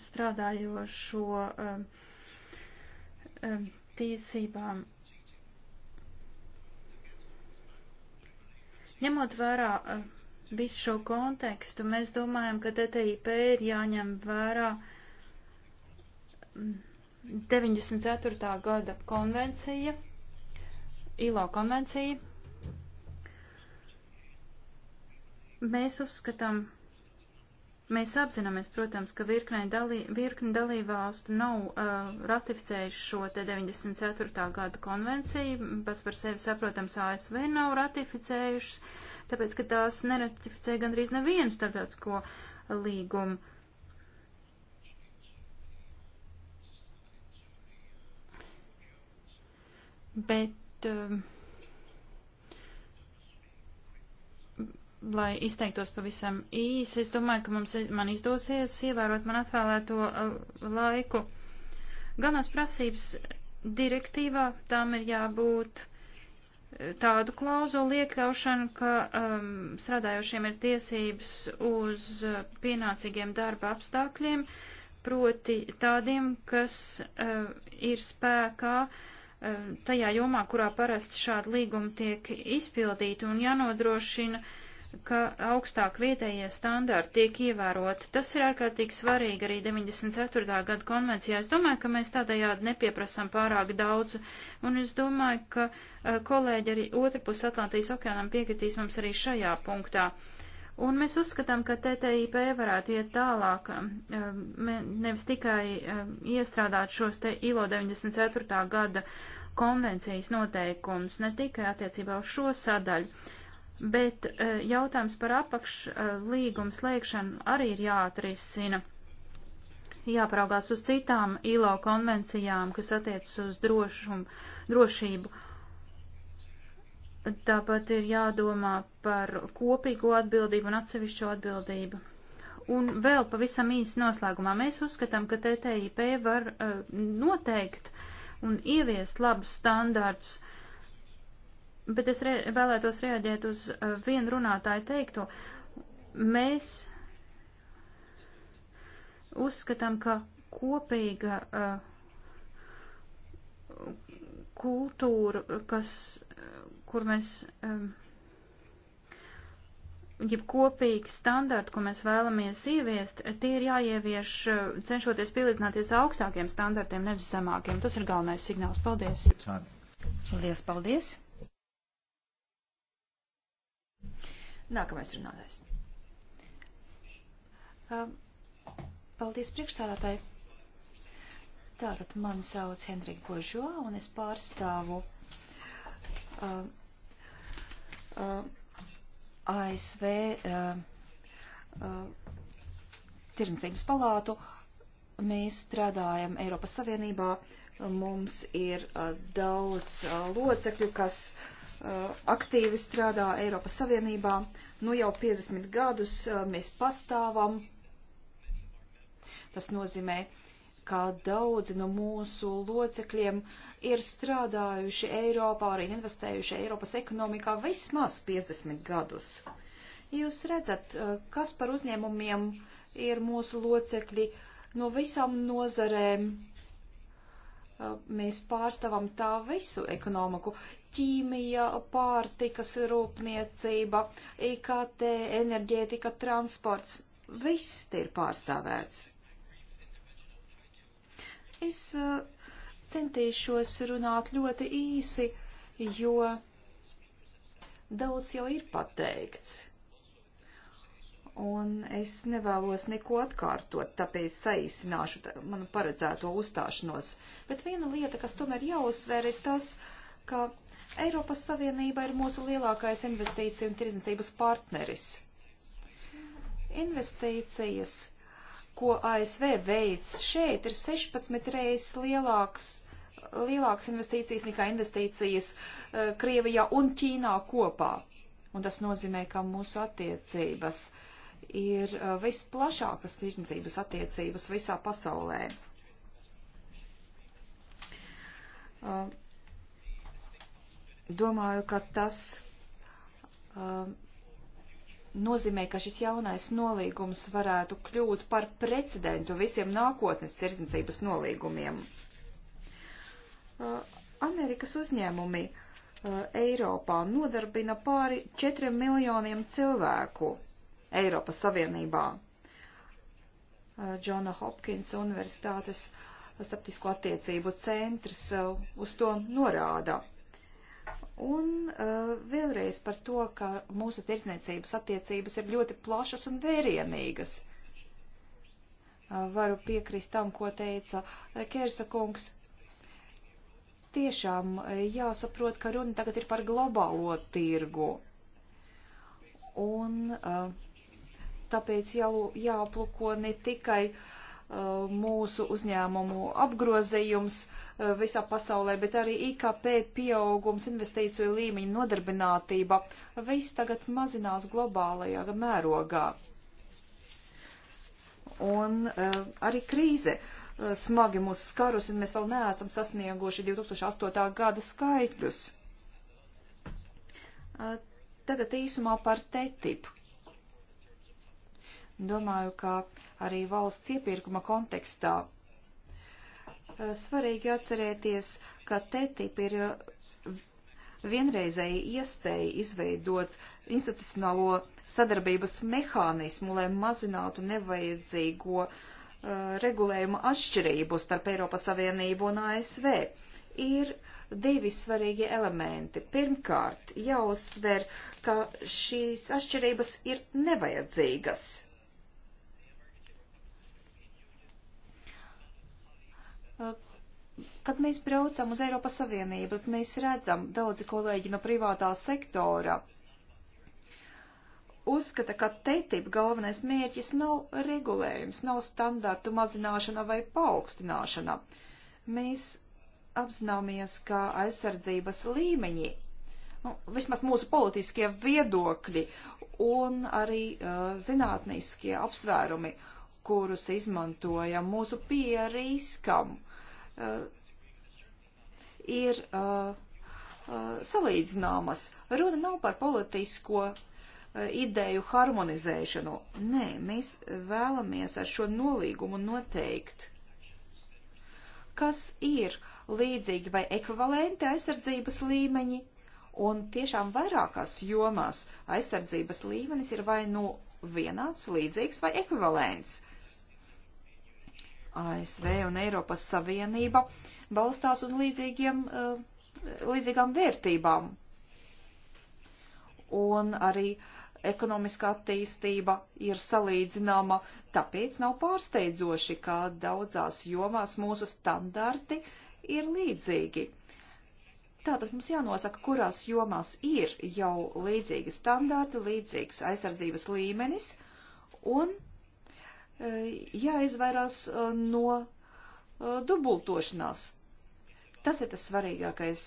[SPEAKER 3] strādājošo um, um, tiesībām. Ņemot vērā uh, visu šo kontekstu, mēs domājam, ka TTIP ir jāņem vērā 94. Mm, gada konvencija, ILO konvencija. Mēs uzskatām, Mēs apzināmies, protams, ka virkni dalī, virkni dalībvalstu nav uh, ratificējuši šo te 94. gada konvenciju, pats par sevi saprotams ASV nav ratificējušas, tāpēc, ka tās neratificē gandrīz nevienu starptautisko līgumu. Bet. Uh, lai izteiktos pavisam īsi, es domāju, ka mums, man izdosies ievērot man atvēlēto uh, laiku. Galvenās prasības direktīvā tām ir jābūt uh, tādu klauzulu iekļaušanu, ka um, strādājošiem ir tiesības uz uh, pienācīgiem darba apstākļiem, proti tādiem, kas uh, ir spēkā uh, tajā jomā, kurā parasti šādi līgumi tiek izpildīti un jānodrošina uh, ka augstāk vietējie standarti tiek ievēroti. Tas ir ārkārtīgi svarīgi arī 94. gada konvencijā. Es domāju, ka mēs tādējādi nepieprasam pārāk daudz, un es domāju, ka eh, kolēģi arī otrpus Atlantijas okeānam piekritīs mums arī šajā punktā. Un mēs uzskatām, ka TTIP varētu iet tālāk, eh, nevis tikai eh, iestrādāt šos te ILO 94. gada konvencijas noteikumus, ne tikai attiecībā uz šo sadaļu bet e, jautājums par apakšlīgumu e, slēgšanu arī ir jāatrisina. Jāparaugās uz citām ILO konvencijām, kas attiecas uz drošumu, drošību. Tāpat ir jādomā par kopīgo atbildību un atsevišķo atbildību. Un vēl pavisam īsi noslēgumā mēs uzskatām, ka TTIP var uh, noteikt un ieviest labus standārtus uh, bet es re vēlētos reaģēt uz uh, vienu runātāju teikto. Mēs uzskatām, ka kopīga uh, kultūra, kas, uh, kur mēs. Um, ja kopīgi standarti, ko mēs vēlamies ieviest, tie ir jāievieš uh, cenšoties pielīdzināties augstākiem standartiem, nevis zemākiem. Tas ir galvenais signāls. Paldies!
[SPEAKER 4] Paldies, paldies! Nākamais runātājs. Um, paldies priekšstādātāji. Tātad mani sauc Henrika Božo un es pārstāvu uh, um, uh, um, ASV uh, uh, Tirdzniecības palātu. Mēs strādājam Eiropas Savienībā. Mums ir uh, daudz uh, locekļu, kas uh, Eh, aktīvi strādā Eiropas Savienībā. Nu jau 50 gadus eh, mēs pastāvam. Tas nozīmē, ka daudzi no mūsu locekļiem ir strādājuši Eiropā, arī investējuši Eiropas ekonomikā vismaz 50 gadus. Jūs redzat, eh, kas par uzņēmumiem ir mūsu locekļi no visām nozarēm mēs pārstāvam tā visu ekonomiku, ķīmija, pārtikas rūpniecība, IKT, enerģētika, transports. Viss te ir pārstāvēts. Es eh, centīšos runāt ļoti īsi, jo daudz jau ir pateikts. Un es nevēlos neko atkārtot, tāpēc saīsināšu manu paredzēto uzstāšanos. Bet viena lieta, kas tomēr jāuzsver, ir tas, ka Eiropas Savienība ir mūsu lielākais investīciju un tirdzniecības partneris. Investīcijas, ko ASV veids šeit, ir 16 reizes lielāks, lielāks investīcijas nekā investīcijas uh, Krievijā un Ķīnā kopā. Un tas nozīmē, ka mūsu attiecības ir uh, visplašākas tirdzniecības attiecības visā pasaulē. Uh, Domāju, ka tas um, nozīmē, ka šis jaunais nolīgums varētu kļūt par precedentu visiem nākotnes tirdzniecības nolīgumiem. Uh, Amerikas uzņēmumi uh, Eiropā nodarbina pāri 4 miljoniem cilvēku Eiropas Savienībā. Džona uh, Hopkins Universitātes starptisko attiecību centrs uh, uz to norāda un uh, vēlreiz par to, ka mūsu tirsniecības attiecības ir ļoti plašas un vērienīgas. Uh, varu piekrist tam, ko teica uh, Kērsa kungs. Tiešām uh, jāsaprot, ka runa tagad ir par globālo tirgu. Un uh, tāpēc jau jāaplūko ne tikai uh, mūsu uzņēmumu apgrozījums, uh, Eh, visā pasaulē, bet arī IKP pieaugums, investīciju līmeņi, nodarbinātība. Viss tagad mazinās globālajā mērogā. Un uh, arī krīze uh, smagi mūs skarus, un mēs vēl neesam sasnieguši 2008. gada skaitļus. Uh, tagad īsumā par tetipu. Domāju, ka arī valsts iepirkuma kontekstā Eh, svarīgi atcerēties, ka TTIP ir eh, vienreizēja iespēja izveidot institucionālo sadarbības mehānismu, lai mazinātu nevajadzīgo uh, regulējuma atšķirību starp Eiropas Savienību un ASV. Ir divi svarīgi elementi. Pirmkārt, jāuzsver, ka šīs atšķirības ir nevajadzīgas. Eh, kad mēs braucam uz Eiropas Savienību, tad mēs redzam daudzi kolēģi no privātā sektora uzskata, ka TTIP galvenais mērķis nav regulējums, nav standartu mazināšana vai paaugstināšana. Mēs apzināmies, ka aizsardzības līmeņi, nu, vismaz mūsu politiskie viedokļi un arī uh, zinātniskie apsvērumi uh, kurus izmantojam, mūsu pieeja riskam uh, ir uh, uh, salīdzināmas. Runa nav par politisko uh, ideju harmonizēšanu. Nē, mēs vēlamies ar šo nolīgumu noteikt, kas ir līdzīgi vai ekvivalenti aizsardzības līmeņi, un tiešām vairākās jomās aizsardzības līmenis ir vai nu vienāds, līdzīgs vai ekvivalents. ASV un Eiropas Savienība balstās uz līdzīgiem, eh, līdzīgām vērtībām. Un arī ekonomiskā attīstība ir salīdzināma, tāpēc nav pārsteidzoši, ka daudzās jomās mūsu standarti ir līdzīgi. Tātad mums jānosaka, kurās jomās ir jau līdzīgi standarti, līdzīgs aizsardzības līmenis, un Eh, jāizvairās eh, no eh, dubultošanās. Tas ir tas svarīgākais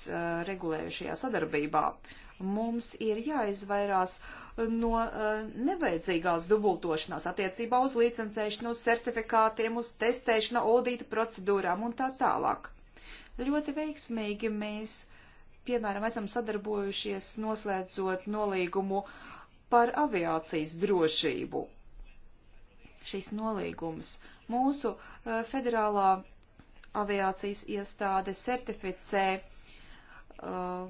[SPEAKER 4] regulējušajā sadarbībā. Mums ir jāizvairās no nevajadzīgās dubultošanās attiecībā uz licencēšanu, uz certifikātiem, uz testēšanu, audīta procedūrām un tā tālāk. Ļoti veiksmīgi mēs, piemēram, esam sadarbojušies noslēdzot nolīgumu par aviācijas drošību šīs nolīgumas. Mūsu uh, federālā aviācijas iestāde certificē, uh,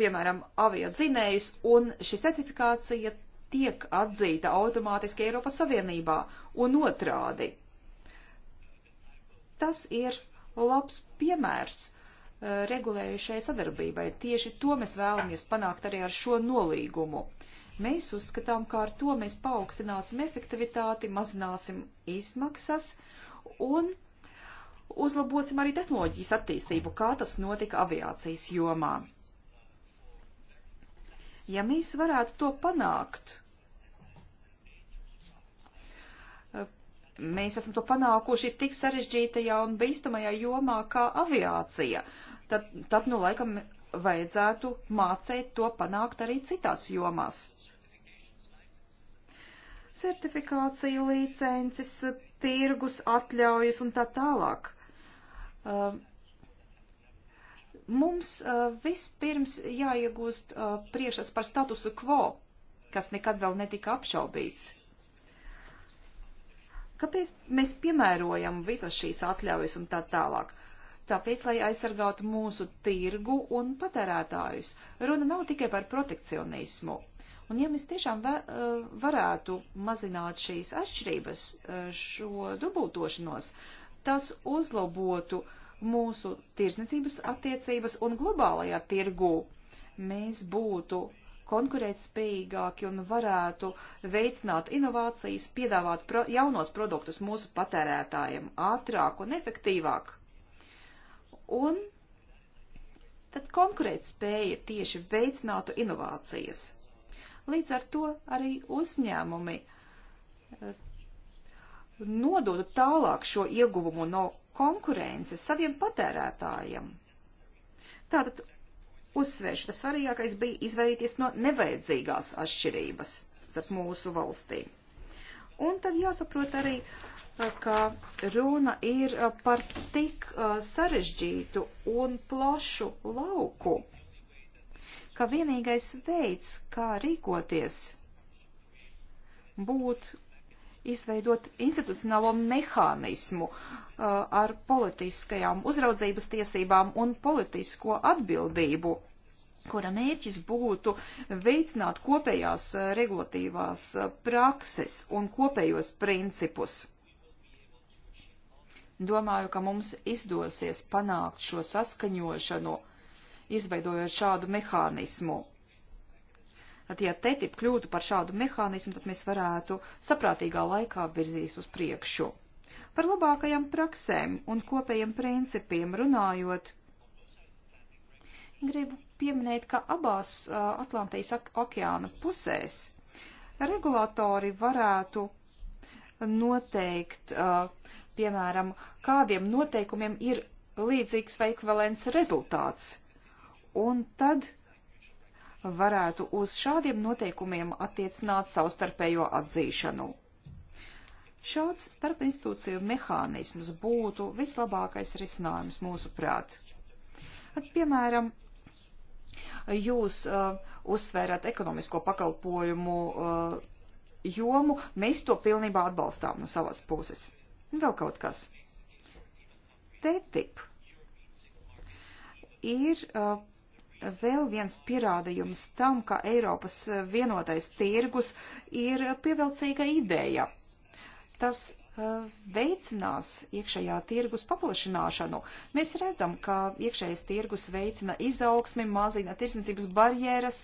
[SPEAKER 4] piemēram, aviadzinējus, un šī certifikācija tiek atzīta automātiski Eiropas Savienībā un otrādi. Tas ir labs piemērs uh, regulējušai sadarbībai. Tieši to mēs vēlamies panākt arī ar šo nolīgumu. Mēs uzskatām, ka ar to mēs paaugstināsim efektivitāti, mazināsim izmaksas un uzlabosim arī tehnoloģijas attīstību, kā tas notika aviācijas jomā. Ja mēs varētu to panākt, mēs esam to panākuši tik sarežģītajā un bīstamajā jomā kā aviācija, tad, tad nu laikam vajadzētu mācīt to panākt arī citās jomās certifikācija, licences, tirgus, atļaujas un tā tālāk. Uh, mums uh, vispirms jāiegūst uh, priekšstats par statusu quo, kas nekad vēl netika apšaubīts. Kāpēc mēs piemērojam visas šīs atļaujas un tā tālāk? Tāpēc, lai aizsargātu mūsu tirgu un patērētājus, runa nav tikai par protekcionismu. Un ja mēs tiešām eh, varētu mazināt šīs atšķirības, eh, šo dubultošanos, tas uzlabotu mūsu tirsniecības attiecības un globālajā tirgū. Mēs būtu konkurētspējīgāki un varētu veicināt inovācijas, piedāvāt pro jaunos produktus mūsu patērētājiem ātrāk un efektīvāk. Un tad konkurētspēja tieši veicinātu inovācijas. Līdz ar to arī uzņēmumi eh, nododu tālāk šo ieguvumu no konkurences saviem patērētājiem. Tātad uzsvēršu, tas svarīgākais bija izvairīties no nevajadzīgās atšķirības starp mūsu valstī. Un tad jāsaprot arī, eh, ka runa ir eh, par tik sarežģītu un plašu lauku, ka vienīgais veids, kā rīkoties, būtu izveidot institucionālo mehānismu uh, ar politiskajām uzraudzības tiesībām un politisko atbildību, kura mērķis būtu veicināt kopējās uh, regulatīvās uh, prakses un kopējos principus. Domāju, ka mums izdosies panākt šo saskaņošanu uh, izveidojot šādu mehānismu. Tad, ja TTIP kļūtu par šādu mehānismu, tad mēs varētu saprātīgā laikā virzīs uz priekšu. Par labākajām praksēm un kopējiem principiem runājot, gribu pieminēt, ka abās Atlantijas okeāna pusēs regulātori varētu noteikt, piemēram, kādiem noteikumiem ir līdzīgs vai ekvivalents rezultāts un tad varētu uz šādiem noteikumiem attiecināt savstarpējo atzīšanu. Šāds starpinstitūciju mehānisms būtu vislabākais risinājums mūsuprāt. At, piemēram, jūs uh, uzsvērat ekonomisko pakalpojumu uh, jomu, mēs to pilnībā atbalstām no savas puses. Un vēl kaut kas. TTIP ir uh, vēl viens pierādījums tam, ka Eiropas vienotais tirgus ir pievilcīga ideja. Tas uh, veicinās iekšējā tirgus paplašināšanu. Mēs redzam, ka iekšējais tirgus veicina izaugsmi, mazina tirsniecības barjeras,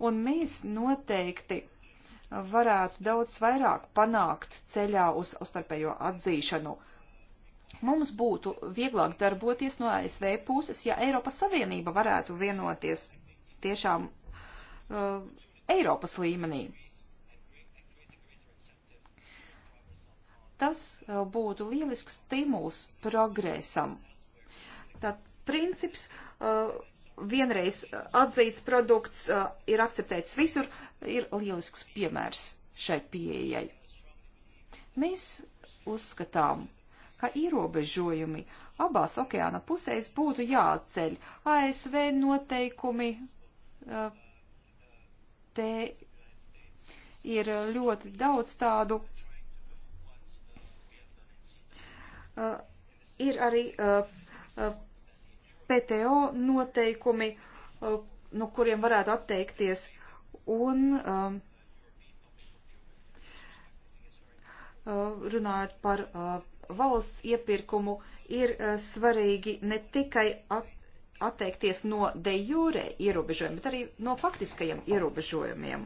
[SPEAKER 4] un mēs noteikti varētu daudz vairāk panākt ceļā uz starpējo atzīšanu. Uh, Mums būtu vieglāk darboties no ASV puses, ja Eiropas Savienība varētu vienoties tiešām uh, Eiropas līmenī. Tas uh, būtu lielisks stimuls progresam. Tad princips uh, vienreiz atzīts produkts uh, ir akceptēts visur, ir lielisks piemērs šai pieejai. Mēs uzskatām, ka ierobežojumi abās okeāna pusēs būtu jāatceļ. ASV noteikumi eh, te ir ļoti daudz tādu. Eh, ir arī eh, PTO noteikumi, no kuriem varētu atteikties, un um, runājot par uh, valsts iepirkumu ir eh, svarīgi ne tikai at, atteikties no de jure ierobežojumiem, bet arī no faktiskajiem ierobežojumiem.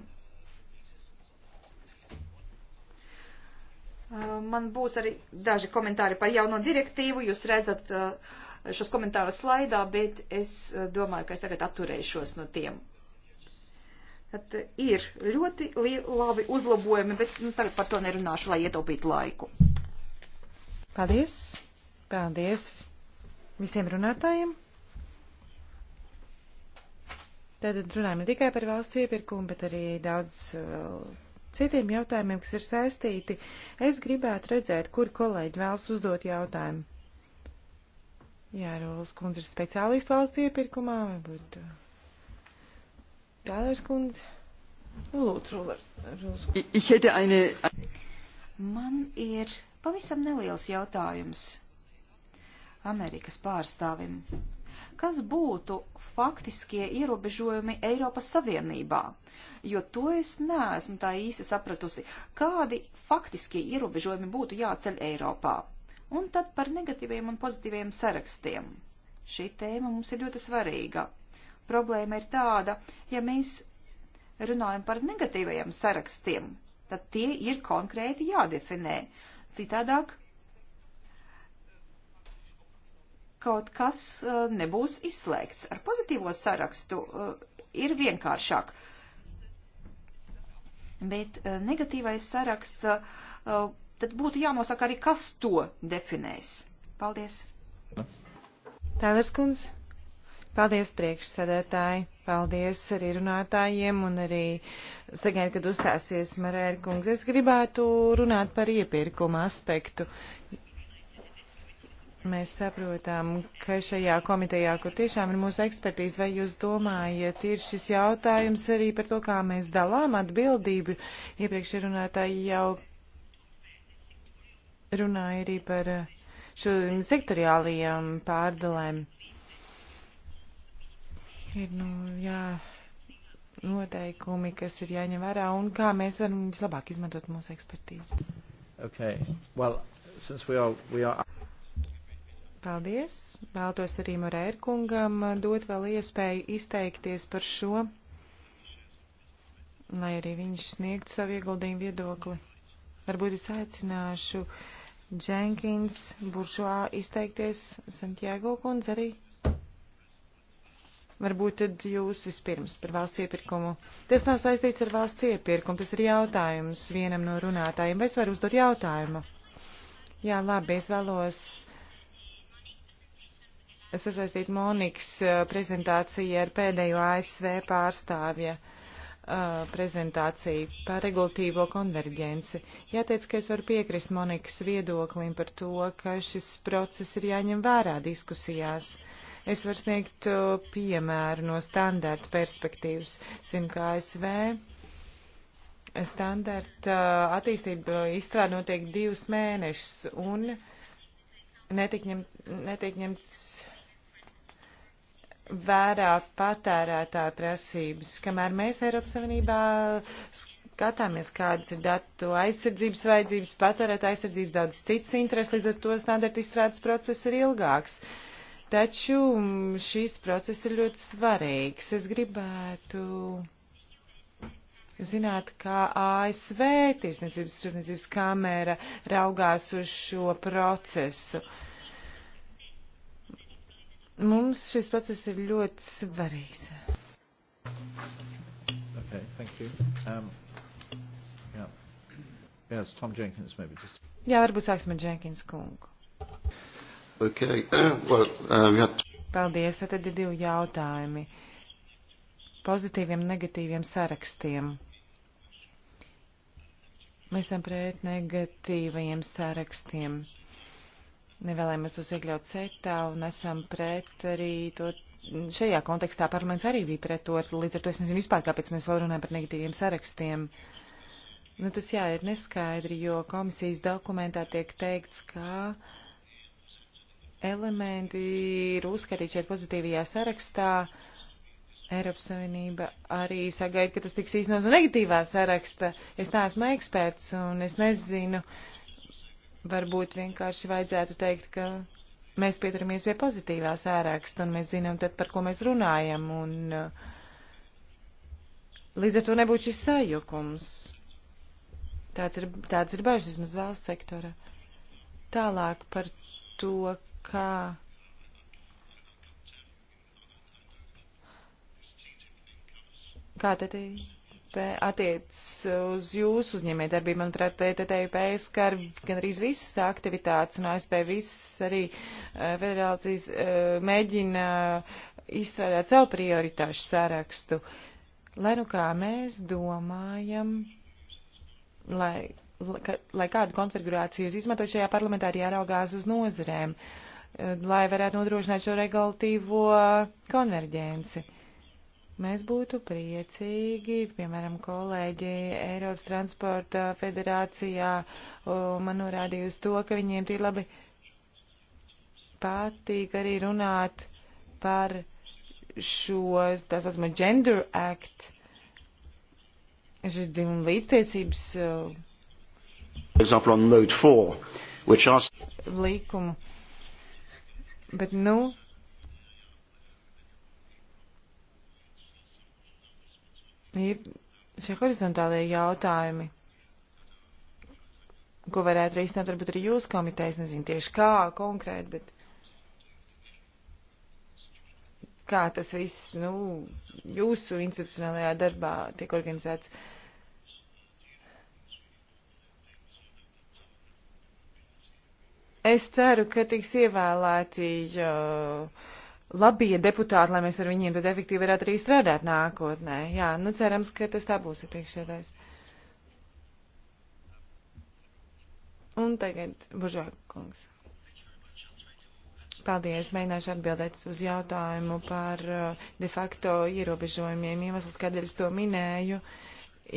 [SPEAKER 4] Eh, man būs arī daži komentāri par jauno direktīvu. Jūs redzat eh, šos komentārus slaidā, bet es domāju, ka es tagad atturēšos no tiem. Tad ir ļoti labi uzlabojumi, bet nu, tagad par to nerunāšu, lai ietaupītu laiku.
[SPEAKER 2] Paldies! Paldies visiem runātājiem! Tātad runājam ne tikai par valsts iepirkumu, bet arī daudz uh, citiem jautājumiem, kas ir saistīti. Es gribētu redzēt, kur kolēģi vēlas uzdot jautājumu. Jā, Rūlas kundze ir speciālists valsts iepirkumā,
[SPEAKER 4] varbūt uh, Tālērs kundze. Nu, lūdzu,
[SPEAKER 1] Rūlas kundze.
[SPEAKER 4] Man ir Pavisam neliels jautājums Amerikas pārstāvim. Kas būtu faktiskie ierobežojumi Eiropas Savienībā? Jo to es neesmu tā īsti sapratusi. Kādi faktiskie ierobežojumi būtu jāceļ Eiropā? Un tad par negatīviem un pozitīviem sarakstiem. Šī tēma mums ir ļoti svarīga. Problēma ir tāda, ja mēs runājam par negatīvajiem sarakstiem, tad tie ir konkrēti jādefinē. Citādāk kaut kas uh, nebūs izslēgts. Ar pozitīvo sarakstu uh, ir vienkāršāk. Bet uh, negatīvais saraksts, tad būtu jānosaka arī, kas to definēs. Paldies.
[SPEAKER 2] Tēlers kundze. Paldies priekšsēdētāji, paldies arī runātājiem un arī sagaidu, kad uzstāsies Marēra kungs. Es gribētu runāt par iepirkuma aspektu. Mēs saprotam, ka šajā komitejā, kur tiešām ir mūsu ekspertīze, vai jūs domājat, ir šis jautājums arī par to, kā mēs dalām atbildību. Iepriekš runātāji jau runāja arī par šo sektoriālajiem pārdalēm ir nu, jā, noteikumi, kas ir jāņem vērā un kā mēs varam vislabāk izmantot mūsu ekspertīzi.
[SPEAKER 1] Okay. Well, since we are, we are...
[SPEAKER 2] Paldies. Vēltos arī Morērkungam dot vēl iespēju izteikties par šo, lai arī viņš sniegtu savu ieguldījumu viedokli. Varbūt es aicināšu Jenkins, Buržoā izteikties, Santiago kundze arī. Varbūt tad jūs vispirms par valsts iepirkumu. Tas nav saistīts ar valsts iepirkumu, tas ir jautājums vienam no runātājiem. Vai es varu uzdot jautājumu? Jā, labi, es vēlos sasaistīt Monikas prezentāciju ar pēdējo ASV pārstāvja prezentāciju par regulatīvo konverģenci. Jāteic, ka es varu piekrist Monikas viedoklim par to, ka šis process ir jāņem vērā diskusijās. Uh, Es varu sniegt piemēru no standarta perspektīvas. Zinu, ka ASV standarta attīstība izstrāda notiek divus mēnešus un netiek, ņem, netiek ņemts vērā patērētāja prasības, kamēr mēs Eiropas Savienībā skatāmies, kādas ir datu aizsardzības vajadzības, patērētāja aizsardzības, daudzas citas intereses, līdz ar to standarta izstrādes process ir ilgāks. Uh, Taču mm, šīs process ir ļoti svarīgs. Es gribētu zināt, kā ASV tirsniecības rūpniecības kamera raugās uz šo procesu. Mums šis process ir ļoti svarīgs.
[SPEAKER 1] Okay, thank you. Um, yeah. Yes, Tom Jenkins maybe just.
[SPEAKER 2] Jā, varbūt sāksim ar Jenkins kungu.
[SPEAKER 1] Okay. [clears throat] well, uh, yeah.
[SPEAKER 2] Paldies. Tad ir divi jautājumi. Pozitīviem, negatīviem sarakstiem. Mēs esam pret negatīvajiem sarakstiem. Nevēlējamies tos iekļaut setā un esam pret arī to. Šajā kontekstā parlaments arī bija pret to, līdz ar to es nezinu vispār, kāpēc mēs vēl runājam par negatīviem sarakstiem. Nu, tas jā, ir neskaidri, jo komisijas dokumentā tiek teikts, ka uh, elementi ir uzskatīti šeit pozitīvajā sarakstā. Eiropas Savienība arī sagaida, ka tas tiks īstenos no negatīvā saraksta. Es neesmu eksperts un es nezinu, varbūt vienkārši vajadzētu teikt, ka mēs pieturamies pie pozitīvā sāraksta un mēs zinām tad, par ko mēs runājam. Un, uh, līdz ar to nebūtu šis sajukums. Tāds ir, tāds ir bažas vismaz valsts sektora. Tālāk par to, ka kā TTIP attiec uz jūsu uzņēmējdarbību. Manuprāt, TTIP skar gan arī visas aktivitātes, un ASV visas arī eh, federācijas eh, mēģina eh, izstrādāt savu prioritāšu sarakstu. Lai nu kā mēs domājam, lai, lai, lai kādu konfigurāciju jūs izmantojat šajā parlamentā, arī jāraugās uz nozerēm. Uh, lai varētu nodrošināt šo regulatīvo konverģenci. Mēs būtu priecīgi, piemēram, kolēģi Eiropas transporta federācijā man norādīja uz to, ka viņiem tie labi patīk arī runāt par šo, tā saucamā, gender act, šis dzimuma līdztiesības likumu. Bet, nu. Ir šie horizontālie jautājumi, ko varētu risināt varbūt arī jūs komitejas, nezinu tieši kā konkrēti, bet kā tas viss, nu, jūsu institucionālajā darbā tiek organizēts. Uh, Es ceru, ka tiks ievēlēti uh, labie deputāti, lai mēs ar viņiem tad efektīvi varētu arī strādāt nākotnē. Jā, nu cerams, ka tas tā būs priekšsēdājs. Un tagad Bužākungs. Paldies, mēģināšu atbildēt uz jautājumu par uh, de facto ierobežojumiem. Iemesls, kādēļ es to minēju,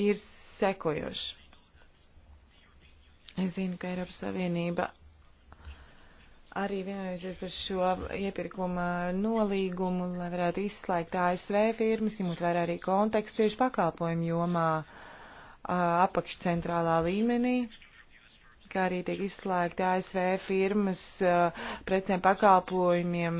[SPEAKER 2] ir sekojošs. Es zinu, ka Eiropas Savienība arī vienojusies par šo iepirkuma nolīgumu, lai varētu izslēgt ASV firmas, ņemot vērā arī kontekstu tieši pakalpojumu jomā apakšcentrālā līmenī kā arī tiek izslēgti ASV firmas precēm pakalpojumiem,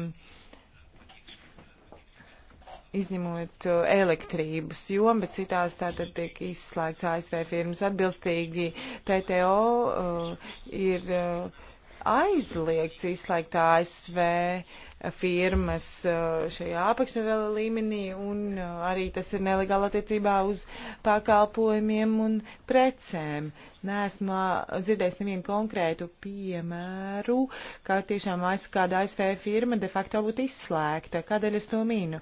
[SPEAKER 2] izņemot elektrības jomu, bet citās tātad tiek izslēgts ASV firmas atbilstīgi PTO ir. Uh, aizliegts izslēgt ASV firmas uh, šajā apakšnā līmenī, un uh, arī tas ir nelegāli attiecībā uz pakalpojumiem un precēm. Nesmu uh, dzirdējis nevienu konkrētu piemēru, kā tiešām kāda ASV firma de facto būtu izslēgta. Kādēļ es to mīnu?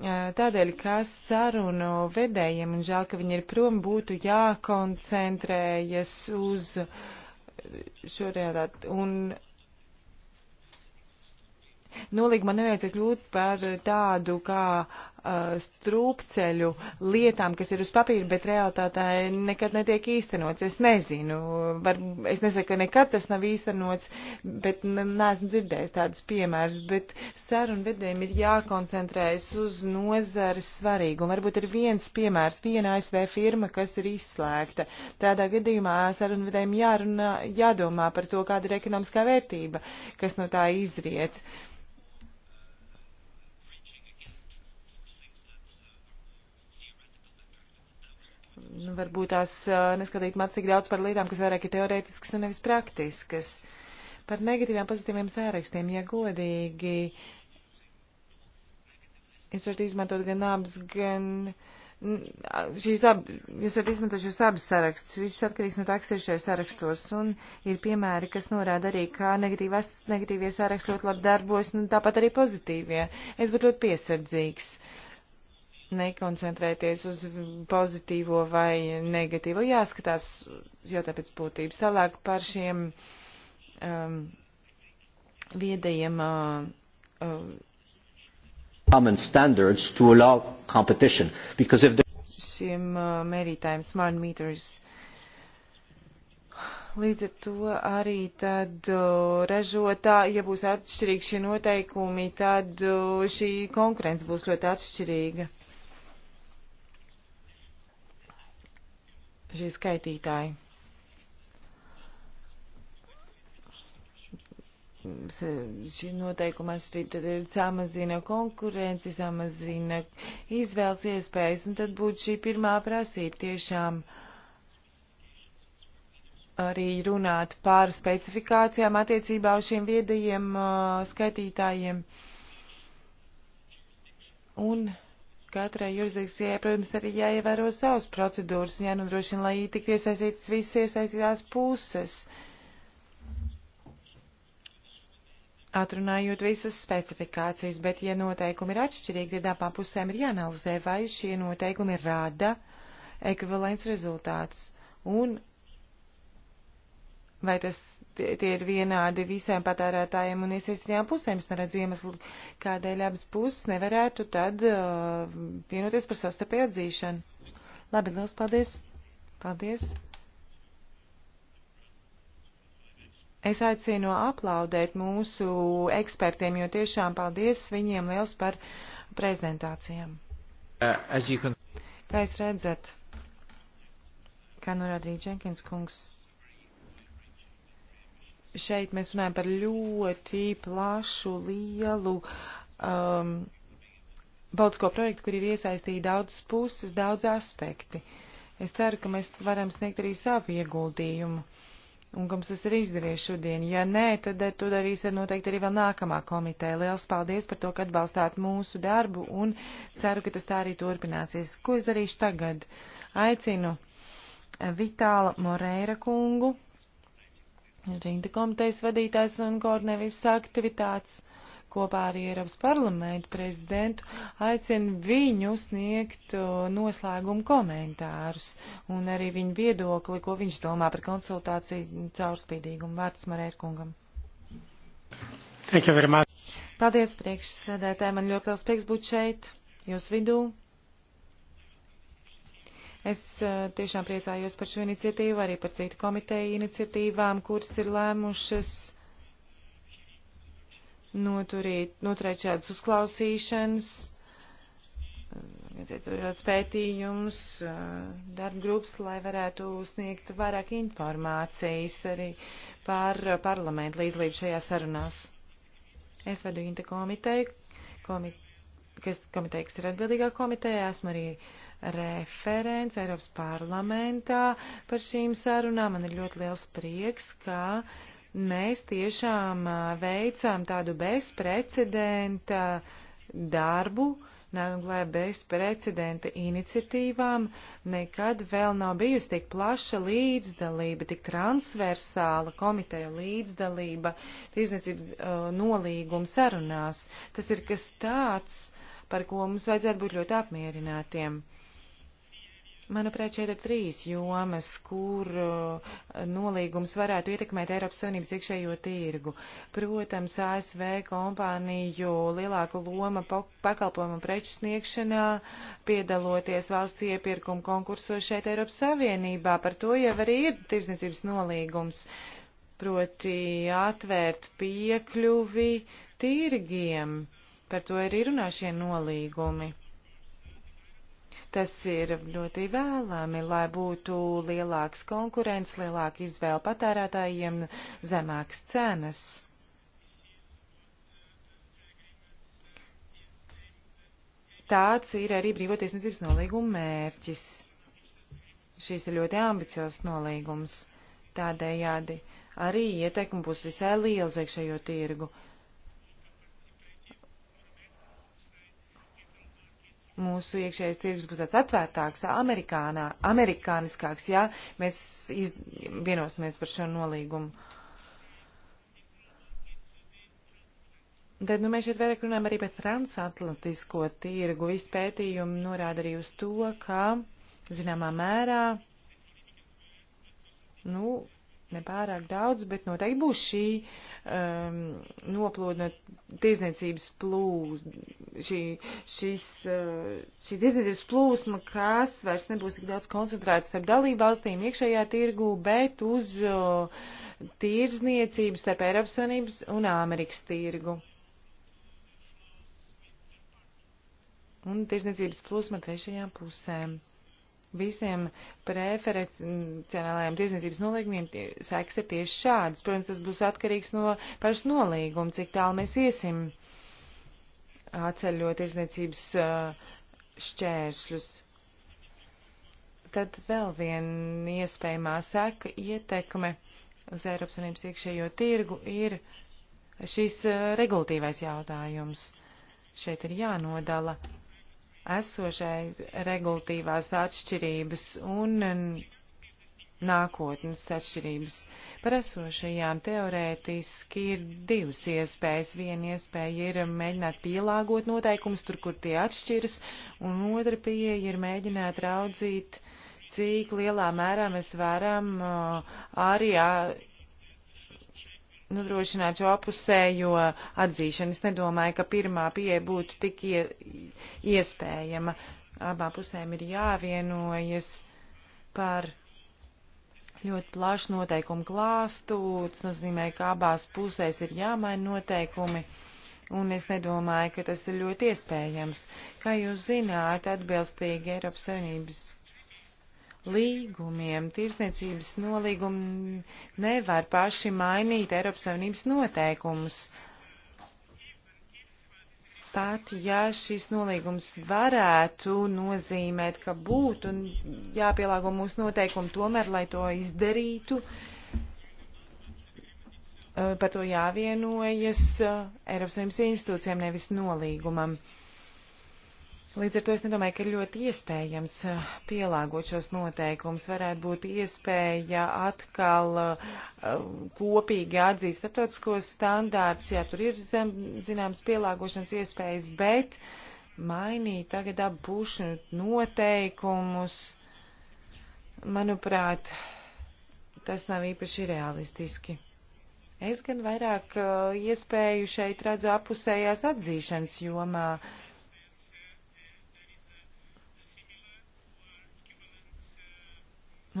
[SPEAKER 2] Tādēļ, ka sarunu vedējiem, un žēl, ka viņi ir prom, būtu jākoncentrējas uz uh, šorējāt. Un nolīguma nevajadzētu kļūt par tādu kā Uh, strūpceļu lietām, kas ir uz papīra, bet realitātē nekad netiek īstenots. Es nezinu, var, es nesaku, ka nekad tas nav īstenots, bet neesmu dzirdējis tādus piemērus, bet sarunu vedējiem ir jākoncentrējas uz nozares svarīgumu. Varbūt ir viens piemērs, viena ASV firma, kas ir izslēgta. Tādā gadījumā sarunu vedējiem jārunā, jādomā par to, kāda ir ekonomiskā vērtība, kas no tā izriec. Uh, nu, varbūt tās neskatīt maz tik daudz par lietām, kas vairāk ir teorētiskas un nevis praktiskas. Par negatīviem pozitīviem sērakstiem, ja godīgi, es varu izmantot gan abas, gan šīs ab, jūs varat izmantot šos abus sarakstus, viss atkarīgs no tā, kas ir šajos sarakstos, un ir piemēri, kas norāda arī, kā negatīvie saraksti ļoti labi darbos, nu tāpat arī pozitīvie. Es būtu ļoti piesardzīgs. Uh, nekoncentrēties uz pozitīvo vai negatīvo. Jāskatās jau tāpēc būtības. Tālāk par šiem um, viedajiem. Uh, uh,
[SPEAKER 1] common standards to allow competition because if the
[SPEAKER 2] šiem uh, mērītājiem smart meters Līdz ar to arī tad uh, ražotā, ja būs atšķirīgi šie noteikumi, tad uh, šī konkurence būs ļoti atšķirīga. šie skaitītāji. šī noteikuma atšķirība tad ir samazina konkurenci, samazina izvēles iespējas, un tad būtu šī pirmā prasība tiešām arī runāt par specifikācijām attiecībā uz šiem viedajiem uh, skaitītājiem. Un Katrai jurisdikcijai, protams, arī jāievēro savas procedūras un jānodrošina, lai tiktu iesaistītas visas iesaistītās puses, atrunājot visas specifikācijas, bet, ja noteikumi ir atšķirīgi, tad abām pusēm ir jāanalizē, vai šie noteikumi rada ekvivalents rezultāts un vai tas tie, tie ir vienādi visiem patērētājiem un iesaistītajām pusēm. Es neredzu iemeslu, kādēļ abas puses nevarētu tad uh, vienoties par sastapēju atzīšanu. Labi, liels paldies! Paldies! Es aicinu aplaudēt mūsu ekspertiem, jo tiešām paldies viņiem liels par prezentācijām.
[SPEAKER 1] Uh, can...
[SPEAKER 2] Kā jūs redzat, kā norādīja Dženkins kungs šeit mēs runājam par ļoti plašu, lielu um, Baltsko projektu, kur ir iesaistīti daudz puses, daudz aspekti. Es ceru, ka mēs varam sniegt arī savu ieguldījumu un ka mums tas ir izdevies šodien. Ja nē, tad eh, to darīs ar noteikti arī vēl nākamā komiteja. Liels paldies par to, ka atbalstāt mūsu darbu un ceru, ka tas tā arī turpināsies. Ko es darīšu tagad? Aicinu eh, Vitāla Moreira kungu rinda komitejas vadītājs un koordinē visas aktivitātes kopā ar Eiropas parlamentu prezidentu, aicina viņu sniegt uh, noslēgumu komentārus un arī viņu viedokli, ko viņš domā par konsultāciju caurspīdīgumu vārds Marērkungam. Paldies priekšsēdētāji, man ļoti liels prieks būt šeit, jūs vidū. Es tiešām priecājos par šo iniciatīvu, arī par citu komiteju iniciatīvām, kuras ir lēmušas noturīt, noturēt šādas uzklausīšanas, ieteicinot pētījumus, darbgrupas, lai varētu sniegt vairāk informācijas arī par parlamentu līdzlību šajā sarunās. Es vedu Inta komiteju, komit, kas, komiteja, kas ir atbildīgā komiteja, esmu arī uh, referents Eiropas parlamentā par šīm sarunām. Man ir ļoti liels prieks, ka mēs tiešām veicām tādu bezprecedenta darbu, nākamklājā bezprecedenta iniciatīvām. Nekad vēl nav bijusi tik plaša līdzdalība, tik transversāla komiteja līdzdalība tirdzniecības uh, nolīguma sarunās. Tas ir kas tāds, par ko mums vajadzētu būt ļoti apmierinātiem. Uh, Manuprāt, šeit ir trīs jomas, kur uh, nolīgums varētu ietekmēt Eiropas Savienības iekšējo tirgu. Protams, ASV kompāniju lielāka loma pakalpojumu preču sniegšanā, piedaloties valsts iepirkuma konkursos šeit Eiropas Savienībā. Par to jau arī ir tirsniecības nolīgums, proti atvērt piekļuvi tirgiem. Par to arī runā šie nolīgumi. Tas ir ļoti vēlami, lai būtu lielāks konkurents, lielāka izvēle patērētājiem, zemāks cenas. Tāds ir arī brīvotiesniecības nolīguma mērķis. Šis ir ļoti ambiciozs nolīgums. Tādējādi arī ietekmi būs visai liels iekšējo tirgu. Uh, mūsu iekšējais tirgus būs tāds atvērtāks, amerikānā, amerikāniskāks, ja mēs iz, vienosimies par šo nolīgumu. Tad nu, mēs šeit vairāk runājam arī par transatlantisko tirgu. Visi pētījumi norāda arī uz to, ka, zināmā mērā, nu, nepārāk daudz, bet noteikti būs šī um, noplūda tirzniecības plūsma, šī, šis, uh, šī tirzniecības plūsma, kas vairs nebūs tik daudz koncentrēta starp dalību valstīm iekšējā tirgū, bet uz uh, tirzniecību starp Eiropas Savienības un Amerikas tirgu. Un tirzniecības plūsma trešajām pusēm. Visiem preferenciālajiem tirzniecības nolīgumiem sēks ir tieši šādas. Protams, tas būs atkarīgs no pašas nolīguma, cik tālu mēs iesim atceļot tirzniecības šķēršļus. Tad vēl viena iespējamā seka ietekme uz Eiropas Unības iekšējo tirgu ir šis regulatīvais jautājums. Šeit ir jānodala esošais regulatīvās atšķirības un nākotnes atšķirības. Par esošajām teorētiski ir divas iespējas. Viena iespēja ir mēģināt pielāgot noteikumus tur, kur tie atšķiras, un otra pieeja ir mēģināt raudzīt, cik lielā mērā mēs varam uh, arī uh, nodrošināt šo apusējo atzīšanu. Es nedomāju, ka pirmā pieeja būtu tik ie, iespējama. Abām pusēm ir jāvienojas par ļoti plašu noteikumu klāstu. Tas nozīmē, ka abās pusēs ir jāmaina noteikumi. Un es nedomāju, ka tas ir ļoti iespējams. Kā jūs zināt, atbilstīgi Eiropas Savienības līgumiem. Tirsniecības nolīgumi nevar paši mainīt Eiropas Savienības noteikumus. Pat ja šis nolīgums varētu nozīmēt, ka būtu jāpielāgo mūsu noteikumi, tomēr, lai to izdarītu, eh, par to jāvienojas eh, Eiropas Savienības institūcijām, nevis nolīgumam. Uh, Līdz ar to es nedomāju, ka ir ļoti iespējams eh, pielāgot šos noteikumus. Varētu būt iespēja atkal uh, kopīgi atzīt starptautiskos standārts, ja tur ir zem, zināms pielāgošanas iespējas, bet mainīt tagad apbūšanu noteikumus, manuprāt, tas nav īpaši realistiski. Es gan vairāk uh, iespēju šeit redzu apusējās atzīšanas jomā. Uh,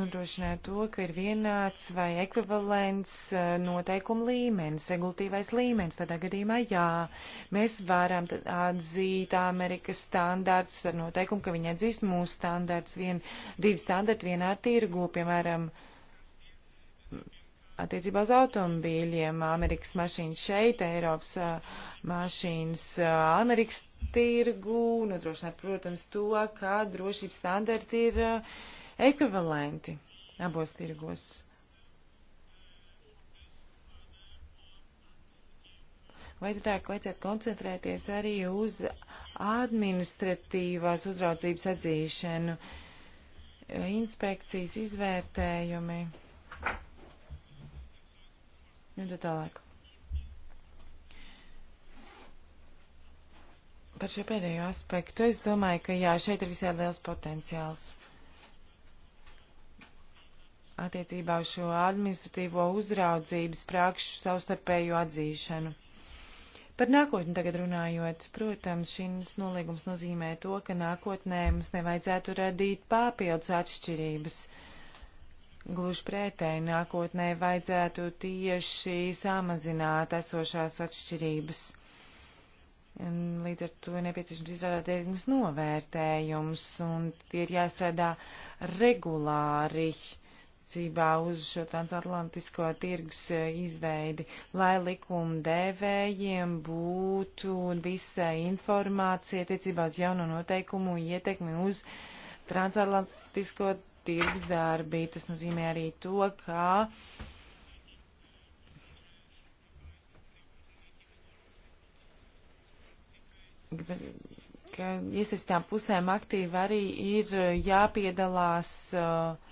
[SPEAKER 2] nodrošināt to, ka ir vienāds vai ekvivalents eh, noteikuma līmenis, regulatīvais līmenis. Tādā gadījumā, jā, mēs varam atzīt Amerikas standārts ar noteikumu, ka viņi atzīst mūsu standārts, vien, divi standarti vienā tirgu, piemēram, attiecībā uz automobīļiem, Amerikas mašīnas šeit, Eiropas eh, mašīnas eh, Amerikas tirgu, nodrošināt, protams, to, ka drošības standarti ir. Uh, ekvivalenti abos tirgos. Vairāk vajadzētu koncentrēties arī uz administratīvās uzraudzības atzīšanu, inspekcijas izvērtējumi. Un nu, tā tālāk. Par šo pēdējo aspektu es domāju, ka jā, šeit ir visai liels potenciāls attiecībā uz šo administratīvo uzraudzības prakšu savstarpēju atzīšanu. Par nākotni tagad runājot, protams, šis nolīgums nozīmē to, ka nākotnē mums nevajadzētu radīt papildus atšķirības. Gluži pretēji, nākotnē vajadzētu tieši samazināt esošās atšķirības. Līdz ar to ir nepieciešams izrādāt ietekmes novērtējums, un tie ir jāstrādā regulāri. Uh, attiecībā uz šo transatlantisko tirgus e, izveidi, lai likumdevējiem būtu visa informācija attiecībā uz jauno noteikumu ietekmi uz transatlantisko tirgus darbību. Tas nozīmē arī to, kā ka iesaistām pusēm aktīvi arī ir jāpiedalās uh,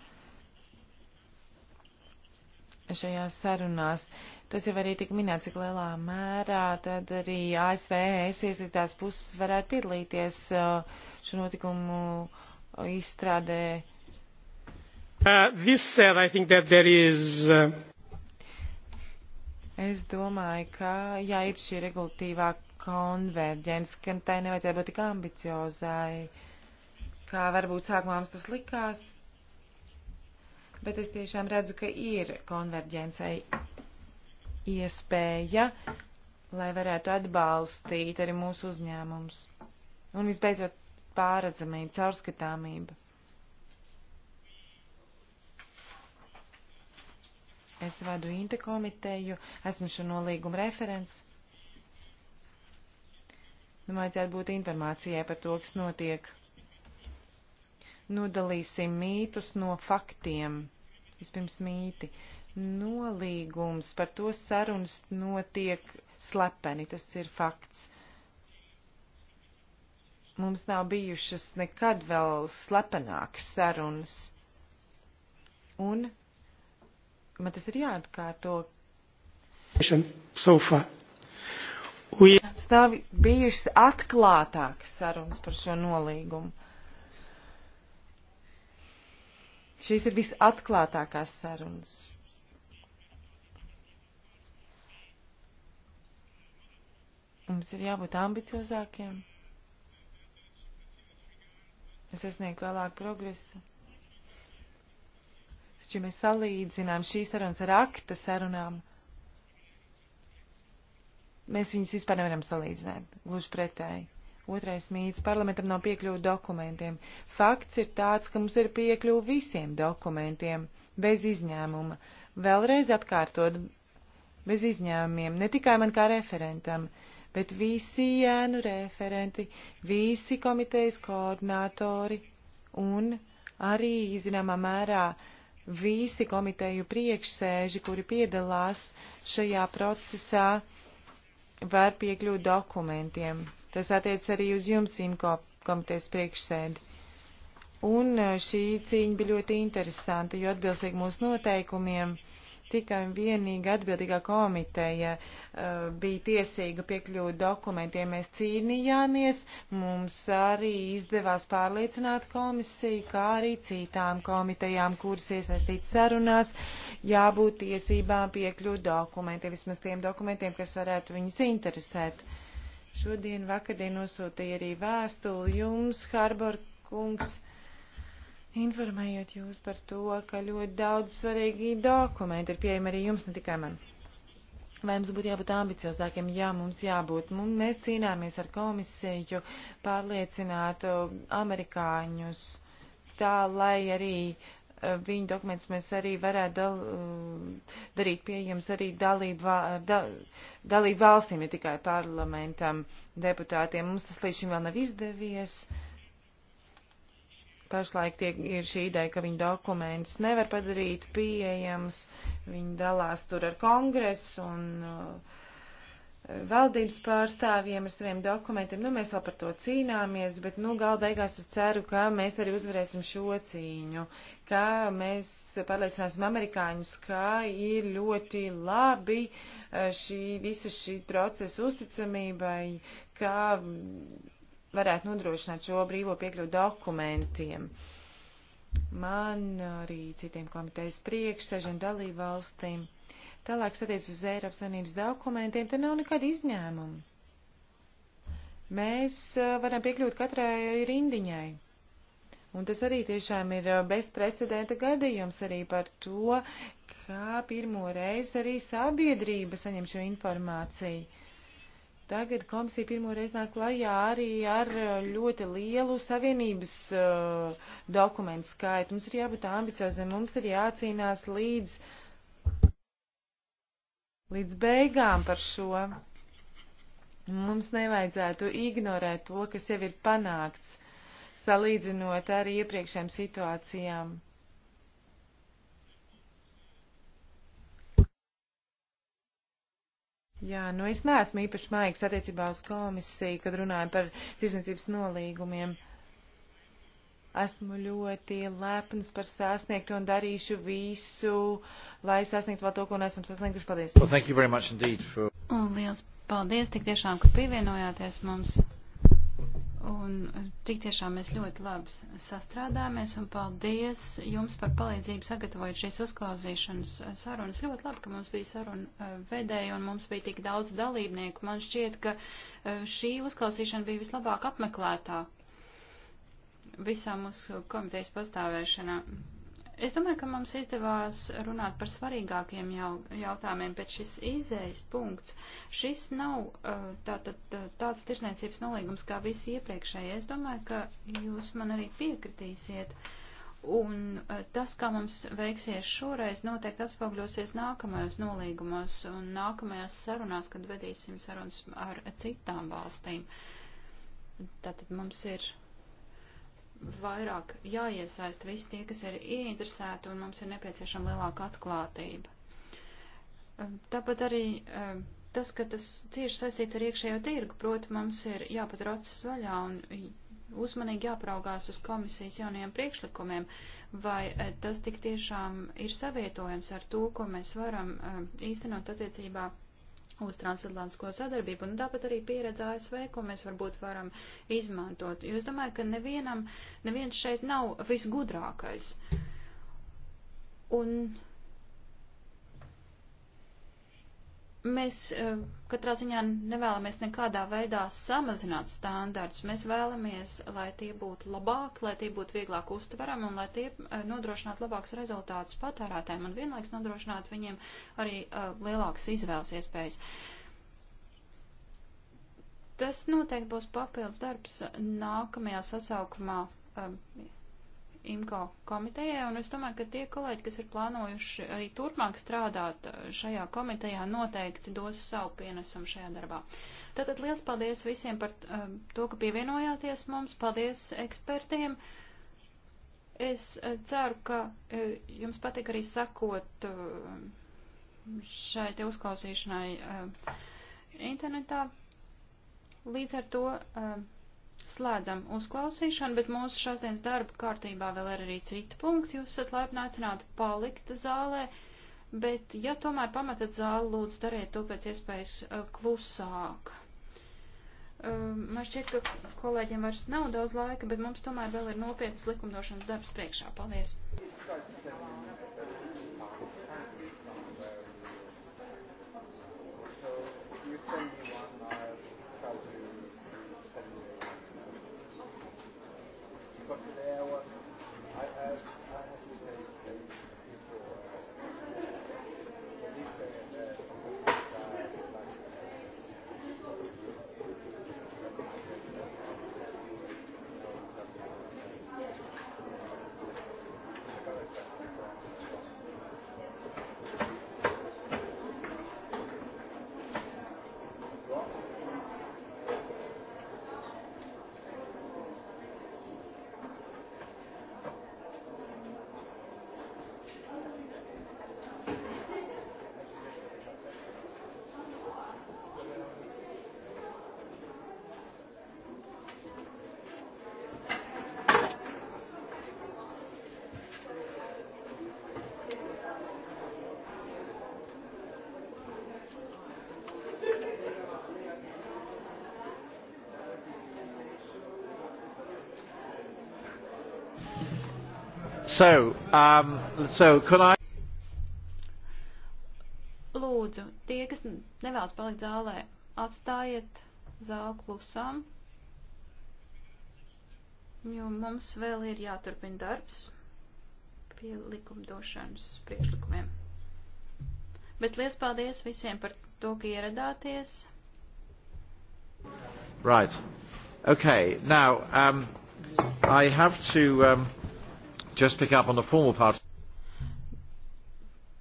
[SPEAKER 2] šajās sarunās. Tas jau arī tika minēts, cik lielā mērā tad arī ASV es iesaistītās puses varētu piedalīties uh, šo notikumu uh, izstrādē. Uh, this said, I think that there is. Uh... Es domāju, ka jā, ir šī regulatīvā konverģence, ka tai nevajadzēja būt tik ambiciozai, kā varbūt sākumā mums tas likās bet es tiešām redzu, ka ir konverģencei iespēja, lai varētu atbalstīt arī mūsu uzņēmums. Un visbeidzot, pāredzamība, caurskatāmība. Es vadu Inta komiteju, esmu šo nolīgumu referents. Nu, vajadzētu būt informācijai par to, kas notiek. Nodalīsim mītus no faktiem. Vispirms mīti. Nolīgums par to sarunas notiek slepeni, tas ir fakts. Mums nav bijušas nekad vēl slepenākas sarunas. Un man tas ir jāatkārto.
[SPEAKER 4] So far. We...
[SPEAKER 2] Stāv bijušas atklātākas sarunas par šo nolīgumu. Šīs ir visatklātākās sarunas. Mums ir jābūt ambiciozākiem. Es sasniegtu vēlāk progresu. Taču mēs salīdzinām šīs sarunas ar akta sarunām. Mēs viņus vispār nevaram salīdzināt. Gluži pretēji. Otrais mīts - parlamentam nav piekļuvu dokumentiem. Fakts ir tāds, ka mums ir piekļuvu visiem dokumentiem, bez izņēmuma. Vēlreiz atkārtot, bez izņēmumiem, ne tikai man kā referentam, bet visi jēnu referenti, visi komitejas koordinātori un arī, zināmā mērā, visi komiteju priekšsēži, kuri piedalās šajā procesā, var piekļūt dokumentiem. Tas attiec arī uz jums, Imko komitejas priekšsēdi. Un eh, šī cīņa bija ļoti interesanta, jo atbilstīgi mūsu noteikumiem tikai un vienīgi atbildīgā komiteja uh, bija tiesīga piekļūt dokumentiem. Mēs cīnījāmies, mums arī izdevās pārliecināt komisiju, kā arī citām komitejām, kuras iesaistīt sarunās, jābūt tiesībām piekļūt dokumentiem, vismaz tiem dokumentiem, kas varētu viņus interesēt. Uh, Šodien vakardien nosūtīja arī vēstuli jums, Harbor kungs, informējot jūs par to, ka ļoti daudz svarīgi dokumenti ir pieejami arī jums, ne tikai man. Vai mums būtu jābūt ambiciozākiem? Jā, mums jābūt. Mums, mēs cīnāmies ar komisiju pārliecināt amerikāņus tā, lai arī uh, Eh, viņa dokumentus mēs arī varētu dal, eh, darīt pieejams arī dalību, dal, dalību valstīm, ne ja tikai parlamentam, deputātiem. Mums tas līdz šim vēl nav izdevies. Pašlaik tiek, ir šī ideja, ka viņa dokumentus nevar padarīt pieejams. Viņa dalās tur ar kongresu un uh, valdības pārstāvjiem ar saviem dokumentiem. Nu, mēs vēl par to cīnāmies, bet, nu, gala beigās es ceru, ka mēs arī uzvarēsim šo cīņu, ka mēs pārliecināsim amerikāņus, ka ir ļoti labi eh, šī, visa šī procesa uzticamībai, ka varētu nodrošināt šo brīvo piekļuvu dokumentiem. Man arī citiem komitejas priekšsēžiem dalībvalstīm. Tālāk skaties uz Eiropas Savienības dokumentiem, te nav nekāda izņēmuma. Mēs varam piekļūt katrai rindiņai. Un tas arī tiešām ir bezprecedenta gadījums arī par to, kā pirmo reizi arī sabiedrība saņem šo informāciju. Tagad komisija pirmo reizi nāk klajā arī ar ļoti lielu savienības uh, dokumentu skaitu. Mums ir jābūt ambicioziem, mums ir jācīnās līdz uh, līdz beigām par šo. Mums nevajadzētu ignorēt to, kas jau ir panākts, salīdzinot ar iepriekšējām situācijām. Jā, nu es neesmu īpaši maigs attiecībā uz komisiju, kad runājam par tirsniecības nolīgumiem. Uh, Esmu ļoti lepns par sasniegtu un darīšu visu, lai sasniegtu vēl to, ko neesam sasnieguši. Paldies!
[SPEAKER 1] Well, for...
[SPEAKER 2] Un
[SPEAKER 3] liels paldies tik tiešām, ka pievienojāties mums.
[SPEAKER 2] Un eh, tik
[SPEAKER 3] tiešām mēs ļoti labi sastrādājāmies un paldies jums par palīdzību sagatavojot šīs uzklausīšanas eh, sarunas. Ļoti labi, ka mums bija saruna eh, vedēja un mums bija tik daudz dalībnieku. Man šķiet, ka šī uzklausīšana bija vislabāk apmeklētā visā mūsu komitejas pastāvēšanā. Es domāju, ka mums izdevās runāt par svarīgākiem jau, jautājumiem, bet šis izējas punkts, šis nav tātad, tā, tāds tirsniecības nolīgums kā visi iepriekšējie. Es domāju, ka jūs man arī piekritīsiet. Un tas, kā mums veiksies šoreiz, noteikti atspogļosies nākamajos nolīgumos un nākamajās sarunās, kad vedīsim sarunas ar citām valstīm. Tātad mums ir vairāk jāiesaist visi tie, kas ir ieinteresēti, un mums ir nepieciešama lielāka atklātība. Tāpat arī tas, ka tas cieši saistīts ar iekšējo tirgu, proti mums ir jāpatur acis vaļā un uzmanīgi jāpraugās uz komisijas jaunajiem priekšlikumiem, vai e, tas tik tiešām ir savietojams ar to, ko mēs varam īstenot attiecībā mūsu transatlantisko sadarbību, un tāpat arī pieredze ASV, ko mēs varbūt varam izmantot. Jo es domāju, ka nevienam, neviens šeit nav visgudrākais. Un Mēs e, katrā ziņā nevēlamies nekādā veidā samazināt standārtus. Mēs vēlamies, lai tie būtu labāki, lai tie būtu vieglāk uztverami un lai tie e, nodrošinātu labākus rezultātus patērētājiem un vienlaiks nodrošinātu viņiem arī e, lielākas izvēles iespējas. Tas noteikti būs papildus darbs nākamajā sasaukumā IMCO komitejai, un es domāju, ka tie kolēģi, kas ir plānojuši arī turpmāk strādāt uh, šajā komitejā, noteikti dos savu pienesumu šajā darbā. Tātad liels paldies visiem par uh, to, ka pievienojāties mums, paldies ekspertiem. Es uh, ceru, ka jums patika arī sakot šai te uzklausīšanai internetā. Līdz ar to. Uh, slēdzam uzklausīšanu, bet mūsu šodienas darba kārtībā vēl ir arī citi punkti. Jūs esat laipni aicināti palikt zālē, bet ja tomēr pametat zāli, lūdzu dariet to pēc iespējas eh, klusāk. Ehm, man šķiet, ka kolēģiem vairs nav daudz laika, bet mums tomēr vēl ir nopietnas likumdošanas darbs priekšā. Paldies!
[SPEAKER 1] Thank you. So, um, so could I...
[SPEAKER 3] Lūdzu, tie, kas nevēlas palikt zālē, atstājiet zāli klusām, jo mums vēl ir jāturpina darbs pie likumdošanas priekšlikumiem. Bet liels paldies visiem par to, ka ieradāties.
[SPEAKER 1] Right. Okay. Now, um, I have to. Um, Just pick up on the formal part.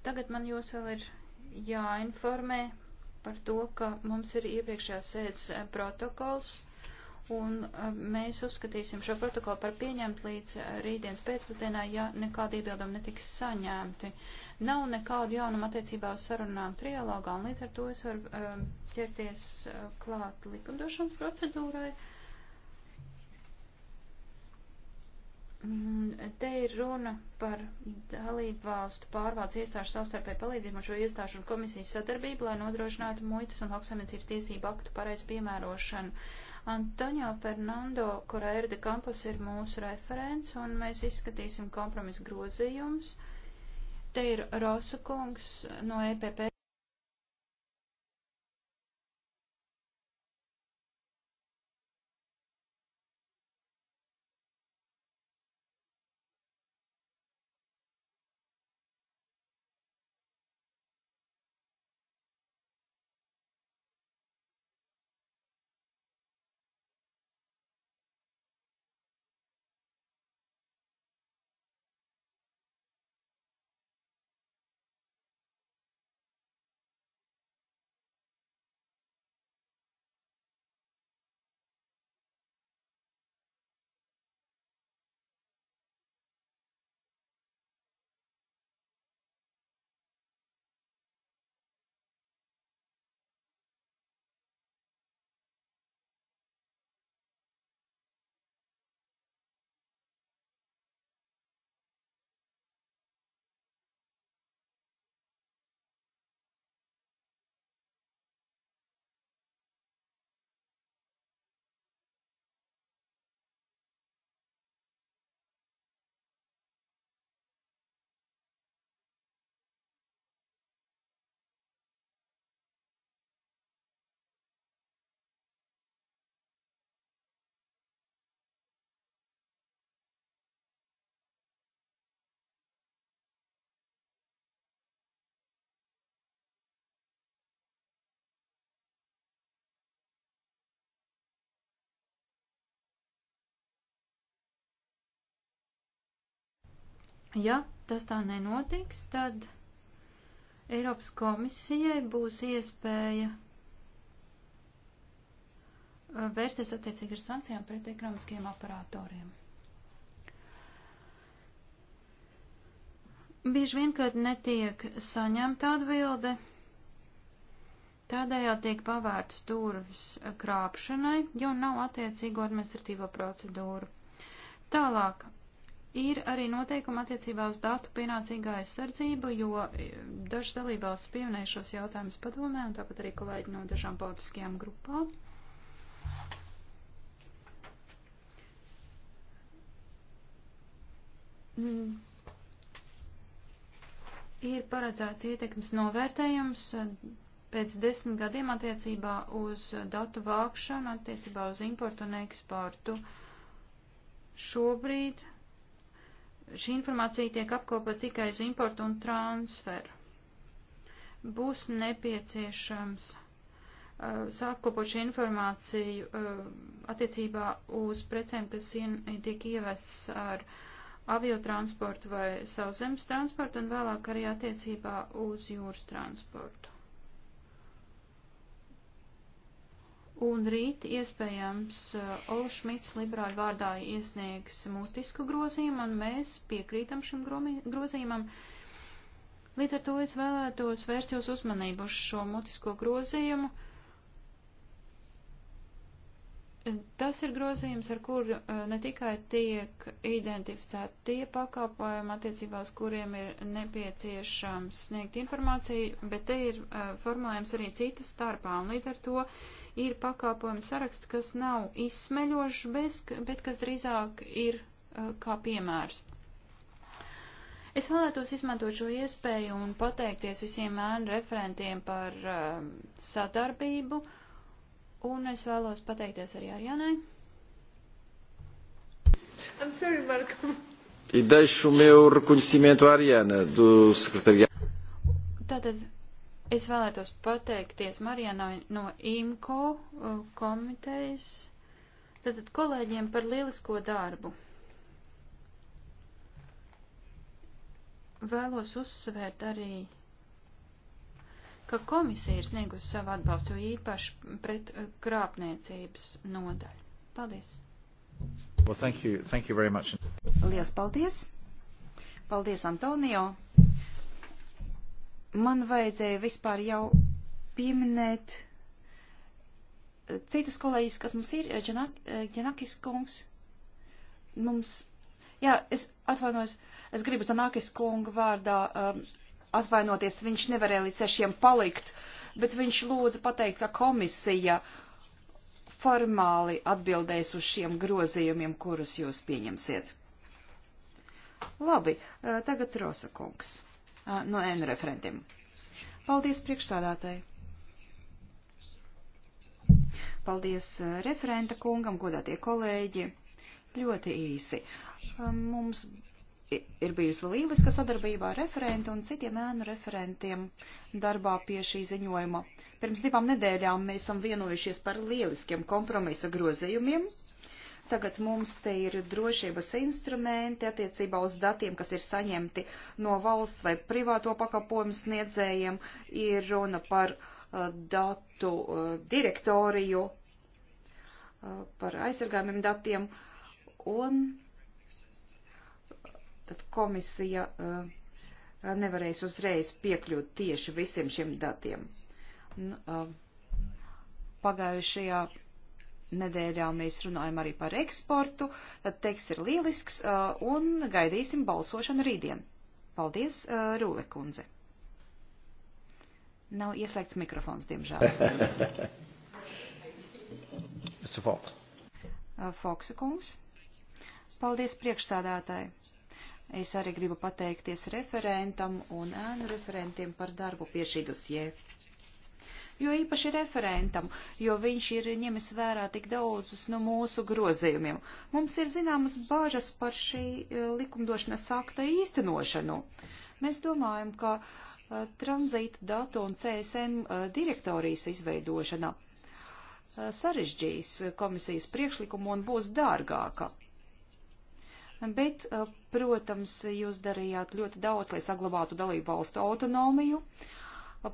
[SPEAKER 3] Tagad man jūs vēl ir jāinformē par to, ka mums ir iepriekšējās sēdes eh, protokols, un eh, mēs uzskatīsim šo protokolu par pieņemt līdz eh, rītdienas pēcpusdienā, ja nekādi iebildumi netiks saņemti. Nav nekādu jaunumu attiecībā uz sarunām trialogā, un līdz ar to es varu ķerties klāt likumdošanas procedūrai. Te ir runa par dalību valstu pārvaldes iestāžu savstarpēju palīdzību un šo iestāžu un komisijas sadarbību, lai nodrošinātu muitas un lauksamniecības tiesību aktu pareizu piemērošanu. Antonio Fernando Correira de Campos ir mūsu referents, un mēs izskatīsim kompromisu grozījumus. Te ir Rosa kungs no EPP. Ja tas tā nenotiks, tad Eiropas komisijai būs iespēja uh, vērsties attiecīgi ar sankcijām pret ekonomiskiem operatoriem. Bieži vien, kad netiek saņemta atbilde, tādējādi tiek pavērtas durvis krāpšanai, jo nav attiecīgo administratīvo procedūru. Tālāk, Ir arī noteikumi attiecībā uz datu pienācīgā aizsardzību, jo e, dažas dalībvalsts pieminēja šos jautājumus padomē, un tāpat arī kolēģi no dažām politiskajām grupām. Mm ir paredzēts ietekmes novērtējums e, pēc desmit gadiem attiecībā uz datu vākšanu, attiecībā uz importu un eksportu. Šobrīd šī informācija tiek apkopot tikai uz importu un transferu. Būs nepieciešams uh, sākopot šo informāciju uh, attiecībā uz precēm, kas ien, tiek ievestas ar aviotransportu vai sauszemes transportu un vēlāk arī attiecībā uz jūras transportu. Un rīt iespējams Ola Šmits liberāļu vārdā iesniegs mutisku grozījumu, un mēs piekrītam šim grozījumam. Līdz ar to es vēlētos vērst jūs uzmanību uz šo mutisko grozījumu. Tas ir grozījums, ar kuru eh, ne tikai tiek identificēti tie pakāpojumi, attiecībā uz kuriem ir nepieciešams sniegt informāciju, bet te ir eh, formulējums arī citas starpā, un līdz ar to ir pakāpojumu saraksts, kas nav izsmeļošs, bez, bet kas drīzāk ir e, kā piemērs. Es vēlētos izmantot šo iespēju un pateikties visiem ēnu referentiem par uh, sadarbību, un es vēlos pateikties arī Arjanai. I'm sorry,
[SPEAKER 1] Marko. E deixo o meu reconhecimento à Ariana, do secretariado.
[SPEAKER 3] Tātad Es vēlētos pateikties Marijanai no IMCO uh, komitejas, tātad kolēģiem par lielisko darbu. Vēlos uzsvērt arī, ka komisija ir sniegusi savu atbalstu īpaši pret uh, krāpniecības nodaļu. Paldies!
[SPEAKER 1] Well, thank you. Thank you very much.
[SPEAKER 4] Lielas paldies! Paldies, Antonio! man vajadzēja vispār jau pieminēt eh, citus kolēģis, kas mums ir, Ģenakis eh, eh, kungs. Mums, jā, es atvainojos, es gribu Tanakis kunga vārdā um, atvainoties, viņš nevarēja līdz sešiem palikt, bet viņš lūdza pateikt, ka komisija formāli atbildēs uz šiem grozījumiem, kurus jūs pieņemsiet. Labi, tagad Rosa kungs no N referentiem. Paldies priekšsādātai. Paldies eh, referenta kungam, godātie kolēģi. Ļoti īsi. Mums ir bijusi lieliska sadarbība ar referentu un citiem ēnu referentiem darbā pie šī ziņojuma. Pirms divām nedēļām mēs esam vienojušies par lieliskiem kompromisa grozējumiem. Tagad mums te ir drošības instrumenti attiecībā uz datiem, kas ir saņemti no valsts vai privāto pakalpojumu sniedzējiem. Ir runa par uh, datu uh, direktoriju, uh, par aizsargājumiem datiem. Un tad komisija uh, nevarēs uzreiz piekļūt tieši visiem šiem datiem. Nu, uh, pagājušajā nedēļā mēs runājam arī par eksportu, tad teksts ir lielisks uh, un gaidīsim balsošanu rītdien. Paldies, uh, Rūle kundze. Nav ieslēgts mikrofons, diemžēl.
[SPEAKER 1] [laughs] Mr. Fox.
[SPEAKER 4] Uh, Foksa kungs. Paldies priekšsādātāji. Es arī gribu pateikties referentam un ēnu referentiem par darbu pie šī dosjē jo īpaši referentam, jo viņš ir ņemis vērā tik daudzus no mūsu grozījumiem. Mums ir zināmas bāžas par šī eh, likumdošanas akta īstenošanu. Mēs domājam, ka uh, eh, tranzīta datu un CSM uh, eh, direktorijas izveidošana uh, sarežģīs komisijas priekšlikumu un būs dārgāka. Bet, protams, jūs darījāt ļoti daudz, lai saglabātu dalību valstu autonomiju.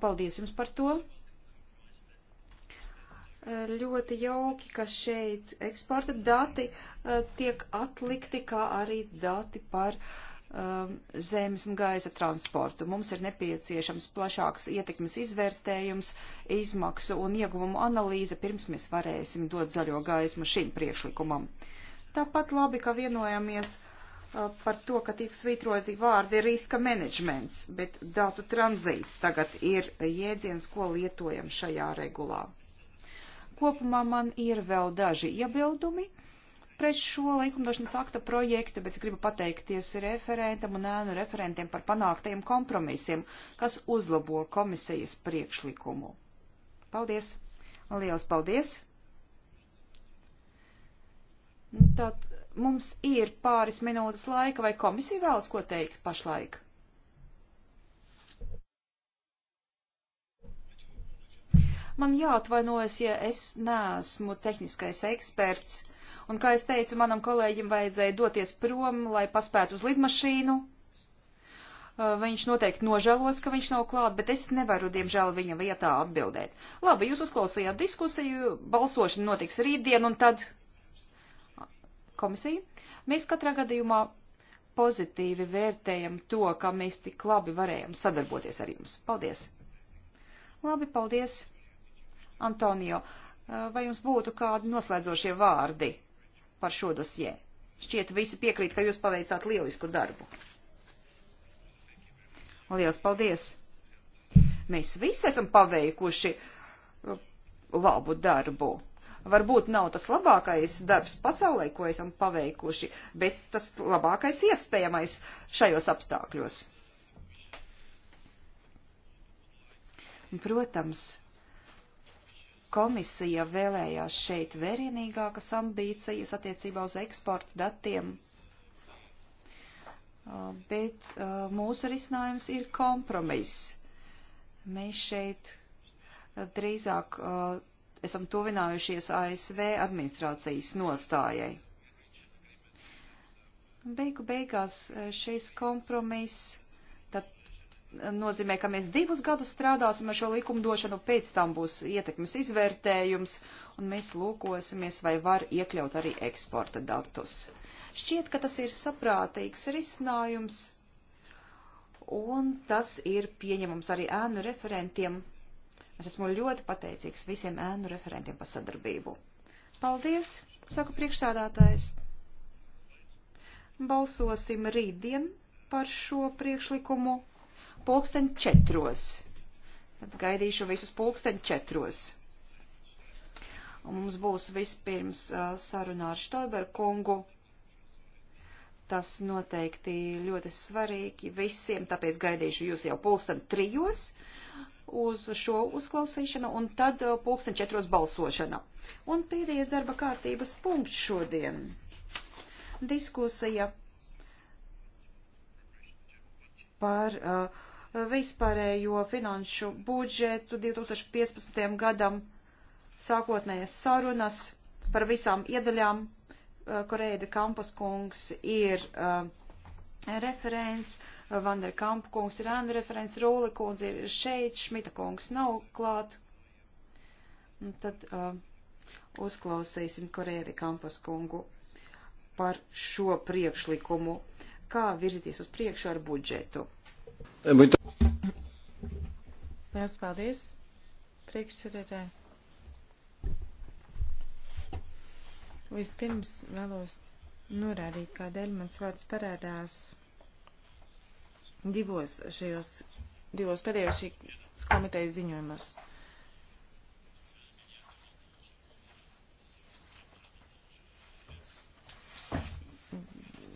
[SPEAKER 4] Paldies jums par to ļoti jauki, ka šeit eksporta dati eh, tiek atlikti, kā arī dati par um, zemes un gaisa transportu. Mums ir nepieciešams plašāks ietekmes izvērtējums, izmaksu un ieguvumu analīze, pirms mēs varēsim dot zaļo gaismu šim priekšlikumam. Tāpat labi, ka vienojamies uh, eh, par to, ka tiek svītroti vārdi riska menedžments, bet datu tranzīts tagad ir jēdziens, ko lietojam šajā regulā. Kopumā man ir vēl daži iebildumi pret šo likumdošanas akta projektu, bet es gribu pateikties referentam un ēnu referentiem par panāktajiem kompromisiem, kas uzlabo komisijas priekšlikumu. Paldies! Liels paldies! Nu, tad mums ir pāris minūtes laika, vai komisija vēlas ko teikt pašlaik? Man jāatvainojas, ja es neesmu tehniskais eksperts, un, kā es teicu, manam kolēģim vajadzēja doties prom, lai paspētu uz lidmašīnu. Uh, viņš noteikti nožēlos, ka viņš nav klāt, bet es nevaru, diemžēl, viņa lietā atbildēt. Labi, jūs uzklausījāt diskusiju, balsošana notiks rītdien, un tad komisija. Mēs katrā gadījumā pozitīvi vērtējam to, ka mēs tik labi varējam sadarboties ar jums. Paldies! Labi, paldies! Antonio, eh, vai jums būtu kādi noslēdzošie vārdi par šo dosjē? Šķiet, visi piekrīt, ka jūs paveicāt lielisku darbu. Lielas paldies! Mēs visi esam paveikuši eh, labu darbu. Varbūt nav tas labākais darbs pasaulē, ko esam paveikuši, bet tas labākais iespējamais šajos apstākļos. Protams, Komisija vēlējās šeit vērienīgākas ambīcijas attiecībā uz eksporta datiem, uh, bet uh, mūsu risinājums ir kompromiss. Mēs šeit uh, drīzāk esam tuvinājušies ASV administrācijas nostājai. Beigu beigās šis kompromiss nozīmē, ka mēs divus gadus strādāsim ar šo likumdošanu, pēc tam būs ietekmes izvērtējums, un mēs lūkosimies, vai var iekļaut arī eksporta datus. Šķiet, ka tas ir saprātīgs risinājums, un tas ir pieņemams arī ēnu referentiem. Es esmu ļoti pateicīgs visiem ēnu referentiem par sadarbību. Paldies, saka priekšsādātājs. Balsosim rītdien par šo priekšlikumu pulksten četros. Tad gaidīšu visus pulksten četros. Un mums būs vispirms uh, sarunā ar Štoiberu kungu. Tas noteikti ļoti svarīgi visiem, tāpēc gaidīšu jūs jau pulksten trijos uz šo uzklausīšanu un tad uh, pulksten četros balsošana. Un pēdējais darba kārtības punkts šodien. Diskusija par uh, vispārējo finanšu budžetu 2015. gadam sākotnējas sarunas par visām iedaļām. Eh, Koreida Kampuskungs ir uh, referents, eh, Vander Kampkungs ir ēnu referents, Rūli kungs ir šeit, Šmita kungs nav klāt. Un tad uh, uzklausīsim Koreida Kampuskungu par šo priekšlikumu, kā virzīties uz priekšu ar budžetu.
[SPEAKER 1] Muito
[SPEAKER 2] Liels paldies, priekšsēdētāji. Vispirms vēlos norādīt, kādēļ mans vārds parādās divos šajos, divos pēdējos šīs komitejas ziņojumos.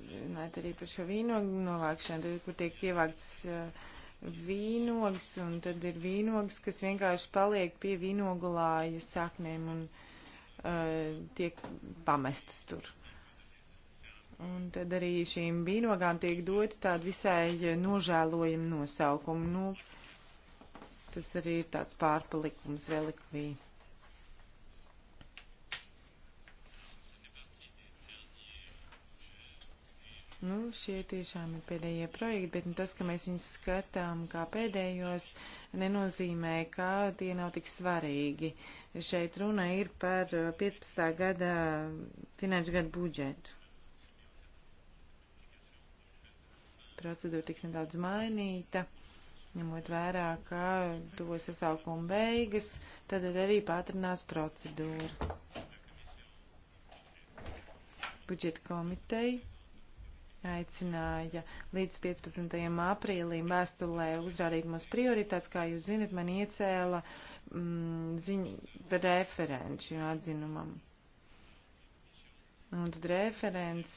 [SPEAKER 2] runāt arī par šo vīnogu novākšanu, tad, kur tiek ievākts uh, vīnogas, un tad ir vīnogas, kas vienkārši paliek pie vīnogulāja saknēm un uh, tiek pamestas tur. Un tad arī šīm vīnogām tiek dot tādu visai eh, nožēlojumu nosaukumu. Nu, tas arī ir tāds pārpalikums relikvija. Nu, šie tiešām ir pēdējie projekti, bet nu, tas, ka mēs viņus skatām kā pēdējos, nenozīmē, ka tie nav tik svarīgi. Šeit runa ir par 15. gada finanšu gadu budžetu. Procedūra tiks nedaudz mainīta, ņemot vērā, ka tuvojas sasaukuma beigas, tad arī pātrinās procedūra. Budžeta komiteja aicināja līdz 15. aprīlim vēstulē uzrādīt mums prioritātes, kā jūs zinat, man iecēla mm, ziņu referenci atzinumam. Un tad referents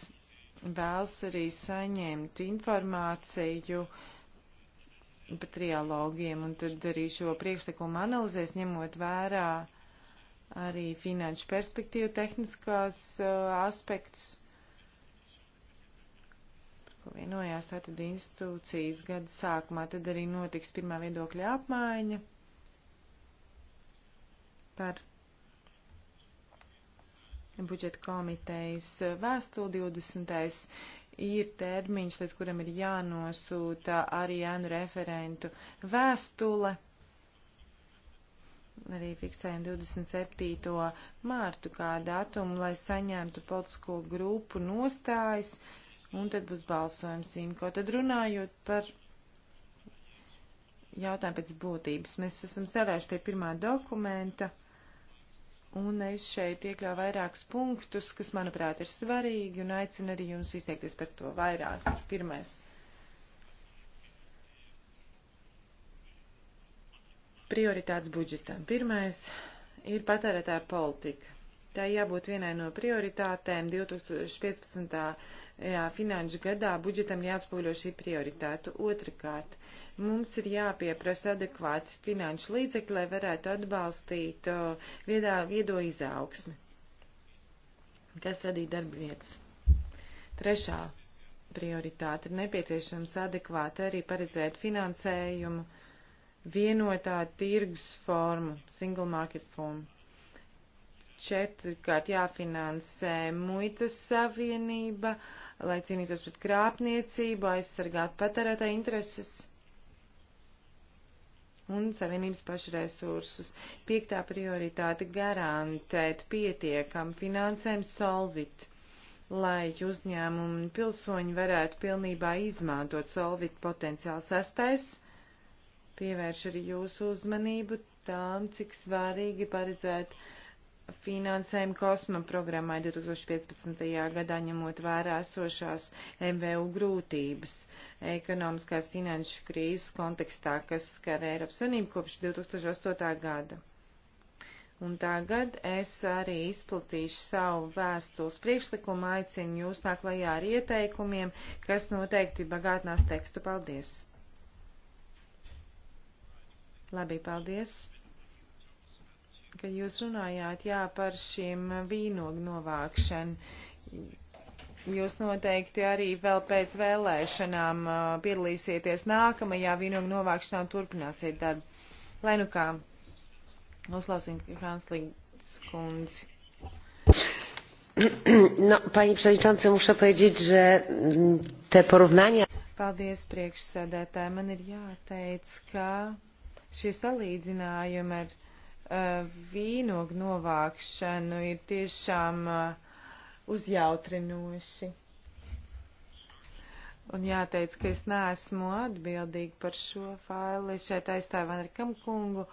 [SPEAKER 2] vēlas arī saņemt informāciju par trialogiem, un tad arī šo priekšlikumu analizēs, ņemot vērā arī finanšu perspektīvu tehniskās uh, aspektus ko vienojās tātad institūcijas gada sākumā. Tad arī notiks pirmā viedokļa apmaiņa par budžeta komitejas vēstuli 20. ir termiņš, līdz kuram ir jānosūta arī ēnu referentu vēstule. Arī fiksējam 27. mārtu kā datumu, lai saņemtu politisko grupu nostājas un tad būs balsojums simko. Tad runājot par jautājumu pēc būtības, mēs esam strādājuši pie pirmā dokumenta, un es šeit iekļauju vairākus punktus, kas, manuprāt, ir svarīgi, un aicinu arī jums izteikties par to vairāk. Pirmais. prioritātes budžetam. Pirmais ir patērētāja politika. Tā jābūt vienai no prioritātēm 2015. Jā, finanšu gadā budžetam jāatspūļo šī prioritāte. Otrakārt, mums ir jāpieprasa adekvāts finanšu līdzekļi, lai varētu atbalstīt viedā, viedo izaugsmi, kas radīja darba vietas. Trešā prioritāte ir nepieciešams adekvāti arī paredzēt finansējumu vienotā tirgus formu, single market formu četrkārt jāfinansē muitas savienība, lai cīnītos pret krāpniecību, aizsargātu patērētāju intereses un savienības pašresursus. Piektā prioritāte - garantēt pietiekam finansēm solvit, lai uzņēmumi un pilsoņi varētu pilnībā izmantot solvit potenciāli sastais. Pievērš arī jūsu uzmanību tām, cik svarīgi paredzēt uh, finansējumu kosma programmai 2015. gadā, ņemot vērā esošās MVU grūtības ekonomiskās finanšu krīzes kontekstā, kas skar Eiropas Savienību kopš 2008. gada. Un tagad es arī izplatīšu savu vēstules priekšlikumu, aicinu jūs nāk lajā ar ieteikumiem, kas noteikti bagātinās tekstu. Paldies! Labi, paldies! ka jūs runājāt jā, par šīm vīnogu novākšanu. Jūs noteikti arī vēl pēc vēlēšanām piedalīsieties nākamajā vīnogu novākšanā un turpināsiet darbu. Lai nu kā, uzlausim Hanslīgs kundzi. [clears throat] No, panie przewodniczący, muszę powiedzieć, że
[SPEAKER 4] mm, te porównania.
[SPEAKER 2] Paldies, priekšsēdētāji. Man ir jāteic, ka šie salīdzinājumi ar. Er Eh, vīnogu novākšanu ir tiešām eh, uzjautrinoši. Un jāteic, ka es neesmu atbildīgi par šo failu. Es šeit aizstāju Vanarkam kungu.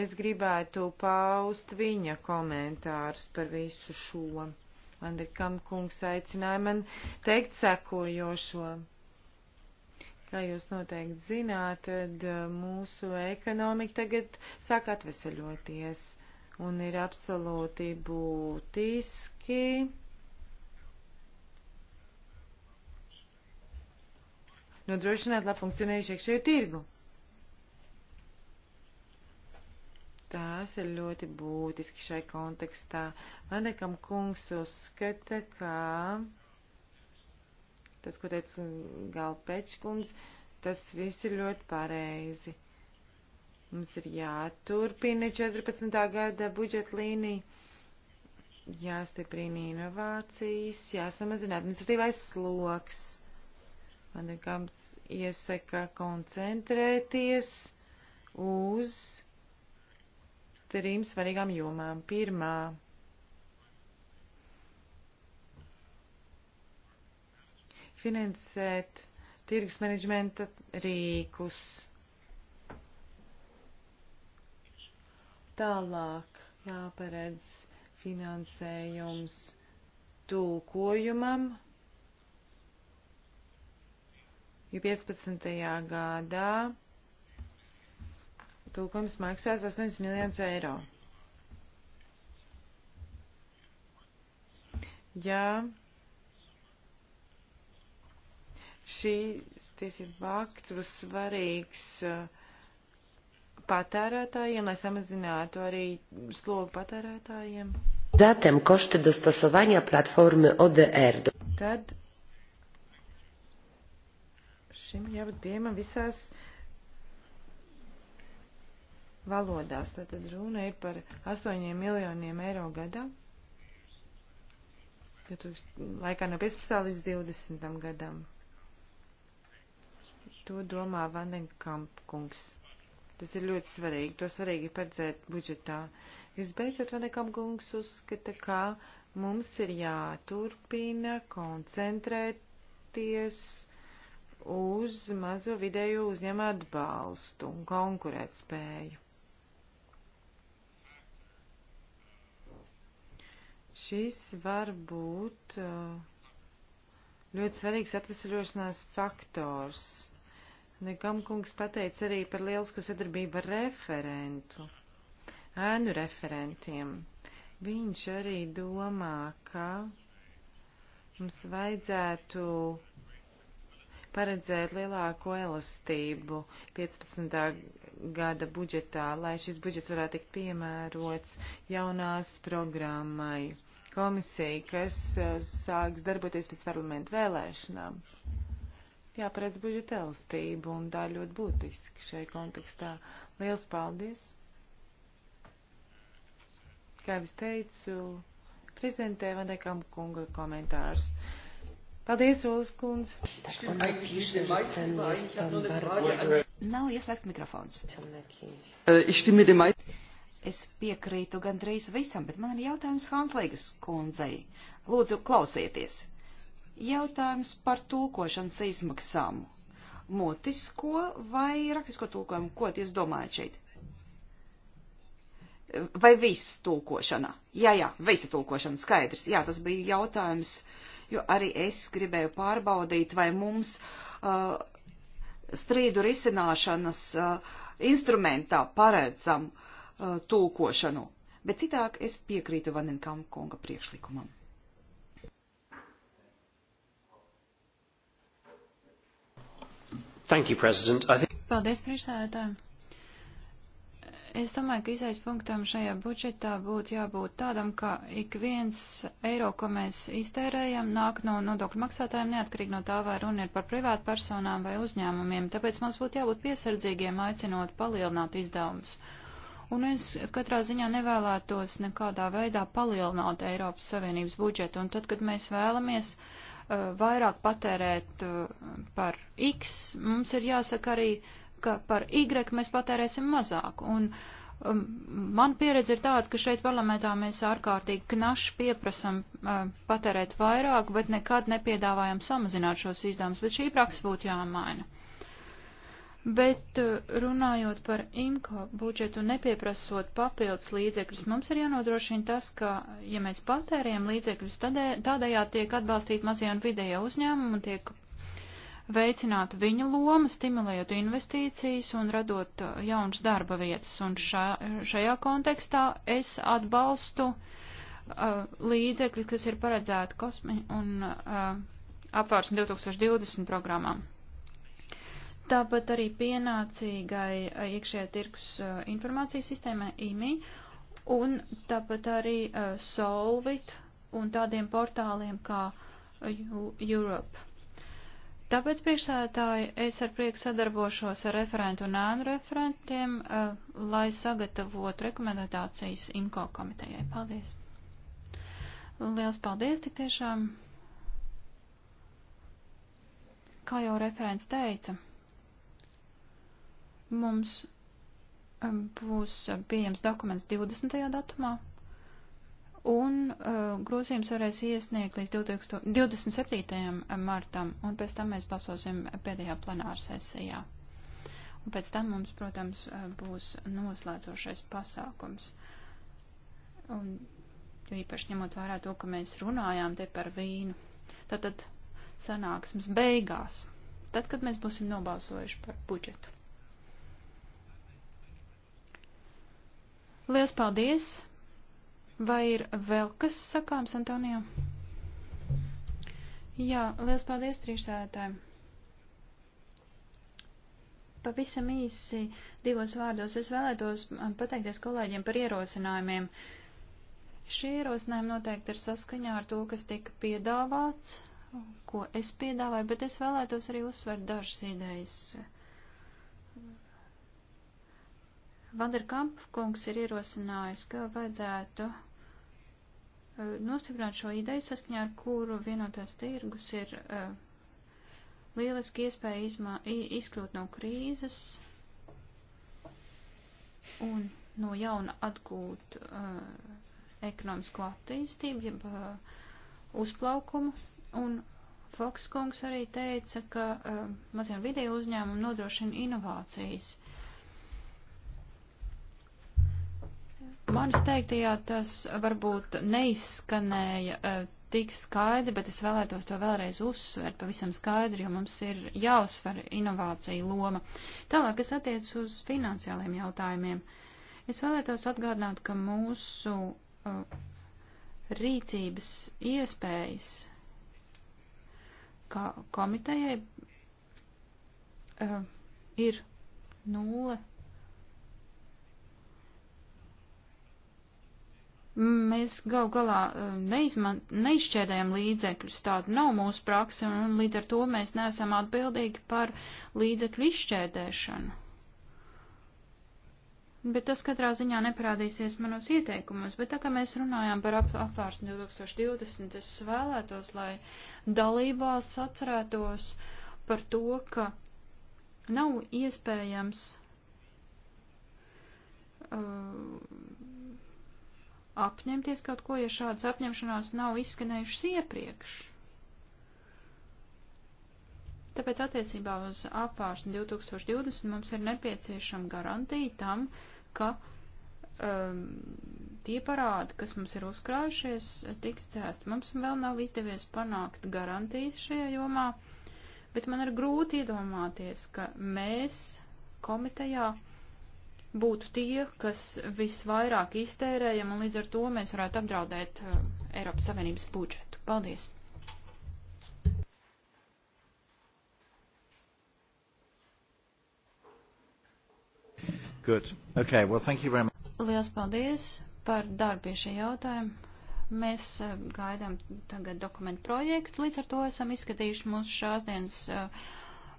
[SPEAKER 2] Es gribētu paust viņa komentārus par visu šo. Vanarkam kungs aicināja man teikt sekojošo. Kā jūs noteikti zināt, tad uh, mūsu ekonomika tagad sāk atveseļoties un ir absolūti būtiski. Nodrošināt, lai funkcionējuši iekšēju tirgu. tās ir ļoti būtiski šai kontekstā. Vanekam kungs uzskata, ka Tas, ko teica Galpečkungs, tas viss ir ļoti pareizi. Mums ir jāturpina 14. gada budžeta līnija, jāstiprina inovācijas, jāsamazina administratīvais sloks. Man ir kāds iesaka koncentrēties uz trim svarīgām jomām. Pirmā finansēt tirgus menedžmenta rīkus. Tālāk jāparedz finansējums tulkojumam, jo 15. gadā tulkojums maksās 8 miljonus eiro. Jā. Ja Šīs tiesība akts būs svarīgs uh, patērētājiem, lai samazinātu arī slogu patērētājiem.
[SPEAKER 4] Zatem koszty dostosowania platformy ODR do...
[SPEAKER 2] Tad šim jābūt pieejamam visās valodās. Tātad runa ir par 8 miljoniem eiro gadā. Laikā no 15. līdz 20. gadam. To domā Vandenkamp kungs. Tas ir ļoti svarīgi, to svarīgi paredzēt budžetā. Visbeidzot, Vandenkamp kungs uzskata, ka mums ir jāturpina koncentrēties uz mazo vidējo uzņēmu atbalstu un konkurētspēju. Šis var būt uh, ļoti svarīgs atvesaļošanās faktors Negam kungs pateica arī par lielisku sadarbību ar referentu, ēnu referentiem. Viņš arī domā, ka mums vajadzētu paredzēt lielāko elastību 15. gada budžetā, lai šis budžets varētu tikt piemērots jaunās programmai komisija, kas eh, sāks darboties pēc parlamentu vēlēšanām jāparedz budžeta elastība, un tā ir ļoti būtiski šai kontekstā. Liels paldies! Kā jau es teicu, prezentē Vandekam kunga komentārs. Paldies,
[SPEAKER 4] Olas kundze! Nav ieslēgts mikrofons. Eh, es piekrītu gandrīz visam, bet man ir jautājums Hanslīgas kundzei. Lūdzu, klausieties! Jautājums par tulkošanas izmaksām. Motisko vai rakstisko tulkojumu? Ko jūs domājat šeit? Vai viss tulkošana? Jā, jā, visa tulkošana skaidrs. Jā, tas bija jautājums, jo arī es gribēju pārbaudīt, vai mums uh, strīdu risināšanas uh, instrumentā paredzam uh, tulkošanu. Bet citāk es piekrītu Vanenkam kunga priekšlikumam.
[SPEAKER 1] Thank you, President. I think...
[SPEAKER 3] Paldies, priekšsēdētājiem. Es domāju, ka izais punktam šajā budžetā būtu jābūt tādam, ka ik viens eiro, ko mēs iztērējam, nāk no nodokļu maksātājiem, neatkarīgi no tā, vai runa ir par privātu personām vai uzņēmumiem. Tāpēc mums būtu jābūt piesardzīgiem, aicinot palielināt izdevumus. Un es katrā ziņā nevēlētos nekādā veidā palielināt Eiropas Savienības budžetu. Un tad, kad mēs vēlamies uh, Eh, vairāk patērēt eh, par X, mums ir jāsaka arī, ka par Y mēs patērēsim mazāk. Un um, man pieredze ir tāda, ka šeit parlamentā mēs ārkārtīgi knaši pieprasam eh, patērēt vairāk, bet nekad nepiedāvājam samazināt šos izdevumus, bet šī praksa būtu jāmaina. Bet eh, runājot par IMCO budžetu, nepieprasot papildus līdzekļus, mums ir jānodrošina tas, ka, ja mēs patērējam līdzekļus, tādē, eh, tādējā tiek atbalstīt mazie un vidējie uzņēmumi un tiek veicināt viņu lomu, stimulējot investīcijas un radot eh, jaunas darba vietas. Un šā, šajā kontekstā es atbalstu uh, līdzekļus, kas ir paredzēti kosmi un uh, apvārsni 2020 programmām tāpat arī pienācīgai eh, iekšējā tirkus eh, informācijas sistēmai IMI un tāpat arī eh, Solvit un tādiem portāliem kā Europe. Tāpēc, priekšsēdētāji, es ar prieku sadarbošos ar referentu un ēnu referentiem, lai sagatavotu rekomendācijas INKO komitejai. Paldies! Liels paldies tik tiešām! Kā jau referents teica. Mums um, būs um, pieejams dokuments 20. datumā, un uh, grozījums varēs iesniegt līdz 20, 27. martam, un pēc tam mēs balsosim pēdējā plenāra sesijā. Un pēc tam mums, protams, uh, būs noslēdzošais pasākums. Un, jo īpaši ņemot vērā to, ka mēs runājām te par vīnu, tad, tad sanāksmes beigās, tad, kad mēs būsim nobalsojuši par budžetu. Lielas paldies! Vai ir vēl kas sakāms, Antonijā? Jā, liels paldies priekšsēdētājiem. Pavisam īsi divos vārdos es vēlētos um, pateikties kolēģiem par ierosinājumiem. Šie ierosinājumi noteikti ir saskaņā ar to, kas tika piedāvāts, ko es piedāvāju, bet es vēlētos arī uzsvērt dažas idejas, Vanderkamp kungs ir ierosinājis, ka vajadzētu uh, nostiprināt šo ideju saskaņā, ar kuru vienotās tirgus ir uh, lieliski iespēja izmā, izkļūt no krīzes un no jauna atgūt uh, ekonomisko attīstību, jeb uh, uzplaukumu. Un Fokskungs arī teica, ka uh, maziem vidēju uzņēmumu nodrošina inovācijas. Manis teiktajā tas varbūt neizskanēja eh, tik skaidri, bet es vēlētos to vēlreiz uzsvērt pavisam skaidri, jo mums ir jāuzsver inovācija loma. Tālāk, kas attiec uz finansiāliem jautājumiem, es vēlētos atgādināt, ka mūsu uh, rīcības iespējas kā komitejai uh, ir nulle mēs gal galā eh, neizman, neizšķēdējam līdzekļus, tāda nav mūsu praksa, un līdz ar to mēs neesam atbildīgi par līdzekļu izšķēdēšanu. Bet tas katrā ziņā neparādīsies manos ieteikumos, bet tā kā mēs runājām par ap, apvārsni 2020, es vēlētos, lai dalībās atcerētos par to, ka nav iespējams uh, apņemties kaut ko, ja šādas apņemšanās nav izskanējušas iepriekš. Tāpēc attiecībā uz apvārsni 2020 mums ir nepieciešama garantija tam, ka um, tie parādi, kas mums ir uzkrājušies, tiks cēsti. Mums vēl nav izdevies panākt garantijas šajā jomā, bet man ir grūti iedomāties, ka mēs komitejā uh, būtu tie, kas visvairāk iztērējam, un līdz ar to mēs varētu apdraudēt uh, Eiropas Savienības budžetu. Paldies!
[SPEAKER 1] Good. Okay, well, thank you very much.
[SPEAKER 3] Lielas paldies par darbu pie šī jautājuma. Mēs uh, gaidām tagad dokumentu projektu, līdz ar to esam izskatījuši mūsu šās dienas uh,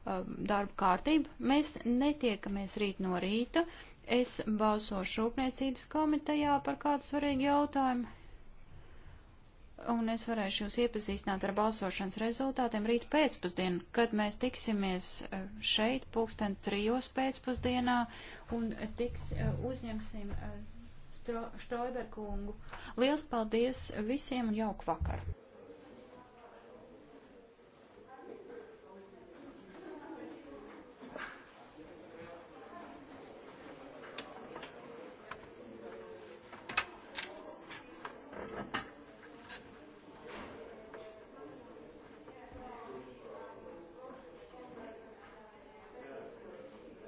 [SPEAKER 3] uh darba kārtību. Mēs netiekamies rīt no rīta. Es balsošu Rūpniecības komitejā par kādu svarīgu jautājumu, un es varēšu jūs iepazīstināt ar balsošanas rezultātiem rīt pēcpusdienu, kad mēs tiksimies eh, šeit pulksten trijos pēcpusdienā un tiks, eh, uzņemsim eh, Štroiberkungu. Liels paldies visiem un jauku vakaru!